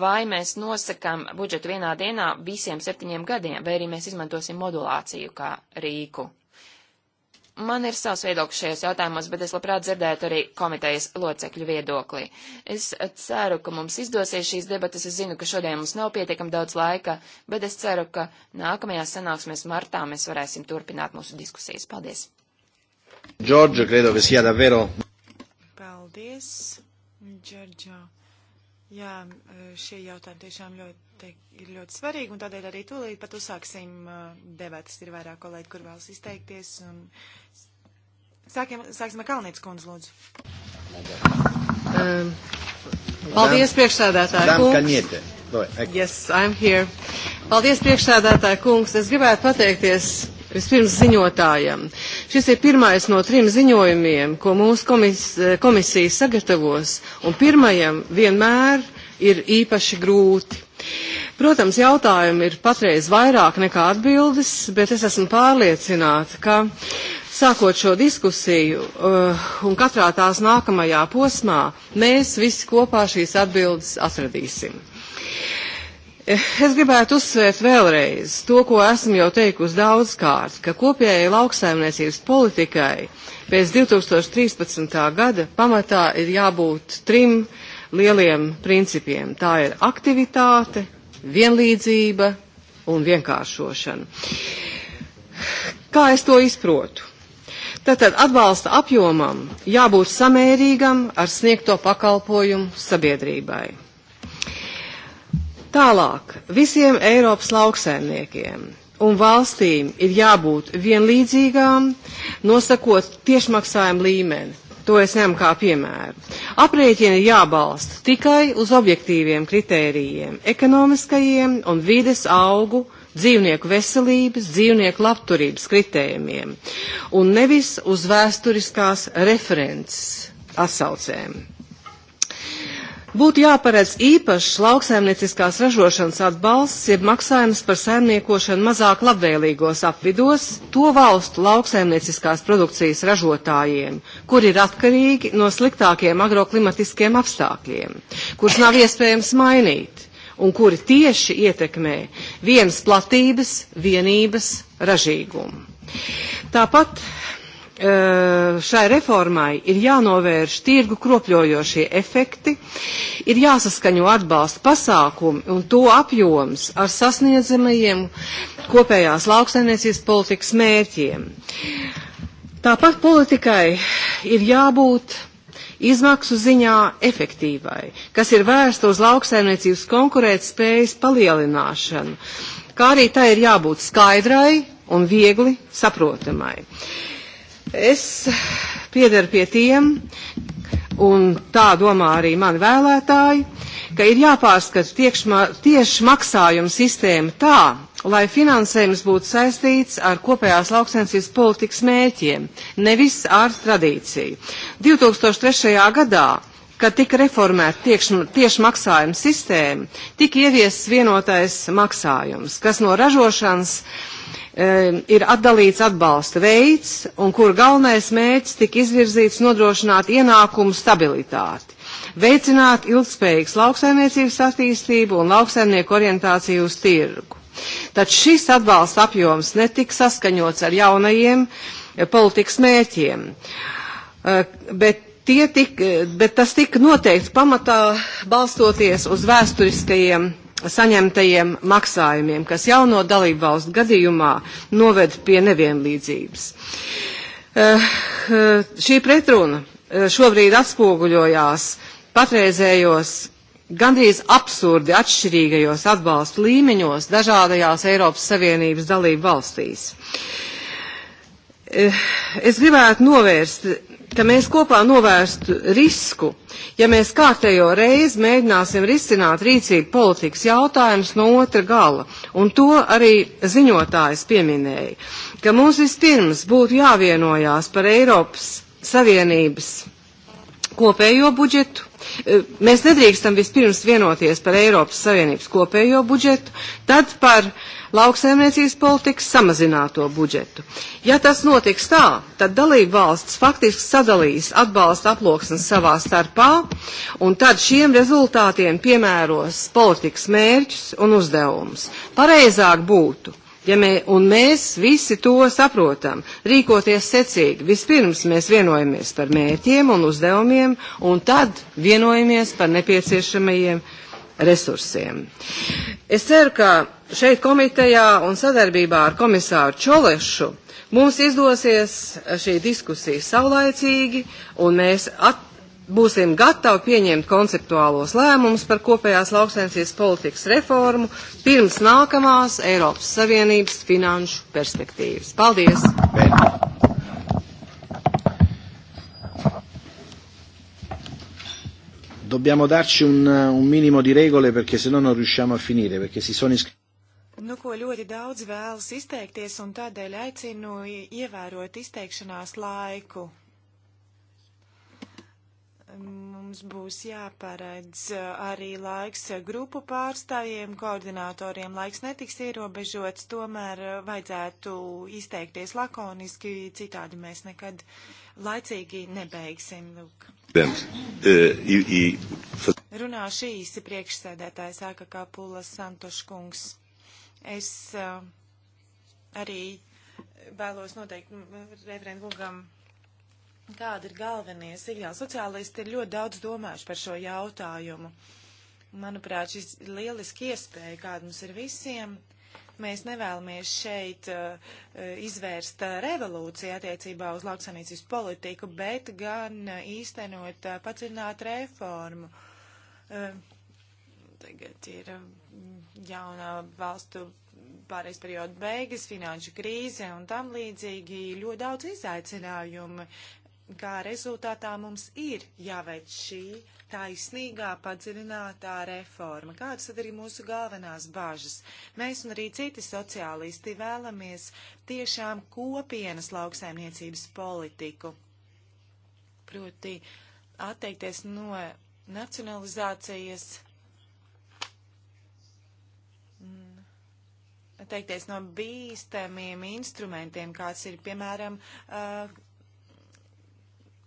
vai mēs nosakam budžetu vienā dienā visiem septiņiem gadiem, vai arī mēs izmantosim modulāciju kā rīku. Man ir savs viedoklis šajos jautājumos, bet es labprāt dzirdētu arī komitejas locekļu viedoklī. Es ceru, ka mums izdosies šīs debatas. Es zinu, ka šodien mums nav pietiekam daudz laika, bet es ceru, ka nākamajā sanāksmēs martā mēs varēsim turpināt mūsu diskusijas. Paldies! Giorgio, credo che sia davvero. Paldies, Giorgio. Jā, šie jautājumi tiešām ļoti, ir ļoti svarīgi, un tādēļ arī tūlīt pat uzsāksim debatas. Ir vairāk kolēģi, kur vēlas izteikties. Un... Sākiem, sāksim ar Kalnietes kundzi, lūdzu. Um, paldies, priekšsēdētāji kungs. Yes, I'm here. Paldies, priekšsēdētāji kungs. Es gribētu pateikties Vispirms ziņotājam. Šis ir pirmais no trim ziņojumiem, ko mūsu komis, eh, komisija sagatavos, un pirmajam vienmēr ir īpaši grūti. Protams, jautājumi ir patreiz vairāk nekā atbildes, bet es esmu pārliecināta, ka sākot šo diskusiju uh, un katrā tās nākamajā posmā, mēs visi kopā šīs atbildes atradīsim. Uh, Es gribētu uzsvērt vēlreiz to, ko esmu jau teikusi daudzkārt, ka kopējai lauksaimniecības politikai pēc 2013. gada pamatā ir jābūt trim lieliem principiem. Tā ir aktivitāte, vienlīdzība un vienkāršošana. Kā es to izprotu? Tātad atbalsta apjomam jābūt samērīgam ar sniegto pakalpojumu sabiedrībai. Tālāk, visiem Eiropas lauksaimniekiem un valstīm ir jābūt vienlīdzīgām, nosakot tiešmaksājumu līmeni. To es ņemu kā piemēru. Aprēķini jābalsta tikai uz objektīviem kritērijiem - ekonomiskajiem un vides augu, dzīvnieku veselības, dzīvnieku labturības kritējumiem un nevis uz vēsturiskās references atsaucēm. Būtu jāparedz īpašs lauksaimnieciskās ražošanas atbalsts, jeb maksājums par saimniekošanu mazāk labvēlīgos apvidos to valstu lauksaimnieciskās produkcijas ražotājiem, kur ir atkarīgi no sliktākiem agroklimatiskiem apstākļiem, kurus nav iespējams mainīt un kuri tieši ietekmē vienas platības vienības ražīgumu. Tāpat Eh, šai reformai ir jānovērš tirgu kropļojošie efekti, ir jāsaskaņo atbalsta pasākumi un to apjoms ar sasniedzamajiem kopējās lauksainiecības politikas mērķiem. Tāpat politikai ir jābūt izmaksu ziņā efektīvai, kas ir vērsta uz lauksainiecības konkurētspējas palielināšanu, kā arī tai ir jābūt skaidrai un viegli saprotamai. Uh, Es piedaru pie tiem, un tā domā arī mani vēlētāji, ka ir jāpārskata tieši maksājuma sistēma tā, lai finansējums būtu saistīts ar kopējās lauksensības politikas mēķiem, nevis ar tradīciju. 2003. gadā kad tika reformēta tieši maksājuma sistēma, tika ieviests vienotais maksājums, kas no ražošanas uh, Um, ir atdalīts atbalsta veids, un kur galvenais mērķis tika izvirzīts nodrošināt ienākumu stabilitāti, veicināt ilgspējīgas lauksaimniecības attīstību un lauksaimnieku orientāciju uz tirgu. Taču šis atbalsta apjoms netika saskaņots ar jaunajiem eh, politikas mērķiem, eh, bet, tie tik, eh, bet tas tika noteikts pamatā balstoties uz vēsturiskajiem saņemtajiem maksājumiem, kas jauno dalību valstu gadījumā noved pie nevienlīdzības. Eh, eh, šī pretruna eh, šobrīd atspoguļojās patreizējos gandrīz absurdi atšķirīgajos atbalstu līmeņos dažādajās Eiropas Savienības dalību valstīs. Uh, Eh, es gribētu novērst, ka mēs kopā novērstu risku, ja mēs kārtējo reizi mēģināsim risināt rīcību politikas jautājumus no otra gala, un to arī ziņotājs pieminēja, ka mums vispirms būtu jāvienojās par Eiropas Savienības kopējo budžetu. Eh, mēs nedrīkstam vispirms vienoties par Eiropas Savienības kopējo budžetu, tad par uh, lauksaimniecības politikas samazināto budžetu. Ja tas notiks tā, tad dalība valsts faktiski sadalīs atbalsta aploksnes savā starpā, un tad šiem rezultātiem piemēros politikas mērķus un uzdevumus. Pareizāk būtu ja mē, un mēs visi to saprotam, rīkoties secīgi. Vispirms mēs vienojamies par mērķiem un uzdevumiem, un tad vienojamies par nepieciešamajiem resursiem. Es ceru, ka šeit komitejā un sadarbībā ar komisāru Čolešu mums izdosies šī diskusija saulaicīgi un mēs at, būsim gatavi pieņemt konceptuālos lēmumus par kopējās lauksainsības politikas reformu pirms nākamās Eiropas Savienības finanšu perspektīvas. Paldies! Pēc. dobbiamo darci un, un minimo di regole perché se no non riusciamo a finire, perché si sono iscritti. Nu, ko ļoti daudz vēlas izteikties, un tādēļ aicinu ievērot izteikšanās laiku. Mums būs jāparedz uh, arī laiks uh, grupu pārstāvjiem, koordinatoriem. Laiks netiks ierobežots, tomēr uh, vajadzētu izteikties lakoniski, citādi mēs nekad laicīgi nebeigsim. Lūk. E, Runāšu īsi priekšsēdētāji, sāka kā Pulas Santoškungs. Es uh, arī vēlos noteikt referentam, kāda ir galvenie signāli. Sociālisti ir ļoti daudz domājuši par šo jautājumu. Manuprāt, šis lieliski iespēja, kāda mums ir visiem, uh, Mēs nevēlamies šeit uh, uh izvērst uh, revolūciju attiecībā uz lauksanīcības politiku, bet gan uh, īstenot uh, padziļināt reformu. Uh, tagad ir um, jauna valstu pārējais perioda beigas, finanšu krīze un tam līdzīgi ļoti daudz izaicinājumu. Tā rezultātā mums ir jāveic šī taisnīgā padziļinātā reforma. Kādas tad ir mūsu galvenās bāžas? Mēs un arī citi sociālisti vēlamies tiešām kopienas lauksaimniecības politiku. Proti atteikties no nacionalizācijas teikties no bīstamiem instrumentiem, kāds ir, piemēram, uh,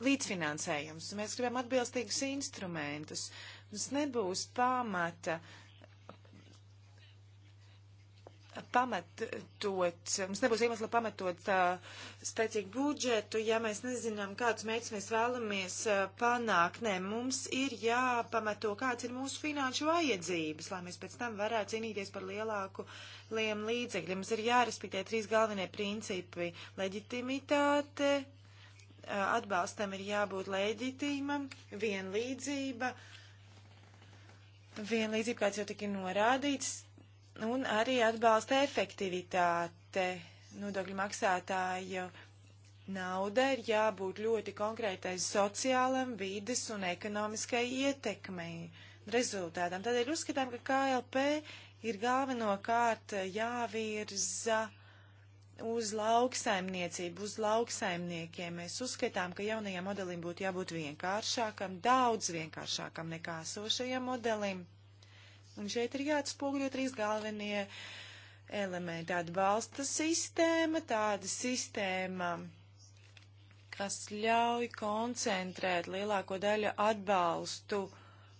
līdzfinansējums, un mēs gribam atbilstīgus instrumentus. Mums nebūs pamata pamatot, mums nebūs iemesla pamatot uh, spēcīgu budžetu, ja mēs nezinām, kādus mērķus mēs vēlamies uh, panākt. Nē, mums ir jāpamato, kāds ir mūsu finanšu vajadzības, lai mēs pēc tam varētu cīnīties par lielāku liem līdzekļiem. Mums ir jārespektē trīs galvenie principi - leģitimitāte, atbalstam ir jābūt leģitīmam, vienlīdzība, vienlīdzība, kāds jau tika norādīts, un arī atbalsta efektivitāte. Nodokļu maksātāju nauda ir jābūt ļoti konkrētai sociālam, vides un ekonomiskai ietekmei rezultātam. Tādēļ uzskatām, ka KLP ir galvenokārt jāvirza uz lauksaimniecību, uz lauksaimniekiem. Mēs uzskatām, ka jaunajam modelim būtu jābūt vienkāršākam, daudz vienkāršākam nekā sošajam modelim. Un šeit ir jāatspūgļo trīs galvenie elementi. Atbalsta sistēma, tāda sistēma, kas ļauj koncentrēt lielāko daļu atbalstu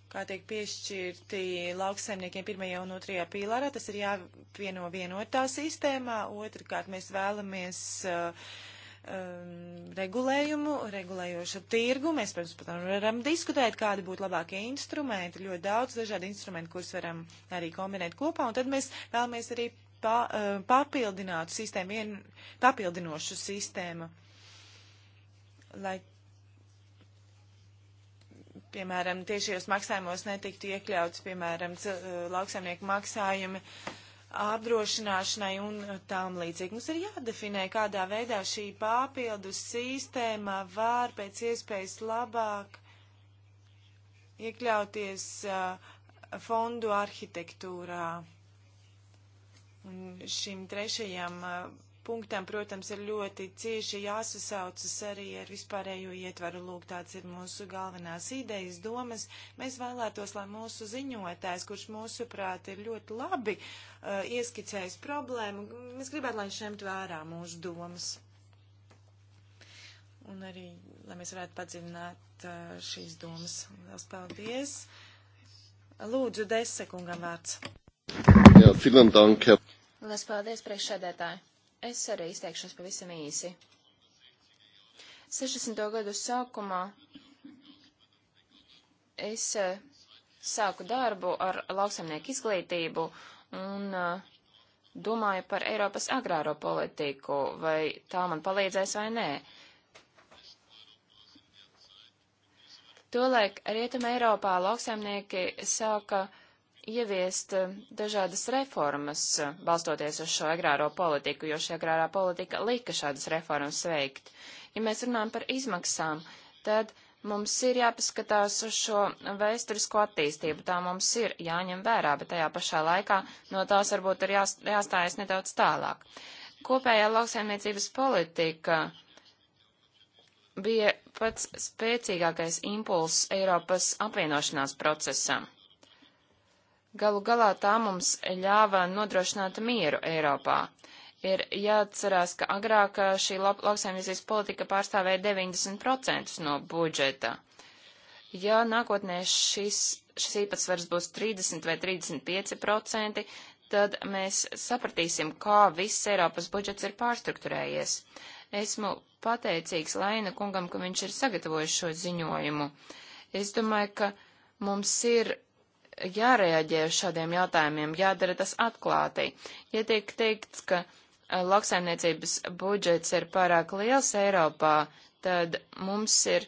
kā tiek piešķirti lauksaimniekiem pirmajā un otrajā pīlārā. Tas ir jāpieno vienotā sistēmā. Otrakārt, mēs vēlamies uh, um, regulējumu, regulējošu tirgu. Mēs, protams, pat varam diskutēt, kādi būtu labākie instrumenti. Ļoti daudz dažādi instrumenti, kurus varam arī kombinēt kopā. Un tad mēs vēlamies arī pa, uh, papildinātu sistēmu, vien, papildinošu sistēmu, lai piemēram, tiešajos maksājumos netiktu iekļauts, piemēram, e, lauksaimnieku maksājumi apdrošināšanai un tām līdzīgi. Mums ir jādefinē, kādā veidā šī papildus sistēma var pēc iespējas labāk iekļauties uh, fondu arhitektūrā. Un šim trešajam uh, punktām, protams, ir ļoti cieši jāsasaucas arī ar vispārējo ietvaru. Lūk, tāds ir mūsu galvenās idejas, domas. Mēs vēlētos, lai mūsu ziņotājs, kurš mūsuprāt ir ļoti labi uh, ieskicējis problēmu, mēs gribētu, lai viņš ņemt vērā mūsu domas. Un arī, lai mēs varētu padziļināt uh, šīs domas. Lielas paldies! Lūdzu, desekungam vārds. Jā, vielen dank, Herr. Lielas paldies, priekšsēdētāji. Es arī izteikšos pavisam īsi. 60. gadu sākumā es eh, sāku darbu ar lauksamnieku izglītību un eh, domāju par Eiropas agrāro politiku, vai tā man palīdzēs vai nē. Tolēk Rietuma Eiropā lauksaimnieki sāka ieviest eh, dažādas reformas, eh, balstoties uz šo agrāro politiku, jo šī agrārā politika lika šādas reformas veikt. Ja mēs runājam par izmaksām, tad mums ir jāpaskatās uz šo vēsturisko attīstību, tā mums ir jāņem vērā, bet tajā pašā laikā no tās varbūt ir jāstājas nedaudz tālāk. Kopējā lauksaimniecības politika bija pats spēcīgākais impulss Eiropas apvienošanās procesam. Galu galā tā mums ļāva nodrošināt mieru Eiropā. Ir jāatcerās, ka agrāk uh, šī lauksaimniecības politika pārstāvēja 90% no budžeta. Ja nākotnē šis, šis īpatsvars būs 30 vai 35%, tad mēs sapratīsim, kā viss Eiropas budžets ir pārstruktūrējies. Esmu pateicīgs Laina kungam, ka viņš ir sagatavojis šo ziņojumu. Es domāju, ka mums ir jārēģē uz šādiem jautājumiem, jādara tas atklāti. Ja tiek teikts, ka eh, lauksaimniecības budžets ir pārāk liels Eiropā, tad mums ir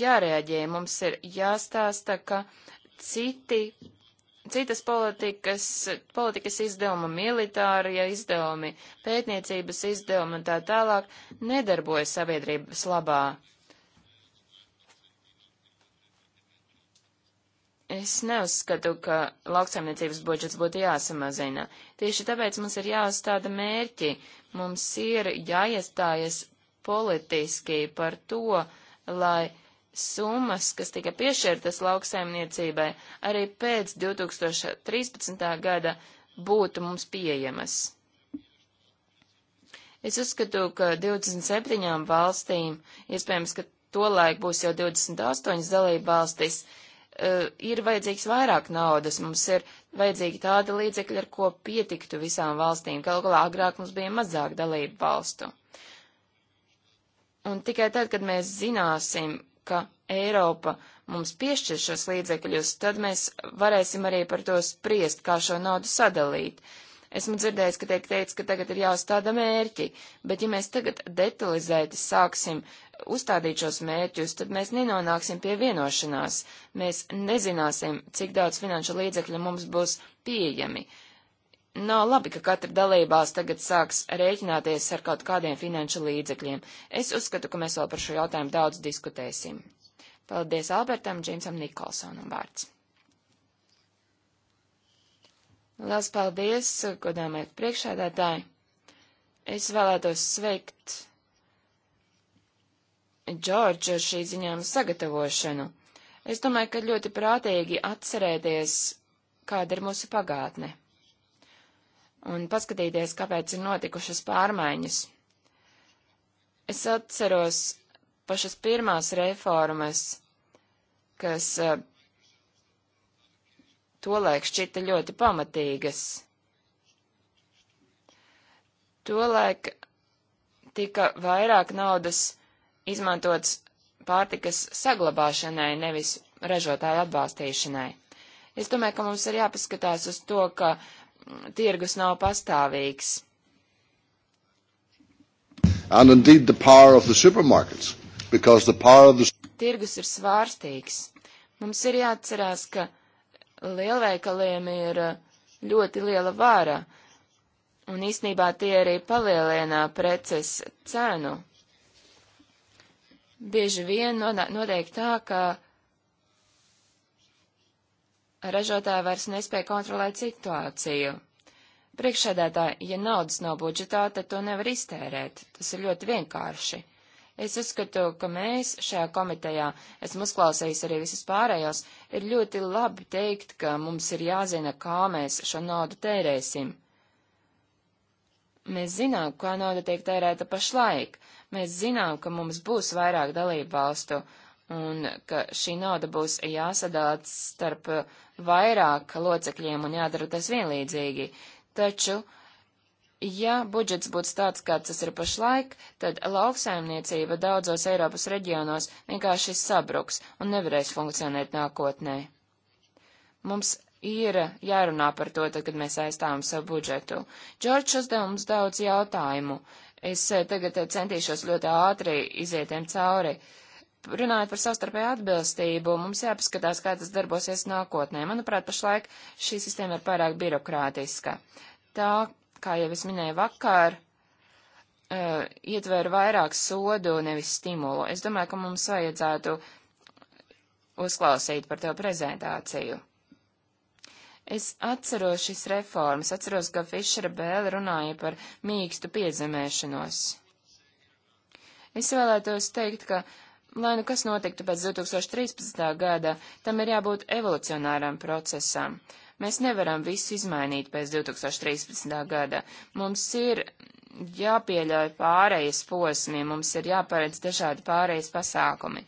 jārēģē, mums ir jāstāsta, ka citi, citas politikas, politikas izdevuma, militārie izdevumi, pētniecības izdevumi un tā tālāk nedarbojas sabiedrības labā. Es neuzskatu, ka lauksaimniecības budžets būtu jāsamazina. Tieši tāpēc mums ir jāuzstāda mērķi, mums ir jāiestājas politiski par to, lai summas, kas tika piešķirtas lauksaimniecībai, arī pēc 2013. gada būtu mums pieejamas. Es uzskatu, ka 27 valstīm, iespējams, ka tolaik būs jau 28 dalība valstis, uh, Eh, ir vajadzīgs vairāk naudas, mums ir vajadzīgi tāda līdzekļa, ar ko pietiktu visām valstīm. Galu galā agrāk mums bija mazāk dalību valstu. Un tikai tad, kad mēs zināsim, ka Eiropa mums piešķir šos līdzekļus, tad mēs varēsim arī par to spriest, kā šo naudu sadalīt. Esmu dzirdējis, ka tiek teikts, ka tagad ir jāuzstāda mērķi, bet ja mēs tagad detalizēti sāksim uzstādīt šos mērķus, tad mēs nenonāksim pie vienošanās. Mēs nezināsim, cik daudz finanšu līdzekļu mums būs pieejami. Nav labi, ka katra dalībās tagad sāks rēķināties ar kaut kādiem finanšu līdzekļiem. Es uzskatu, ka mēs vēl par šo jautājumu daudz diskutēsim. Paldies Albertam Džeimsam Nikolsonam vārds. Lielas paldies, godāmie priekšādātāji! Es vēlētos sveikt Džordžu šī ziņām sagatavošanu. Es domāju, ka ļoti prātīgi atcerēties, kāda ir mūsu pagātne, un paskatīties, kāpēc ir notikušas pārmaiņas. Es atceros pašas pirmās reformas, kas eh, tolaik šķita ļoti pamatīgas. Tolaik tika vairāk naudas izmantots pārtikas saglabāšanai, nevis ražotāju atbalstīšanai. Es domāju, ka mums ir jāpaskatās uz to, ka mm, tirgus nav pastāvīgs. And indeed the power of the supermarkets, because the power of the... Tirgus ir svārstīgs. Mums ir jāatcerās, ka lielveikaliem ir uh, ļoti liela vara, un īsnībā tie arī palielina preces cenu bieži vien notiek tā, ka ražotāji vairs nespēja kontrolēt situāciju. Priekšsēdētāji, ja naudas nav budžetā, tad to nevar iztērēt. Tas ir ļoti vienkārši. Es uzskatu, ka mēs šajā komitejā, esmu uzklausījis arī visus pārējos, ir ļoti labi teikt, ka mums ir jāzina, kā mēs šo naudu tērēsim. Mēs zinām, kā nauda tiek tērēta pašlaik. Mēs zinām, ka mums būs vairāk dalību valstu un ka šī nauda būs jāsadala starp vairāk locekļiem un jādara tas vienlīdzīgi. Taču, ja budžets būtu tāds, kāds tas ir pašlaik, tad lauksaimniecība daudzos Eiropas reģionos vienkārši sabruks un nevarēs funkcionēt nākotnē. Mums ir jārunā par to, tad, kad mēs aizstāvam savu budžetu. Džordžs uzdevums daudz jautājumu. Es eh, tagad eh, centīšos ļoti ātri iziet tiem cauri. Runājot par savstarpēju atbilstību, mums jāpaskatās, kā tas darbosies nākotnē. Manuprāt, pašlaik šī sistēma ir pārāk birokrātiska. Tā, kā jau es minēju vakar, uh, ietver vairāk sodu, nevis stimulu. Es domāju, ka mums vajadzētu uzklausīt par to prezentāciju. Es atceros šīs reformas, atceros, ka Fišera Bēle runāja par mīkstu piedzemēšanos. Es vēlētos teikt, ka, lai nu kas notiktu pēc 2013. gada, tam ir jābūt evolucionāram procesam. Mēs nevaram visu izmainīt pēc 2013. gada. Mums ir jāpieļauj pārējas posmi, mums ir jāparedz dažādi pārējas pasākumi.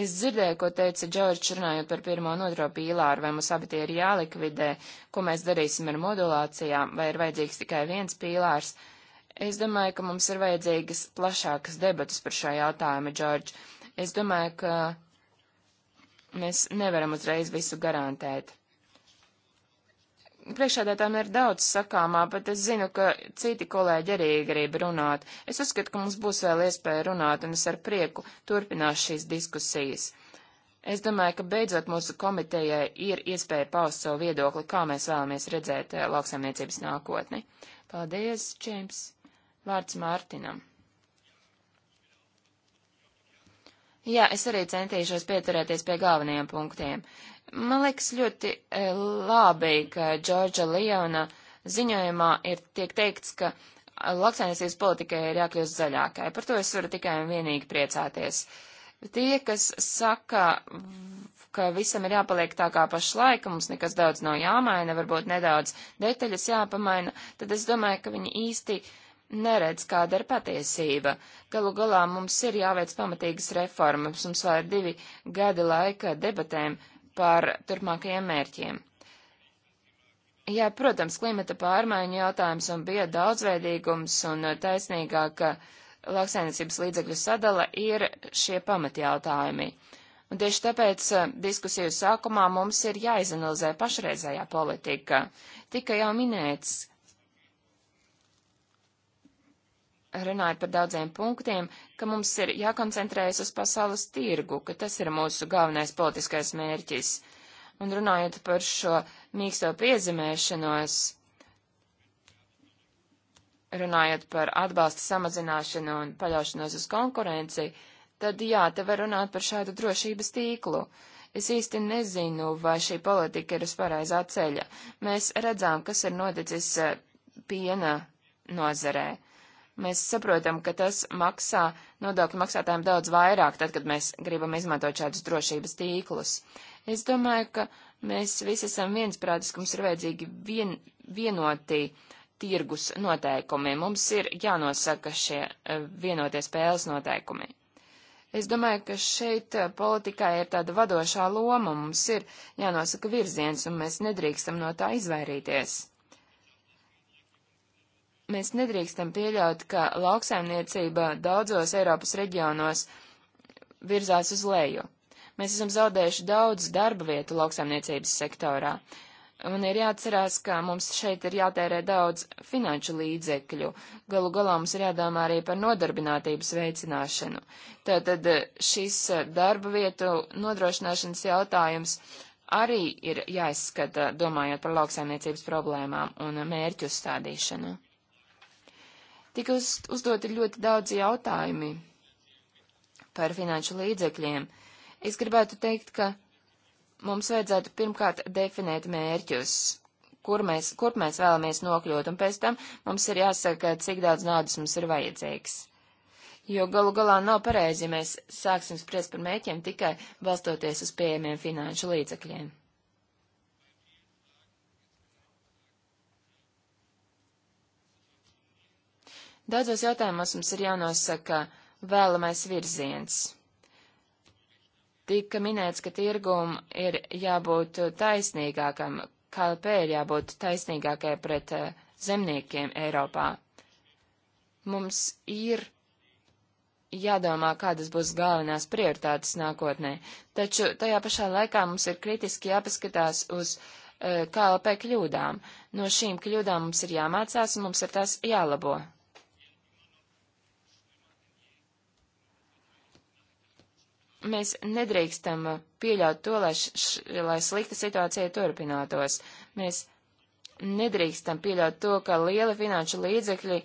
Es dzirdēju, ko teica Džordžs runājot par pirmo un otro pīlāru, vai mums abi tie ir jālikvidē, ko mēs darīsim ar modulācijām, vai ir vajadzīgs tikai viens pīlārs. Es domāju, ka mums ir vajadzīgas plašākas debatas par šo jautājumu, Džordž. Es domāju, ka mēs nevaram uzreiz visu garantēt priekšādētām ir daudz sakāmā, bet es zinu, ka citi kolēģi arī grib runāt. Es uzskatu, ka mums būs vēl iespēja runāt, un es ar prieku turpināšu šīs diskusijas. Es domāju, ka beidzot mūsu komitejai ir iespēja paust savu viedokli, kā mēs vēlamies redzēt eh, lauksaimniecības nākotni. Paldies, Čēms. Vārds Mārtinam. Jā, es arī centīšos pieturēties pie galvenajiem punktiem. Man liekas ļoti e, labi, ka Džordža Liona ziņojumā ir tiek teikts, ka lauksainiecības politikai ir jākļūst zaļākai. Par to es varu tikai un vienīgi priecāties. Tie, kas saka, ka visam ir jāpaliek tā kā pašlaik, mums nekas daudz nav jāmaina, varbūt nedaudz detaļas jāpamaina, tad es domāju, ka viņi īsti neredz, kāda ir patiesība. Galu galā mums ir jāveic pamatīgas reformas, mums vēl ir divi gadi laika debatēm par turpmākajiem mērķiem. Jā, protams, klimata pārmaiņu jautājums un bija daudzveidīgums un taisnīgāka lauksainicības līdzekļu sadala ir šie pamatjautājumi. Un tieši tāpēc eh, diskusiju sākumā mums ir jāizanalizē pašreizējā politika. Tika jau minēts, runāja par daudziem punktiem, ka mums ir jākoncentrējas uz pasaules tirgu, ka tas ir mūsu galvenais politiskais mērķis. Un runājot par šo mīksto piezemēšanos, runājot par atbalsta samazināšanu un paļaušanos uz konkurenci, tad jā, te var runāt par šādu drošības tīklu. Es īsti nezinu, vai šī politika ir uz pareizā ceļa. Mēs redzām, kas ir noticis eh, piena nozarē. Mēs saprotam, ka tas maksā nodokļu maksātājiem daudz vairāk, tad, kad mēs gribam izmantot šādus drošības tīklus. Es domāju, ka mēs visi esam viensprātis, ka mums ir vajadzīgi vien, vienotī tirgus noteikumi. Mums ir jānosaka šie eh, vienotie spēles noteikumi. Es domāju, ka šeit eh, politikā ir tāda vadošā loma, mums ir jānosaka virziens, un mēs nedrīkstam no tā izvairīties. Mēs nedrīkstam pieļaut, ka lauksaimniecība daudzos Eiropas reģionos virzās uz leju. Mēs esam zaudējuši daudz darba vietu lauksaimniecības sektorā. Un ir jāatcerās, ka mums šeit ir jātērē daudz finanšu līdzekļu. Galu galā mums ir jādomā arī par nodarbinātības veicināšanu. Tātad eh, šis eh, darba vietu nodrošināšanas jautājums arī ir jāizskata, domājot par lauksaimniecības problēmām un eh, mērķu stādīšanu. Tika uz, uzdoti ļoti daudz jautājumi par finanšu līdzekļiem. Es gribētu teikt, ka mums vajadzētu pirmkārt definēt mērķus, kur mēs, kur mēs vēlamies nokļūt, un pēc tam mums ir jāsaka, cik daudz naudas mums ir vajadzīgs. Jo galu galā nav pareizi, ja mēs sāksim spriest par mērķiem tikai balstoties uz pieejamiem finanšu līdzekļiem. Daudzos jautājumos mums ir jānosaka vēlamais virziens. Tika minēts, ka tirgum ir jābūt taisnīgākam, KLP ir jābūt taisnīgākai pret eh, zemniekiem Eiropā. Mums ir jādomā, kādas būs galvenās prioritātes nākotnē, taču tajā pašā laikā mums ir kritiski jāpaskatās uz eh, KLP kļūdām. No šīm kļūdām mums ir jāmācās un mums ir tās jālabo. Mēs nedrīkstam pieļaut to, lai, š, lai slikta situācija turpinātos. Mēs nedrīkstam pieļaut to, ka lieli finanšu līdzekļi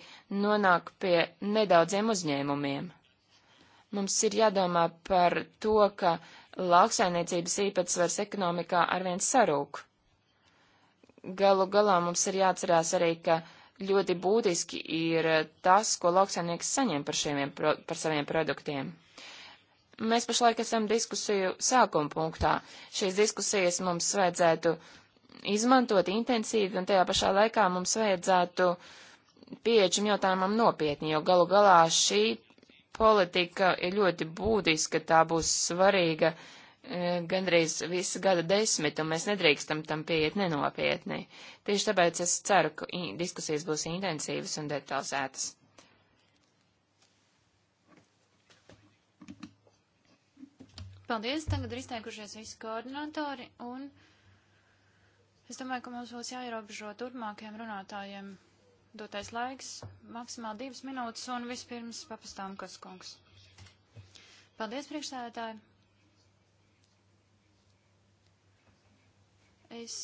nonāk pie nedaudziem uzņēmumiem. Mums ir jādomā par to, ka lauksainiecības īpatsvars ekonomikā arvien sarūk. Galu galā mums ir jāatcerās arī, ka ļoti būtiski ir tas, ko lauksainieks saņem par, šiem, par saviem produktiem. Mēs pašlaik esam diskusiju sākuma punktā. Šīs diskusijas mums vajadzētu izmantot intensīvi, un tajā pašā laikā mums vajadzētu pieeja šim jautājumam nopietni, jo galu galā šī politika ir ļoti būtiska, tā būs svarīga e, gandrīz visu gada desmitu, un mēs nedrīkstam tam pieiet nenopietni. Tieši tāpēc es ceru, ka diskusijas būs intensīvas un detalizētas. Paldies, tagad ir izteikušies visi koordinatori, un es domāju, ka mums būs jāierobežo turpmākajiem runātājiem dotais laiks, maksimāli divas minūtes, un vispirms papastām, kas kungs. Paldies, priekšstādātāji! Es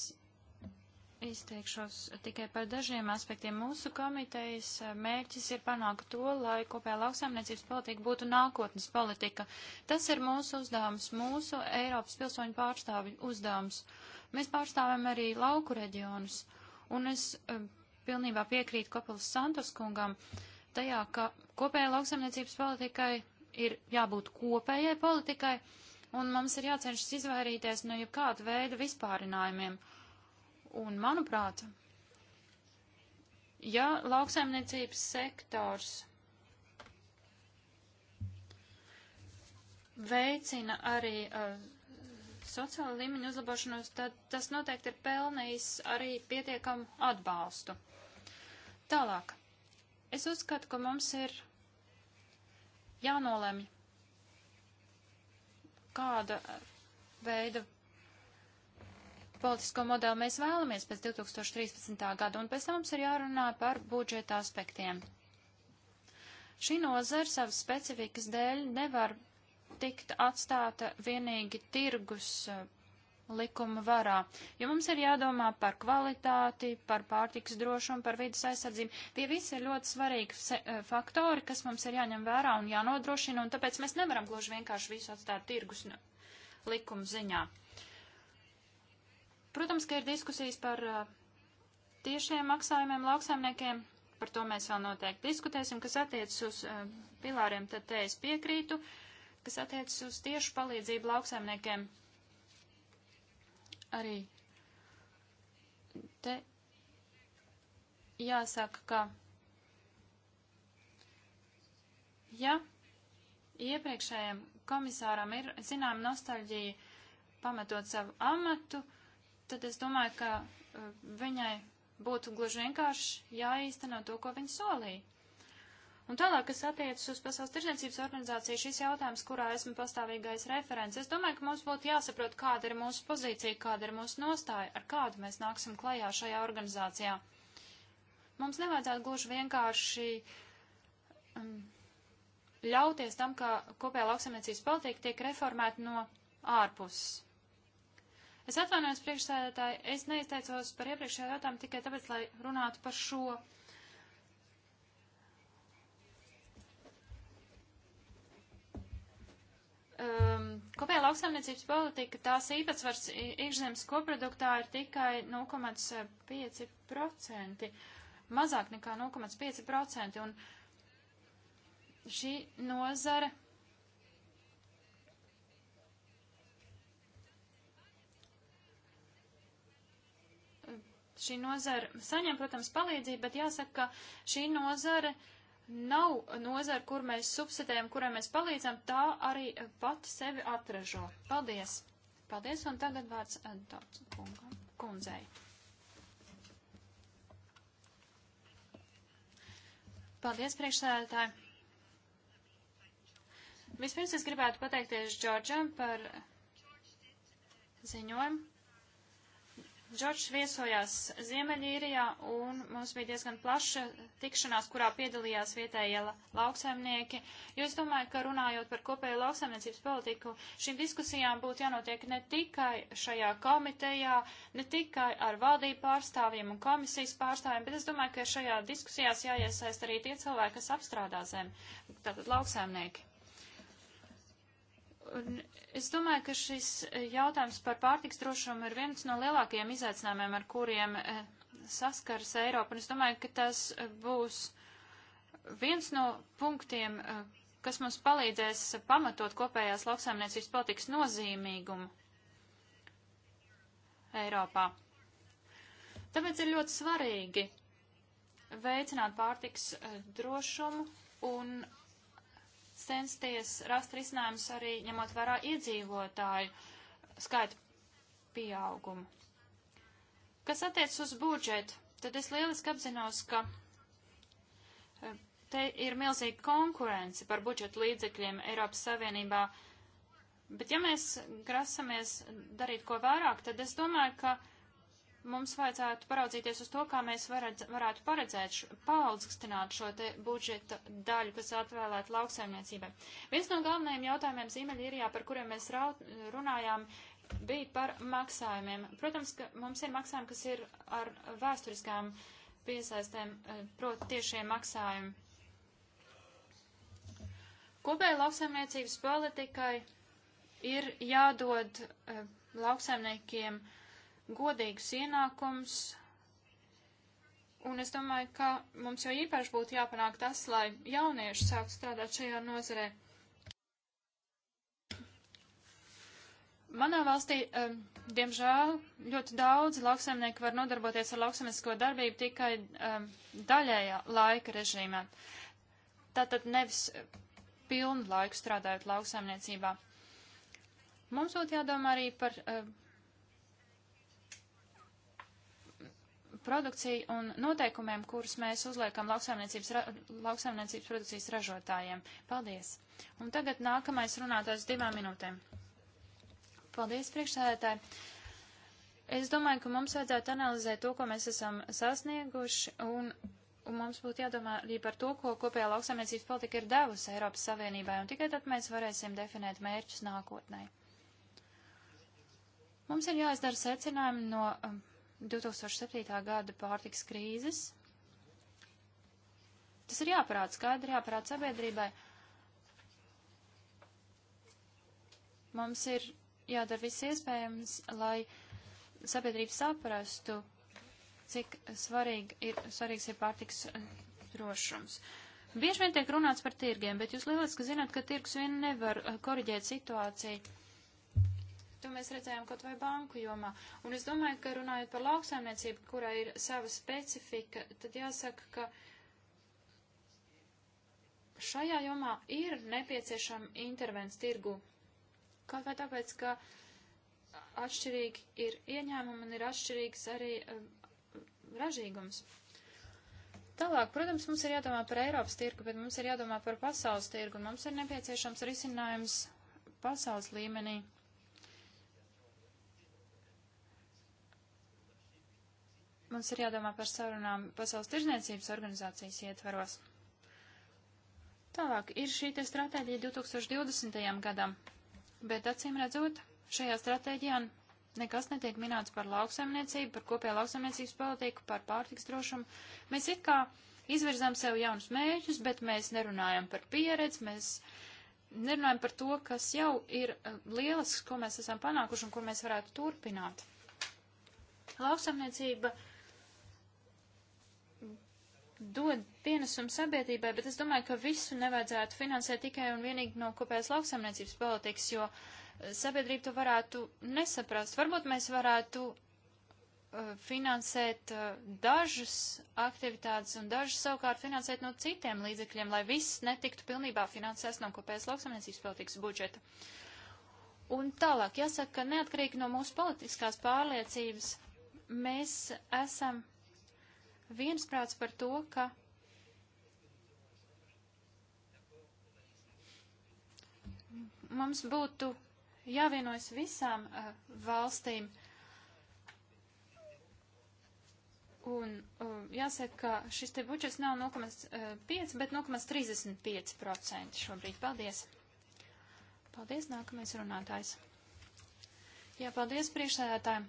Izteikšos tikai par dažiem aspektiem. Mūsu komitejas mērķis ir panākt to, lai kopējā lauksaimniecības politika būtu nākotnes politika. Tas ir mūsu uzdevums, mūsu Eiropas pilsoņu pārstāvju uzdevums. Mēs pārstāvam arī lauku reģionus, un es uh, pilnībā piekrītu Kopelas Santos kungam tajā, ka kopējā lauksaimniecības politikai ir jābūt kopējai politikai, un mums ir jācenšas izvairīties no jebkāda veida vispārinājumiem. Uh, Un, manuprāt, ja lauksaimniecības sektors veicina arī uh, sociāla līmeņa uzlabošanos, tad tas noteikti ir pelnījis arī pietiekamu atbalstu. Tālāk. Es uzskatu, ka mums ir jānolemj, kāda veida politisko modeli mēs vēlamies pēc 2013. gada, un pēc tam mums ir jārunā par budžeta aspektiem. Šī nozara savas specifikas dēļ nevar tikt atstāta vienīgi tirgus eh, likuma varā, jo mums ir jādomā par kvalitāti, par pārtiks drošumu, par vidas aizsardzību. Tie visi ir ļoti svarīgi eh, faktori, kas mums ir jāņem vērā un jānodrošina, un tāpēc mēs nevaram gluži vienkārši visu atstāt tirgus likuma ziņā. Protams, ka ir diskusijas par uh, tiešiem maksājumiem lauksaimniekiem, par to mēs vēl noteikti diskutēsim, kas attiecas uz uh, pilāriem, tad te es piekrītu, kas attiecas uz tiešu palīdzību lauksaimniekiem. Arī te jāsaka, ka ja iepriekšējiem komisāram ir zinām nostalģija pamatot savu amatu, uh, tad es domāju, ka uh, viņai būtu gluži vienkārši jāīsteno to, ko viņa solīja. Un tālāk, kas attiecas uz Pasaules tirzniecības organizāciju, šis jautājums, kurā esmu pastāvīgais referents, es domāju, ka mums būtu jāsaprot, kāda ir mūsu pozīcija, kāda ir mūsu nostāja, ar kādu mēs nāksim klajā šajā organizācijā. Mums nevajadzētu gluži vienkārši um, ļauties tam, ka kopējā lauksamniecības politika tiek reformēta no ārpuses. Es atvainojos priekšsēdētāji, es neizteicos par iepriekšējo jautājumu tikai tāpēc, lai runātu par šo. Um, kopējā lauksaimniecības politika, tās īpatsvars iekšzemes koproduktā ir tikai 0,5%, mazāk nekā 0,5%, un šī nozara Šī nozara saņem, protams, palīdzību, bet jāsaka, ka šī nozara nav nozara, kur mēs subsidējam, kurai mēs palīdzam, tā arī pati sevi atražo. Paldies! Paldies, un tagad vārds eh, Dots kundzei. Paldies, priekšsēdētāji! Vispirms es gribētu pateikties Džordžam par ziņojumu. Džordžs viesojās Ziemeļīrijā un mums bija diezgan plaša tikšanās, kurā piedalījās vietējie lauksaimnieki. Jo es domāju, ka runājot par kopēju lauksaimniecības politiku, šīm diskusijām būtu jānotiek ne tikai šajā komitejā, ne tikai ar valdību pārstāvjiem un komisijas pārstāvjiem, bet es domāju, ka šajā diskusijās jāiesaist arī tie cilvēki, kas apstrādā zem, tātad lauksaimnieki. Un es domāju, ka šis e, jautājums par pārtiks drošumu ir viens no lielākajiem izaicinājumiem, ar kuriem e, saskaras Eiropa. Un es domāju, ka tas e, būs viens no punktiem, kas mums palīdzēs pamatot kopējās lauksaimniecības politikas nozīmīgumu Eiropā. Tāpēc ir ļoti svarīgi veicināt pārtiks drošumu un censties rast risinājumus arī ņemot vērā iedzīvotāju skaitu pieaugumu. Kas attiec uz budžetu, tad es lieliski apzinos, ka e, te ir milzīga konkurence par budžetu līdzekļiem Eiropas Savienībā. Bet ja mēs grasamies darīt ko vairāk, tad es domāju, ka mums vajadzētu paraudzīties uz to, kā mēs varadz, varētu paredzēt, šo, paaugstināt šo te budžeta daļu, kas atvēlēta lauksaimniecībai. Viens no galvenajiem jautājumiem Ziemeļīrijā, par kuriem mēs raud, runājām, bija par maksājumiem. Protams, ka mums ir maksājumi, kas ir ar vēsturiskām piesaistēm, eh, proti tiešie maksājumi. Kopēji lauksaimniecības politikai ir jādod eh, lauksaimniekiem uh, godīgs ienākums. Un es domāju, ka mums jau īpaši būtu jāpanāk tas, lai jaunieši sāktu strādāt šajā nozarē. Manā valstī, um, diemžēl, ļoti daudz lauksaimnieku var nodarboties ar lauksaimniecisko darbību tikai um, daļējā laika režīmā. Tātad nevis eh, pilnu laiku strādājot lauksaimniecībā. Mums būtu jādomā arī par um, produkciju un noteikumiem, kurus mēs uzliekam lauksaimniecības, lauksaimniecības produkcijas ražotājiem. Paldies! Un tagad nākamais runātājs divām minūtēm. Paldies, priekšsēdētāji! Es domāju, ka mums vajadzētu analizēt to, ko mēs esam sasnieguši, un, un mums būtu jādomā arī par to, ko kopējā lauksaimniecības politika ir devusi Eiropas Savienībai, un tikai tad mēs varēsim definēt mērķus nākotnē. Mums ir jāizdara secinājumi no um, 2007. gada pārtiks krīzes. Tas ir jāparāda skaidri, jāparāda sabiedrībai. Mums ir jādara viss iespējams, lai sabiedrība saprastu, cik svarīgi ir, svarīgs ir pārtiks drošums. Bieži vien tiek runāts par tirgiem, bet jūs lieliski zināt, ka tirgs vien nevar eh, koriģēt situāciju. To mēs redzējām kaut vai banku jomā. Un es domāju, ka runājot par lauksaimniecību, kurā ir sava specifika, tad jāsaka, ka šajā jomā ir nepieciešama intervents tirgu. Kaut vai tāpēc, ka atšķirīgi ir ieņēmumi un ir atšķirīgs arī eh, ražīgums. Tālāk, protams, mums ir jādomā par Eiropas tirgu, bet mums ir jādomā par pasaules tirgu, un mums ir nepieciešams risinājums pasaules līmenī. mums ir jādomā par sarunām Pasaules tirzniecības organizācijas ietvaros. Tālāk ir šī te stratēģija 2020. gadam, bet acīm redzot, šajā stratēģijā nekas netiek minēts par lauksaimniecību, par kopējā lauksaimniecības politiku, par pārtiks drošumu. Mēs it kā izvirzām sev jaunus mēģus, bet mēs nerunājam par pieredzi, mēs nerunājam par to, kas jau ir eh, lielisks, ko mēs esam panākuši un kur mēs varētu turpināt. Lauksaimniecība uh, dod pienesumu sabiedrībai, bet es domāju, ka visu nevajadzētu finansēt tikai un vienīgi no kopējās lauksaimniecības politikas, jo eh, sabiedrība to varētu nesaprast. Varbūt mēs varētu eh, finansēt eh, dažas aktivitātes un dažas savukārt finansēt no citiem līdzekļiem, lai viss netiktu pilnībā finansēts no kopējas lauksamniecības politikas budžeta. Un tālāk jāsaka, ka neatkarīgi no mūsu politiskās pārliecības mēs esam viensprāts par to, ka mums būtu jāvienojas visām uh, valstīm. Un uh, jāsaka, ka šis te budžets nav 0,5, bet 0,35% šobrīd. Paldies! Paldies, nākamais runātājs. Jā, paldies priekšsēdētājiem.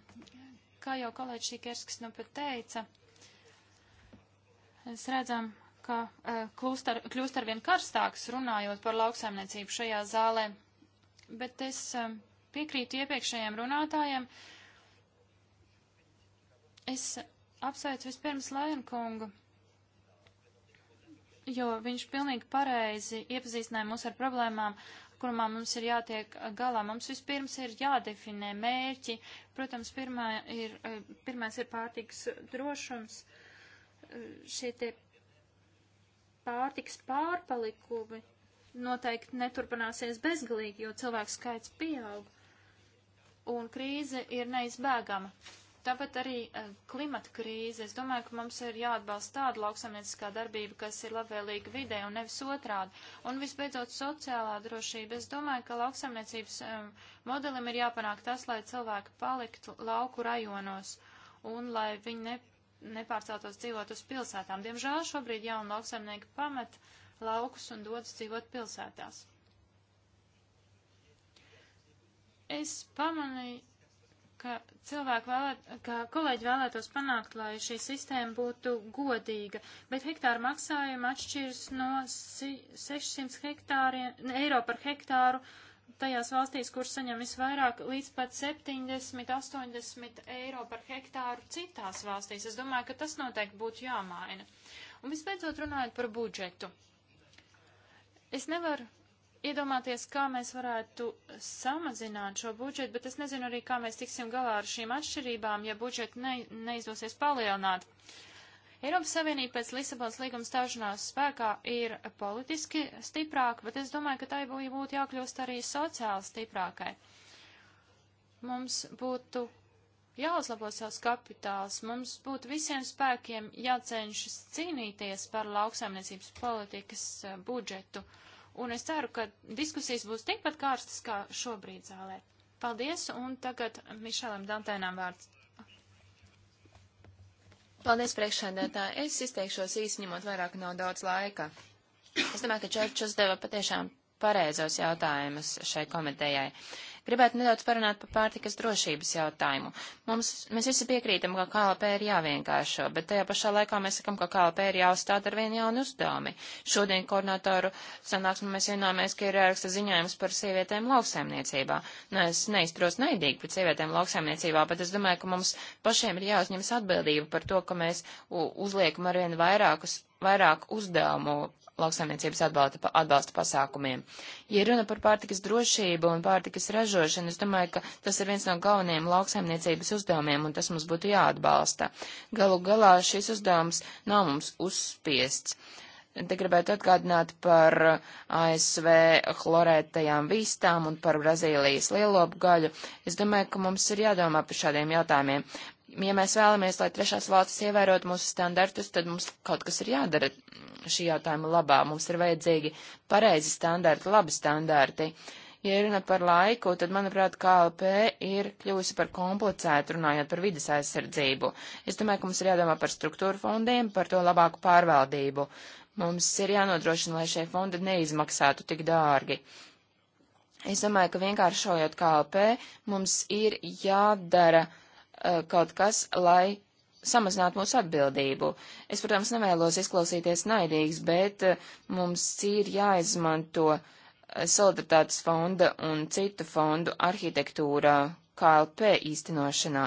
Kā jau kolēģis Šikerskis nu pat teica, uh, Mēs redzam, ka eh, kļūst ar, kļūst ar vien karstāks runājot par lauksaimniecību šajā zālē, bet es eh, piekrītu iepriekšējiem runātājiem. Es apsveicu vispirms Lajankungu, jo viņš pilnīgi pareizi iepazīstināja mūs ar problēmām, kurām mums ir jātiek eh, galā. Mums vispirms ir jādefinē mērķi. Protams, pirmā ir, pirmais ir pārtiks drošums. Uh, šie tie pārtiks pārpalikumi noteikti neturpināsies bezgalīgi, jo cilvēku skaits pieaug un krīze ir neizbēgama. Tāpat arī e, klimata krīze. Es domāju, ka mums ir jāatbalsta tāda lauksamnieciskā darbība, kas ir labvēlīga vidē un nevis otrādi. Un visbeidzot, sociālā drošība. Es domāju, ka lauksamniecības e, modelim ir jāpanāk tas, lai cilvēki paliktu lauku rajonos un lai viņi ne, nepārceltos dzīvot uz pilsētām. Diemžēl šobrīd jauni lauksaimnieki pamet laukus un dodas dzīvot pilsētās. Es pamanīju, ka cilvēki vēlēt, ka kolēģi vēlētos panākt, lai šī sistēma būtu godīga, bet hektāra maksājuma atšķiras no 600 hektāri, eiro par hektāru tajās valstīs, kur saņem visvairāk līdz pat 70-80 eiro par hektāru citās valstīs. Es domāju, ka tas noteikti būtu jāmaina. Un visbeidzot runājot par budžetu. Es nevaru iedomāties, kā mēs varētu samazināt šo budžetu, bet es nezinu arī, kā mēs tiksim galā ar šīm atšķirībām, ja budžetu ne, neizdosies palielināt. Uh, Eiropas Savienība pēc Lisabonas līguma stāšanās spēkā ir politiski stiprāka, bet es domāju, ka tai būtu jākļūst arī sociāli stiprākai. Mums būtu jāuzlabo savs kapitāls, mums būtu visiem spēkiem jācenšas cīnīties par lauksaimniecības politikas eh, budžetu. Un es ceru, ka diskusijas būs tikpat kārstas kā šobrīd zālē. Paldies, un tagad Mišelam Dantēnam vārds. Paldies, priekšsēdētāji. Es izteikšos īsi, ņemot vairāk nav daudz laika. Es domāju, ka Čērčs deva patiešām pareizos jautājumus šai komitejai. Uh, Gribētu nedaudz parunāt par pārtikas drošības jautājumu. Mums, mēs visi piekrītam, ka KLP ir jāvienkāršo, bet tajā pašā laikā mēs sakam, ka KLP ir jāuzstāda ar vien jaunu uzdevumu. Šodien koordinatoru sanāksmē mēs vienojāmies, ka ir jāraksta ziņojums par sievietēm lauksaimniecībā. Nu, es neizturos naidīgi pret sievietēm lauksaimniecībā, bet es domāju, ka mums pašiem ir jāuzņemas atbildība par to, ka mēs uzliekam ar vien vairākus vairāk uzdevumu lauksaimniecības atbalsta, atbalsta pasākumiem. Ja runa par pārtikas drošību un pārtikas ražošanu, es domāju, ka tas ir viens no galvenajiem lauksaimniecības uzdevumiem, un tas mums būtu jāatbalsta. Galu galā šis uzdevums nav mums uzspiests. Te gribētu atgādināt par ASV chlorētajām vistām un par Brazīlijas lielopu gaļu. Es domāju, ka mums ir jādomā par šādiem jautājumiem ja mēs vēlamies, lai trešās valstis ievērotu mūsu standartus, tad mums kaut kas ir jādara šī jautājuma labā. Mums ir vajadzīgi pareizi standarti, labi standarti. Ja runa par laiku, tad, manuprāt, KLP ir kļuvusi par komplicētu runājot par vidas aizsardzību. Es domāju, ka mums ir jādomā par struktūru fondiem, par to labāku pārvaldību. Mums ir jānodrošina, lai šie fondi neizmaksātu tik dārgi. Es domāju, ka vienkāršojot KLP, mums ir jādara uh, Uh, kaut kas, lai samazināt mūsu atbildību. Es, protams, nevēlos izklausīties naidīgs, bet uh, mums ir jāizmanto uh, solidaritātes fonda un citu fondu arhitektūra KLP īstenošanā.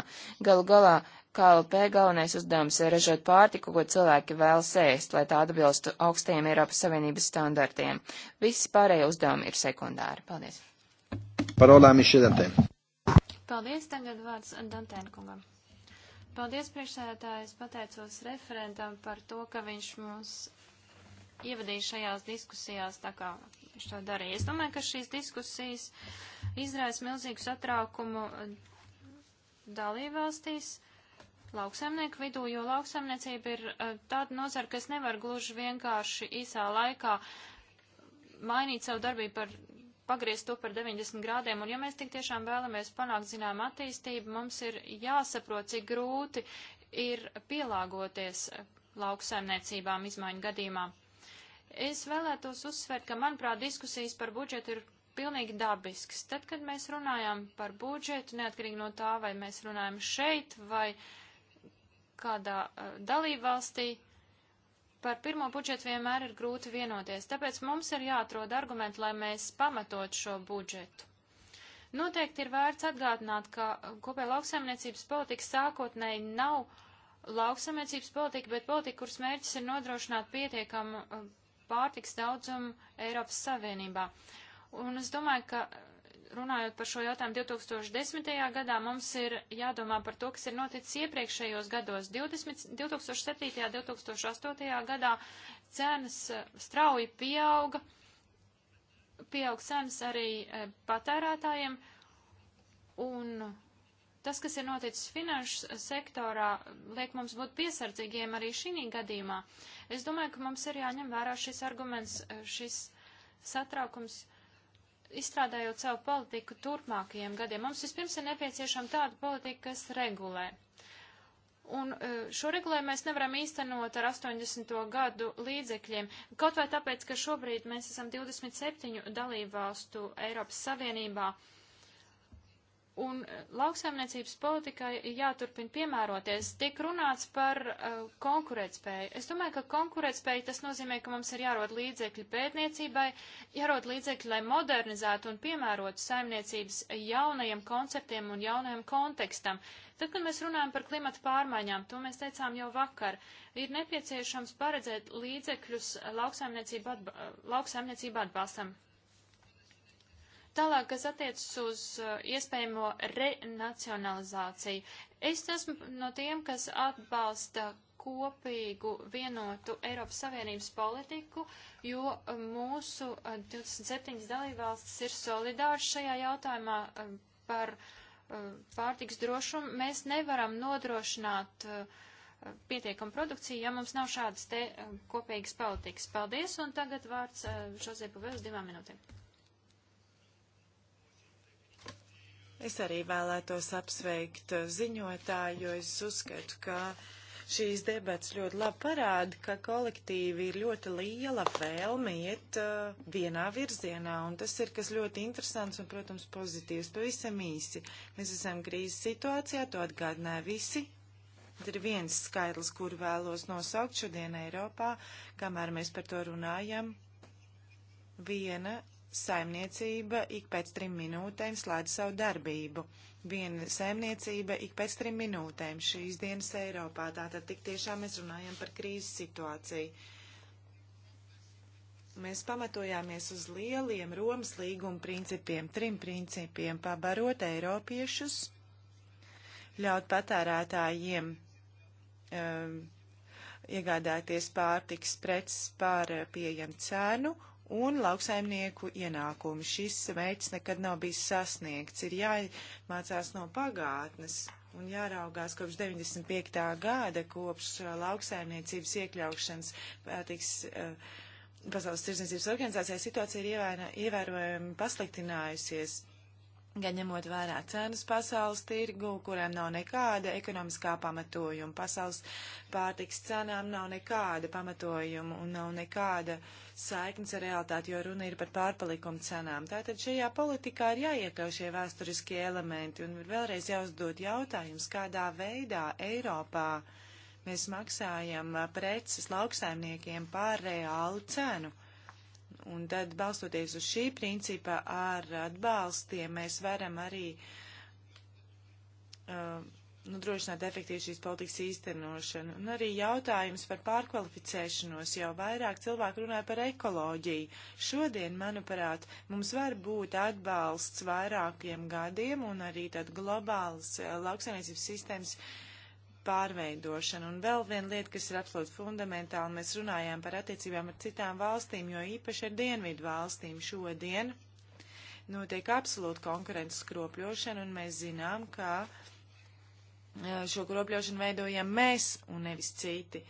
Galu galā KLP galvenais uzdevums ir ražot pārtiku, ko cilvēki vēlas ēst, lai tā atbilstu augstajiem Eiropas Savienības standartiem. Visi pārējie uzdevumi ir sekundāri. Paldies. Parolā Mišedatē. Paldies, tagad vārds Dantēna kungam. Paldies, priekšsēdētāji, es pateicos referentam par to, ka viņš mūs ievadīja šajās diskusijās, tā kā viņš to darīja. Es domāju, ka šīs diskusijas izraisa milzīgu satraukumu dalībvalstīs, lauksaimnieku vidū, jo lauksaimniecība ir eh, tāda nozara, kas nevar gluži vienkārši īsā laikā mainīt savu darbību par pagriezt to par 90 grādiem, un ja mēs tik tiešām vēlamies panākt zinām attīstību, mums ir jāsaprot, cik grūti ir pielāgoties lauksaimniecībām izmaiņu gadījumā. Es vēlētos uzsvērt, ka, manuprāt, diskusijas par budžetu ir pilnīgi dabisks. Tad, kad mēs runājam par budžetu, neatkarīgi no tā, vai mēs runājam šeit vai kādā uh, dalībvalstī, Par pirmo budžetu vienmēr ir grūti vienoties, tāpēc mums ir jāatrod argumenti, lai mēs pamatot šo budžetu. Noteikti ir vērts atgādināt, ka kopēja lauksaimniecības politika sākotnēji nav lauksaimniecības politika, bet politika, kuras mērķis ir nodrošināt pietiekamu uh, pārtiks daudzumu Eiropas Savienībā. Un es domāju, ka runājot par šo jautājumu 2010. gadā, mums ir jādomā par to, kas ir noticis iepriekšējos gados. 20, 2007. un 2008. gadā cenas eh, strauji pieauga, pieaug cenas arī eh, patērētājiem, un tas, kas ir noticis finanšu sektorā, liek mums būt piesardzīgiem arī šī gadījumā. Es domāju, ka mums ir jāņem vērā šis arguments, eh, šis satraukums izstrādājot savu politiku turpmākajiem gadiem, mums vispirms ir nepieciešama tāda politika, kas regulē. Un e, šo regulējumu mēs nevaram īstenot ar 80. gadu līdzekļiem, kaut vai tāpēc, ka šobrīd mēs esam 27 dalībvalstu Eiropas Savienībā. Uh, Un eh, lauksaimniecības politikai jāturpina piemēroties. Tiek runāts par uh, konkurētspēju. Es domāju, ka konkurētspēja tas nozīmē, ka mums ir jārod līdzekļi pētniecībai, jārod līdzekļi, lai modernizētu un piemērotu saimniecības jaunajiem konceptiem un jaunajam kontekstam. Tad, kad mēs runājam par klimatu pārmaiņām, to mēs teicām jau vakar, ir nepieciešams paredzēt līdzekļus lauksaimniecību atba lauksaimniecība atbalstam. Tālāk, kas attiecas uz eh, iespējamo renacionalizāciju. Es esmu no tiem, kas atbalsta kopīgu vienotu Eiropas Savienības politiku, jo eh, mūsu 27 eh, dalībvalstis ir solidāri šajā jautājumā par pārtiks drošumu. Mēs nevaram nodrošināt pietiekam produkciju, ja mums nav šādas te kopīgas politikas. Paldies, un tagad vārds Žozepu vēl uz divām minūtēm. Es arī vēlētos apsveikt uh, ziņotāju, jo es uzskatu, ka šīs debats ļoti labi parāda, ka kolektīvi ir ļoti liela vēlme iet uh, vienā virzienā, un tas ir kas ļoti interesants un, protams, pozitīvs. Pavisam īsi. Mēs esam krīzes situācijā, to atgādināja visi. Tad ir viens skaidrs, kur vēlos nosaukt šodien Eiropā, kamēr mēs par to runājam. Viena saimniecība ik pēc trim minūtēm slēdz savu darbību. Viena saimniecība ik pēc trim minūtēm šīs dienas Eiropā. Tātad tik tiešām mēs runājam par krīzes situāciju. Mēs pamatojāmies uz lieliem Romas līguma principiem, trim principiem - pabarot eiropiešus, ļaut patērētājiem um, iegādāties pārtiks preces par pieejamu cenu un lauksaimnieku ienākumu. Šis veids nekad nav bijis sasniegts. Ir jāmācās no pagātnes un jāraugās kopš 95. gada, kopš uh, lauksaimniecības iekļaušanas patiks. Uh, uh, Pasaules tirdzniecības organizācijā situācija ir ievērojami pasliktinājusies gan ņemot vērā cenas pasaules tirgu, kurām nav nekāda ekonomiskā pamatojuma. Pasaules pārtiks cenām nav nekāda pamatojuma un nav nekāda saiknes ar realitāti, jo runa ir par pārpalikumu cenām. Tātad šajā politikā ir jāiekļau šie vēsturiskie elementi un vēlreiz jāuzdod jautājums, kādā veidā Eiropā mēs maksājam preces lauksaimniekiem par reālu cenu. Un tad, balstoties uz šī principa ar atbalstiem, mēs varam arī uh, nodrošināt nu, efektīvi šīs politikas īstenošanu. Un arī jautājums par pārkvalificēšanos jau vairāk cilvēku runāja par ekoloģiju. Šodien, manuprāt, mums var būt atbalsts vairākiem gadiem un arī tad globālas eh, lauksainiecības sistēmas uh, pārveidošanu. Un vēl viena lieta, kas ir absolūti fundamentāla, mēs runājām par attiecībām ar citām valstīm, jo īpaši ar dienvidu valstīm šodien notiek absolūta konkurences skropļošana, un mēs zinām, ka e, šo kropļošanu veidojam mēs un nevis citi.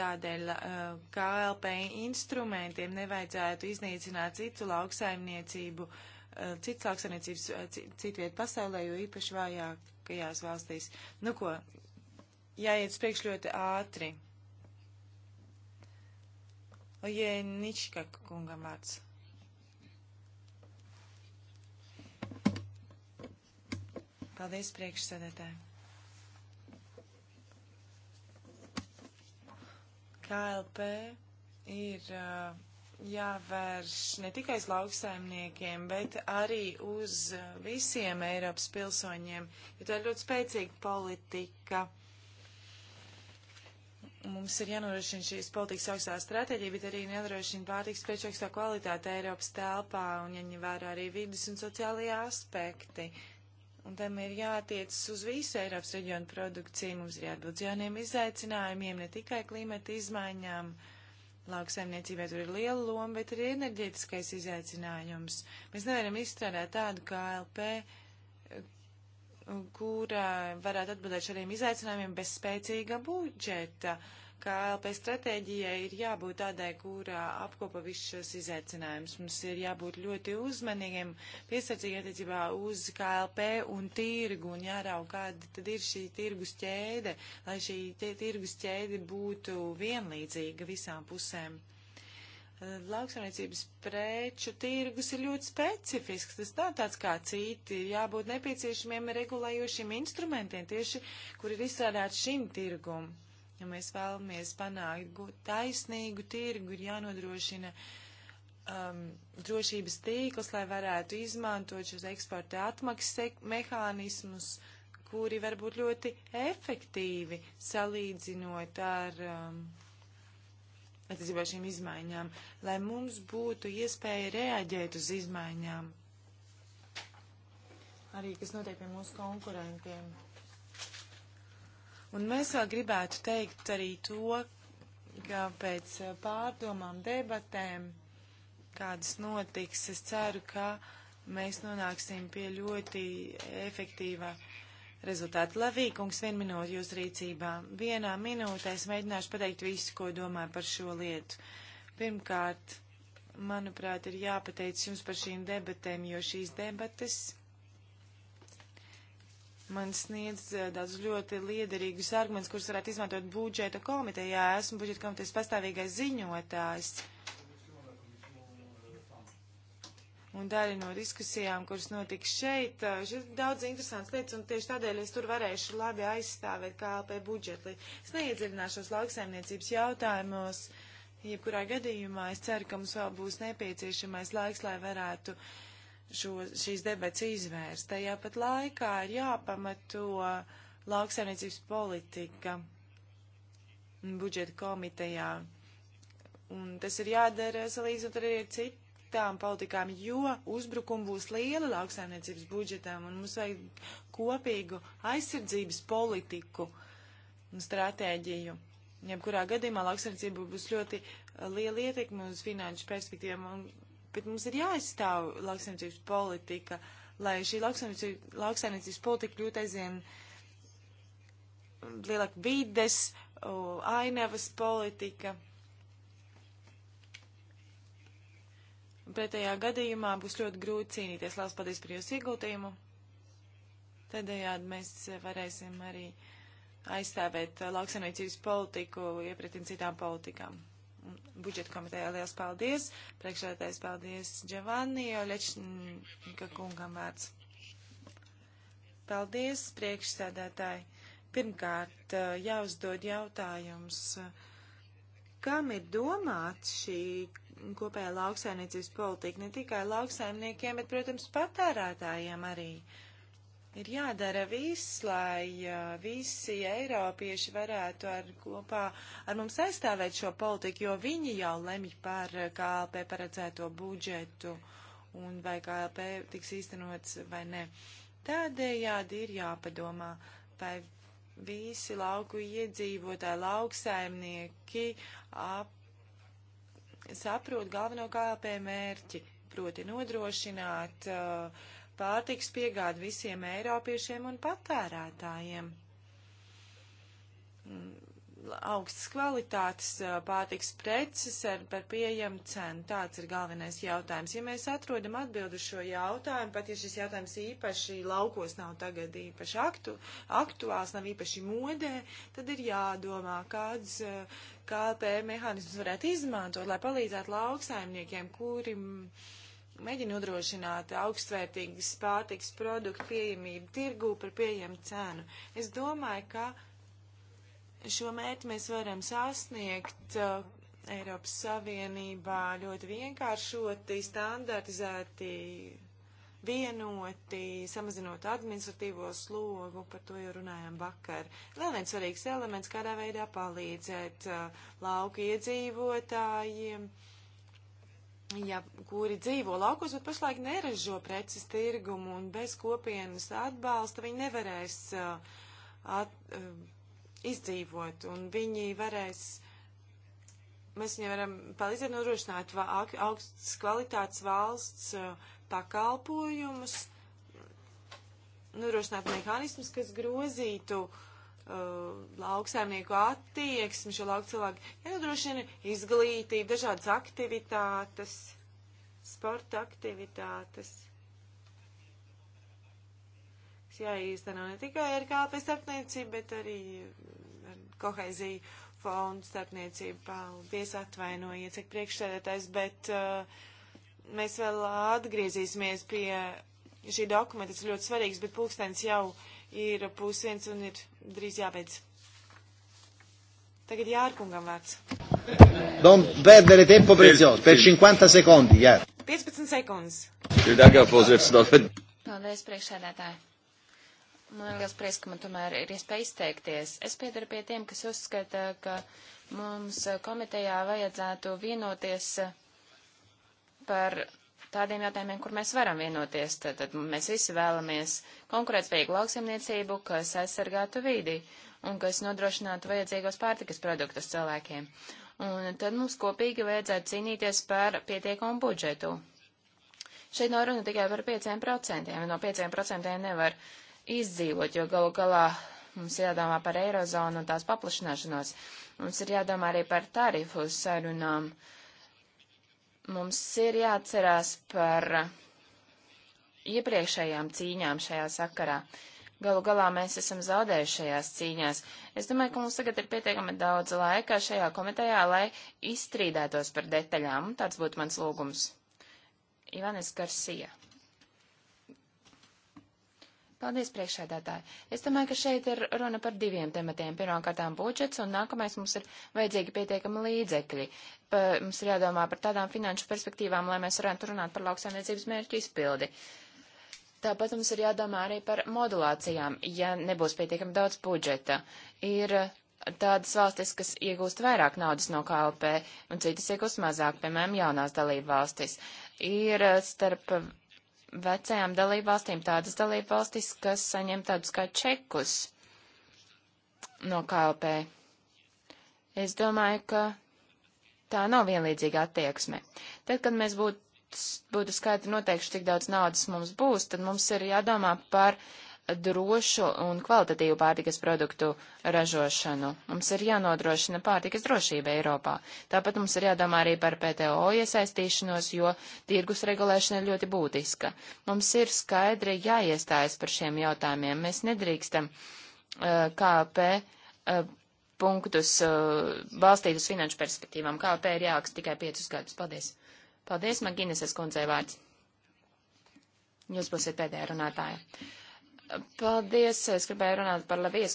Tādēļ e, KLP instrumentiem nevajadzētu iznīcināt citu lauksaimniecību, e, citu lauksaimniecības citvietu pasaulē, jo īpaši vājākajās valstīs. Nu ko, jāiet spriekš ļoti ātri. Oje, Nička kungam vārds. Paldies priekšsēdētāji. KLP ir uh, jāvērš ne tikai uz lauksaimniekiem, bet arī uz visiem Eiropas pilsoņiem, jo tā ir ļoti spēcīga politika. Mums ir jānodrošina šīs politikas augstā stratēģija, bet arī jānodrošina pārtiks pēc augstā kvalitāte Eiropas telpā un jaņem vērā arī vidas un sociālajie aspekti. Un tam ir jātiecas uz visu Eiropas reģionu produkciju. Mums ir jāatbild jauniem izaicinājumiem, ne tikai klimata izmaiņām. Lauksaimniecībai tur ir liela loma, bet arī enerģētiskais izaicinājums. Mēs nevaram izstrādāt tādu KLP, kura varētu atbildēt šādiem izaicinājumiem bez spēcīga budžeta. Kā LP stratēģijai ir jābūt tādai, kurā apkopa visus šos izaicinājumus. Mums ir jābūt ļoti uzmanīgiem, piesardzīgiem attiecībā uz KLP un tirgu un jārauk, kāda tad ir šī tirgus ķēde, lai šī tirgus ķēde būtu vienlīdzīga visām pusēm lauksaimniecības preču tirgus ir ļoti specifisks. Tas nav tāds kā citi. Ir jābūt nepieciešamiem regulējošiem instrumentiem, tieši kur ir izstrādāts šim tirgum. Ja mēs vēlamies panākt taisnīgu tirgu, ir jānodrošina um, drošības tīkls, lai varētu izmantot šos eksporta atmaksas mehānismus, kuri var būt ļoti efektīvi salīdzinot ar. Um, attiecībā šīm izmaiņām, lai mums būtu iespēja reaģēt uz izmaiņām. Arī kas notiek pie mūsu konkurentiem. Un mēs vēl gribētu teikt arī to, ka pēc pārdomām, debatēm, kādas notiks, es ceru, ka mēs nonāksim pie ļoti efektīvā rezultāti. Lavīkungs, vien minūte jūs rīcībā. Vienā minūtē es mēģināšu pateikt visu, ko domāju par šo lietu. Pirmkārt, manuprāt, ir jāpateic jums par šīm debatēm, jo šīs debates man sniedz eh, daudz ļoti liederīgus argumentus, kurus varētu izmantot budžeta komitejā. Esmu budžeta komitejas pastāvīgais ziņotājs. Uh, Un daļa no diskusijām, kuras notiks šeit, šeit ir daudz interesants lietas, un tieši tādēļ es tur varēšu labi aizstāvēt KLP budžetu. Es neiedziļināšos lauksaimniecības jautājumos. Jebkurā gadījumā es ceru, ka mums vēl būs nepieciešamais laiks, lai varētu šo, šīs debats izvērst. Tajā pat laikā ir jāpamato lauksaimniecības politika budžeta komitejā. Un tas ir jādara salīdzinot arī ar citu citām politikām, jo uzbrukumi būs lieli lauksaimniecības budžetām un mums vajag kopīgu aizsardzības politiku un stratēģiju. Jebkurā gadījumā lauksaimniecība būs ļoti uh, liela ietekme uz finanšu perspektīvām, un, bet mums ir jāizstāv lauksaimniecības politika, lai šī lauksaimniecības politika kļūtu aizvien lielāk vides, uh, ainavas politika. Pretējā gadījumā būs ļoti grūti cīnīties. Lielas paldies par jūsu ieguldījumu. Tādējādi mēs varēsim arī aizstāvēt lauksaimniecības politiku iepretim citām politikām. Budžeta komitejā liels paldies. Priekšētais paldies Giovanni Olečnika kungam vārds. Paldies, priekšsēdētāji. Pirmkārt, jāuzdod jautājums, kam ir domāts šī kopējā lauksaimniecības politika ne tikai lauksaimniekiem, bet, protams, patērētājiem arī. Ir jādara viss, lai visi eiropieši varētu ar kopā ar mums aizstāvēt šo politiku, jo viņi jau lemj par KLP paredzēto budžetu un vai KLP tiks īstenots vai ne. Tādējādi ir jāpadomā, vai visi lauku iedzīvotāji, lauksaimnieki ap saprot galveno KLP mērķi, proti nodrošināt uh, pārtiks piegādi visiem eiropiešiem un patērētājiem. Mm augstas kvalitātes pārtiks preces ar par pieejamu cenu? Tāds ir galvenais jautājums. Ja mēs atrodam atbildu šo jautājumu, pat ja šis jautājums īpaši laukos nav tagad īpaši aktu, aktuāls, nav īpaši modē, tad ir jādomā, kāds KLP mehānisms varētu izmantot, lai palīdzētu lauksaimniekiem, kuri mēģina nodrošināt augstvērtīgas pārtiks produktu pieejamību tirgū par pieejamu cenu. Es domāju, ka Šo mērķi mēs varam sasniegt uh, Eiropas Savienībā ļoti vienkāršoti, standartizēti, vienoti, samazinot administratīvo slogu, par to jau runājām vakar. Vēl viens svarīgs elements, kādā veidā palīdzēt uh, lauku iedzīvotājiem ja, kuri dzīvo laukos, bet pašlaik neražo preces tirgumu un bez kopienas atbalsta viņi nevarēs uh, at, uh, izdzīvot, un viņi varēs, mēs viņiem varam palīdzēt nodrošināt augstas kvalitātes valsts uh, pakalpojumus, nodrošināt mehānismus, kas grozītu uh, lauksaimnieku attieksmi šo lauku cilvēku. Ja nodrošina izglītību, dažādas aktivitātes, sporta aktivitātes jāīsteno ne tikai ar KLP starpniecību, bet arī ar koheiziju fondu starpniecību. Paldies, atvainojiet, cik priekšsēdētājs, bet uh, mēs vēl atgriezīsimies pie šī dokumenta. Tas ir ļoti svarīgs, bet pulkstens jau ir pūs viens un ir drīz jābeidz. Tagad jārkungam vārds. Non perdere tempo prezioso, per 50 secondi, jā. 15 sekundes. Paldies, priekšsēdētāji. Man liels prieks, ka man tomēr ir iespēja izteikties. Es piedaru pie tiem, kas uzskata, ka mums eh, komitejā vajadzētu vienoties eh, par tādiem jautājumiem, kur mēs varam vienoties. Tad, tad mēs visi vēlamies konkurētspējīgu lauksimniecību, kas aizsargātu vidi un kas nodrošinātu vajadzīgos pārtikas produktus cilvēkiem. Un tad mums kopīgi vajadzētu cīnīties par pietiekamu budžetu. Šeit nav no runa tikai par 5%, no 5% nevar uh, izdzīvot, jo galu galā mums jādomā par eirozonu un tās paplašināšanos. Mums ir jādomā arī par tarifu sarunām. Mums ir jāatcerās par iepriekšējām cīņām šajā sakarā. Galu galā mēs esam zaudējuši šajās cīņās. Es domāju, ka mums tagad ir pietiekami daudz laika šajā komitejā, lai izstrīdētos par detaļām. Tāds būtu mans lūgums. Ivanis Garcia. Paldies, priekšēdētāji. Es domāju, ka šeit ir runa par diviem tematiem. Pirmkārt, budžets, un nākamais mums ir vajadzīgi pietiekami līdzekļi. Pa, mums ir jādomā par tādām finanšu perspektīvām, lai mēs varētu runāt par lauksaimniecības mērķu izpildi. Tāpat mums ir jādomā arī par modulācijām, ja nebūs pietiekami daudz budžeta. Ir tādas valstis, kas iegūst vairāk naudas no KLP, un citas iegūst mazāk, piemēram, jaunās dalība valstis. Ir starp vecajām dalībvalstīm, tādas dalībvalstis, kas saņem tādus kā čekus no KLP. Es domāju, ka tā nav vienlīdzīga attieksme. Tad, kad mēs būtu, būtu skaidri noteikti, cik daudz naudas mums būs, tad mums ir jādomā par uh, drošu un kvalitatīvu pārtikas produktu ražošanu. Mums ir jānodrošina pārtikas drošība Eiropā. Tāpat mums ir jādomā arī par PTO iesaistīšanos, jo tirgus regulēšana ir ļoti būtiska. Mums ir skaidri jāiestājas par šiem jautājumiem. Mēs nedrīkstam uh, eh, KP uh, eh, punktus uh, balstīt uz finanšu perspektīvām. KP ir jāaks tikai piecus gadus. Paldies. Paldies, Magineses kundzei vārds. Jūs būsiet pēdējā runātāja. Paldies, es gribēju runāt par Lavijas,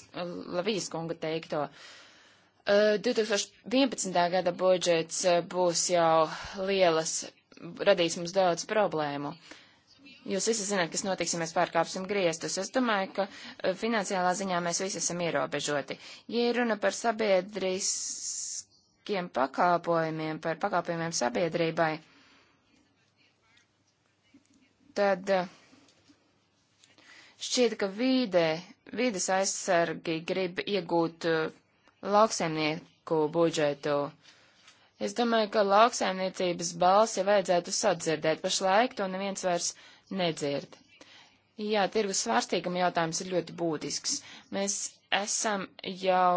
Lavijas kunga teikto. 2011. gada budžets būs jau lielas, radīs mums daudz problēmu. Jūs visi zināt, kas notiks, ja mēs pārkāpsim griestus. Es domāju, ka finansiālā ziņā mēs visi esam ierobežoti. Ja runa par sabiedriskiem pakalpojumiem, par pakalpojumiem sabiedrībai, tad. Uh, Šķiet, ka vīdē, vīdes aizsargi grib iegūt uh, lauksaimnieku budžetu. Es domāju, ka lauksaimniecības balsi vajadzētu sadzirdēt, pašlaik to neviens vairs nedzird. Jā, tirgus svārstīguma jautājums ir ļoti būtisks. Mēs esam jau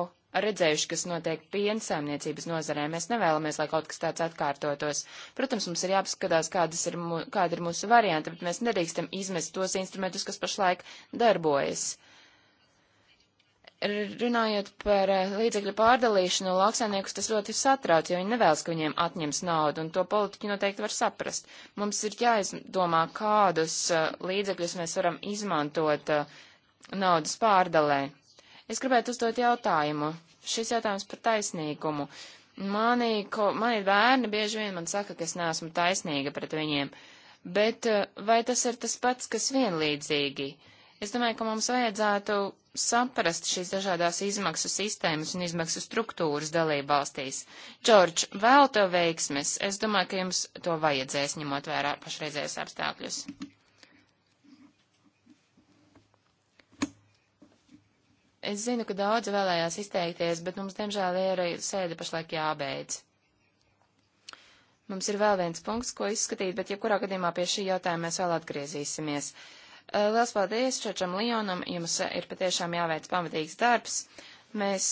redzējuši, kas notiek piensaimniecības nozarē. Mēs nevēlamies, lai kaut kas tāds atkārtotos. Protams, mums ir jāpaskatās, kādas ir, mu, kāda ir mūsu varianta, bet mēs nedrīkstam izmest tos instrumentus, kas pašlaik darbojas. Runājot par eh, līdzekļu pārdalīšanu, lauksainiekus tas ļoti satrauc, jo viņi nevēlas, ka viņiem atņems naudu, un to politiķi noteikti var saprast. Mums ir jāizdomā, kādus eh, līdzekļus mēs varam izmantot eh, naudas pārdalē. Es gribētu uzdot jautājumu šis jautājums par taisnīgumu. Mani, ko, mani bērni bieži vien man saka, ka es neesmu taisnīga pret viņiem, bet eh, vai tas ir tas pats, kas vienlīdzīgi? Es domāju, ka mums vajadzētu saprast šīs dažādās izmaksu sistēmas un izmaksu struktūras dalībvalstīs. Džordž, vēl tev veiksmes, es domāju, ka jums to vajadzēs ņemot vērā pašreizējos apstākļus. Es zinu, ka daudzi vēlējās izteikties, bet mums, diemžēl, ir sēde pašlaik jābeidz. Mums ir vēl viens punkts, ko izskatīt, bet jebkurā ja gadījumā pie šī jautājuma mēs vēl atgriezīsimies. Lielas paldies Čečam Lionam, jums ir patiešām jāveic pamatīgs darbs. Mēs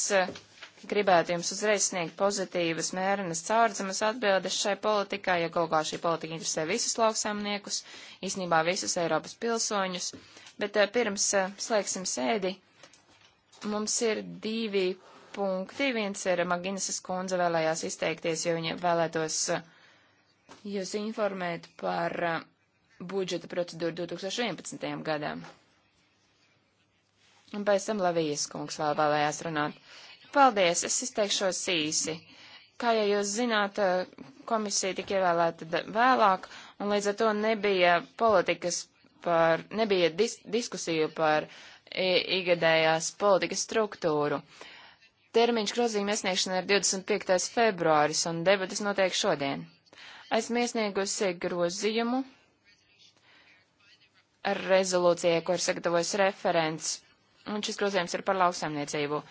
gribētu jums uzreiz sniegt pozitīvas, mērenas, caurdzamas atbildes šai politikai, jo galvā šī politika interesē visus lauksaimniekus, īsnībā visus Eiropas pilsoņus. Bet pirms slēgsim sēdi. Mums ir divi punkti. Viens ir Maginas skundze vēlējās izteikties, jo viņa vēlētos uh, jūs informēt par uh, budžeta procedūru 2011. gadam. Un pēc tam Lavijas kungs vēl vēlējās runāt. Paldies, es izteikšos īsi. Kā jau jūs zināt, uh, komisija tika ievēlēta vēlāk, un līdz ar to nebija politikas par, nebija dis diskusiju par uh, igadējās politikas struktūru. Termiņš grozījuma iesniegšanai ir 25. februāris, un debatas notiek šodien. Esmu iesniegusi grozījumu rezolūcijai, ko ir sagatavojis referents, un šis grozījums ir par lauksaimniecību.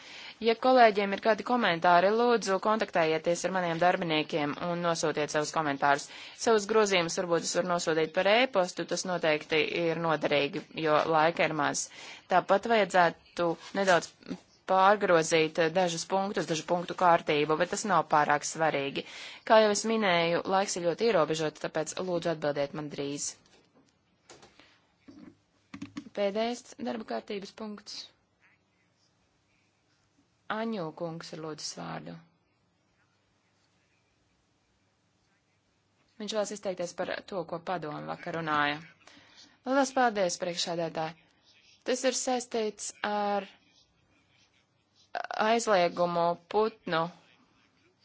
Ja kolēģiem ir kādi komentāri, lūdzu, kontaktējieties ar maniem darbiniekiem un nosūtiet savus komentārus. Savus grozījumus varbūt es varu nosūtīt par e-postu, tas noteikti ir noderīgi, jo laika ir maz. Tāpat vajadzētu nedaudz pārgrozīt dažus punktus, dažu punktu kārtību, bet tas nav pārāk svarīgi. Kā jau es minēju, laiks ir ļoti ierobežots, tāpēc lūdzu atbildiet man drīz. Pēdējais darba kārtības punkts. Aņū kungs ir lūdzis vārdu. Viņš vēlas izteikties par to, ko padomu vakar runāja. Lielas paldies, priekšādētāji. Tas ir saistīts ar aizliegumu putnu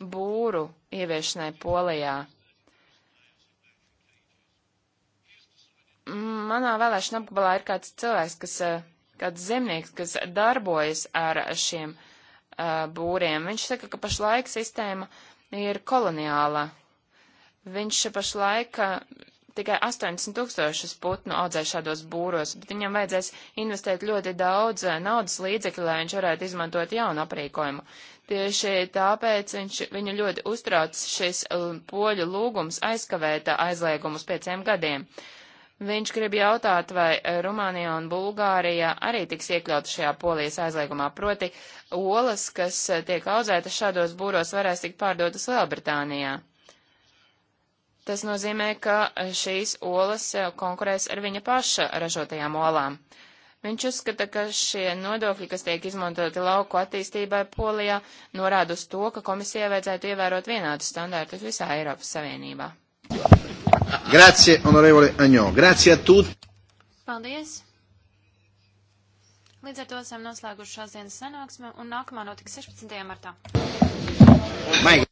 būru ieviešanai Polijā. Manā vēlēšana apgabalā ir kāds cilvēks, kas, kāds zemnieks, kas darbojas ar šiem uh, būriem. Viņš saka, ka pašlaik sistēma ir koloniāla. Viņš pašlaik tikai 80 tūkstošus putnu audzē šādos būros, bet viņam vajadzēs investēt ļoti daudz naudas līdzekļu, lai viņš varētu izmantot jaunu aprīkojumu. Tieši tāpēc viņš, viņu ļoti uztrauc šis poļu lūgums aizkavēt aizliegumu uz pieciem gadiem. Uh, Viņš grib jautāt, vai eh, Rumānija un Bulgārija arī tiks iekļautas šajā polijas aizliegumā, proti olas, kas eh, tiek audzētas šādos būros, varēs tikt pārdotas Lielbritānijā. Tas nozīmē, ka eh, šīs olas konkurēs ar viņa paša ražotajām olām. Viņš uzskata, ka šie nodokļi, kas tiek izmantoti lauku attīstībai Polijā, norāda uz to, ka komisijai vajadzētu ievērot vienādus standārtus visā Eiropas Savienībā. Grazie, onorevole Aņo. Grazie a tutti. Paldies. Līdz ar to esam noslēguši šās dienas sanāksmi un nākamā notiks 16. martā. Maigi.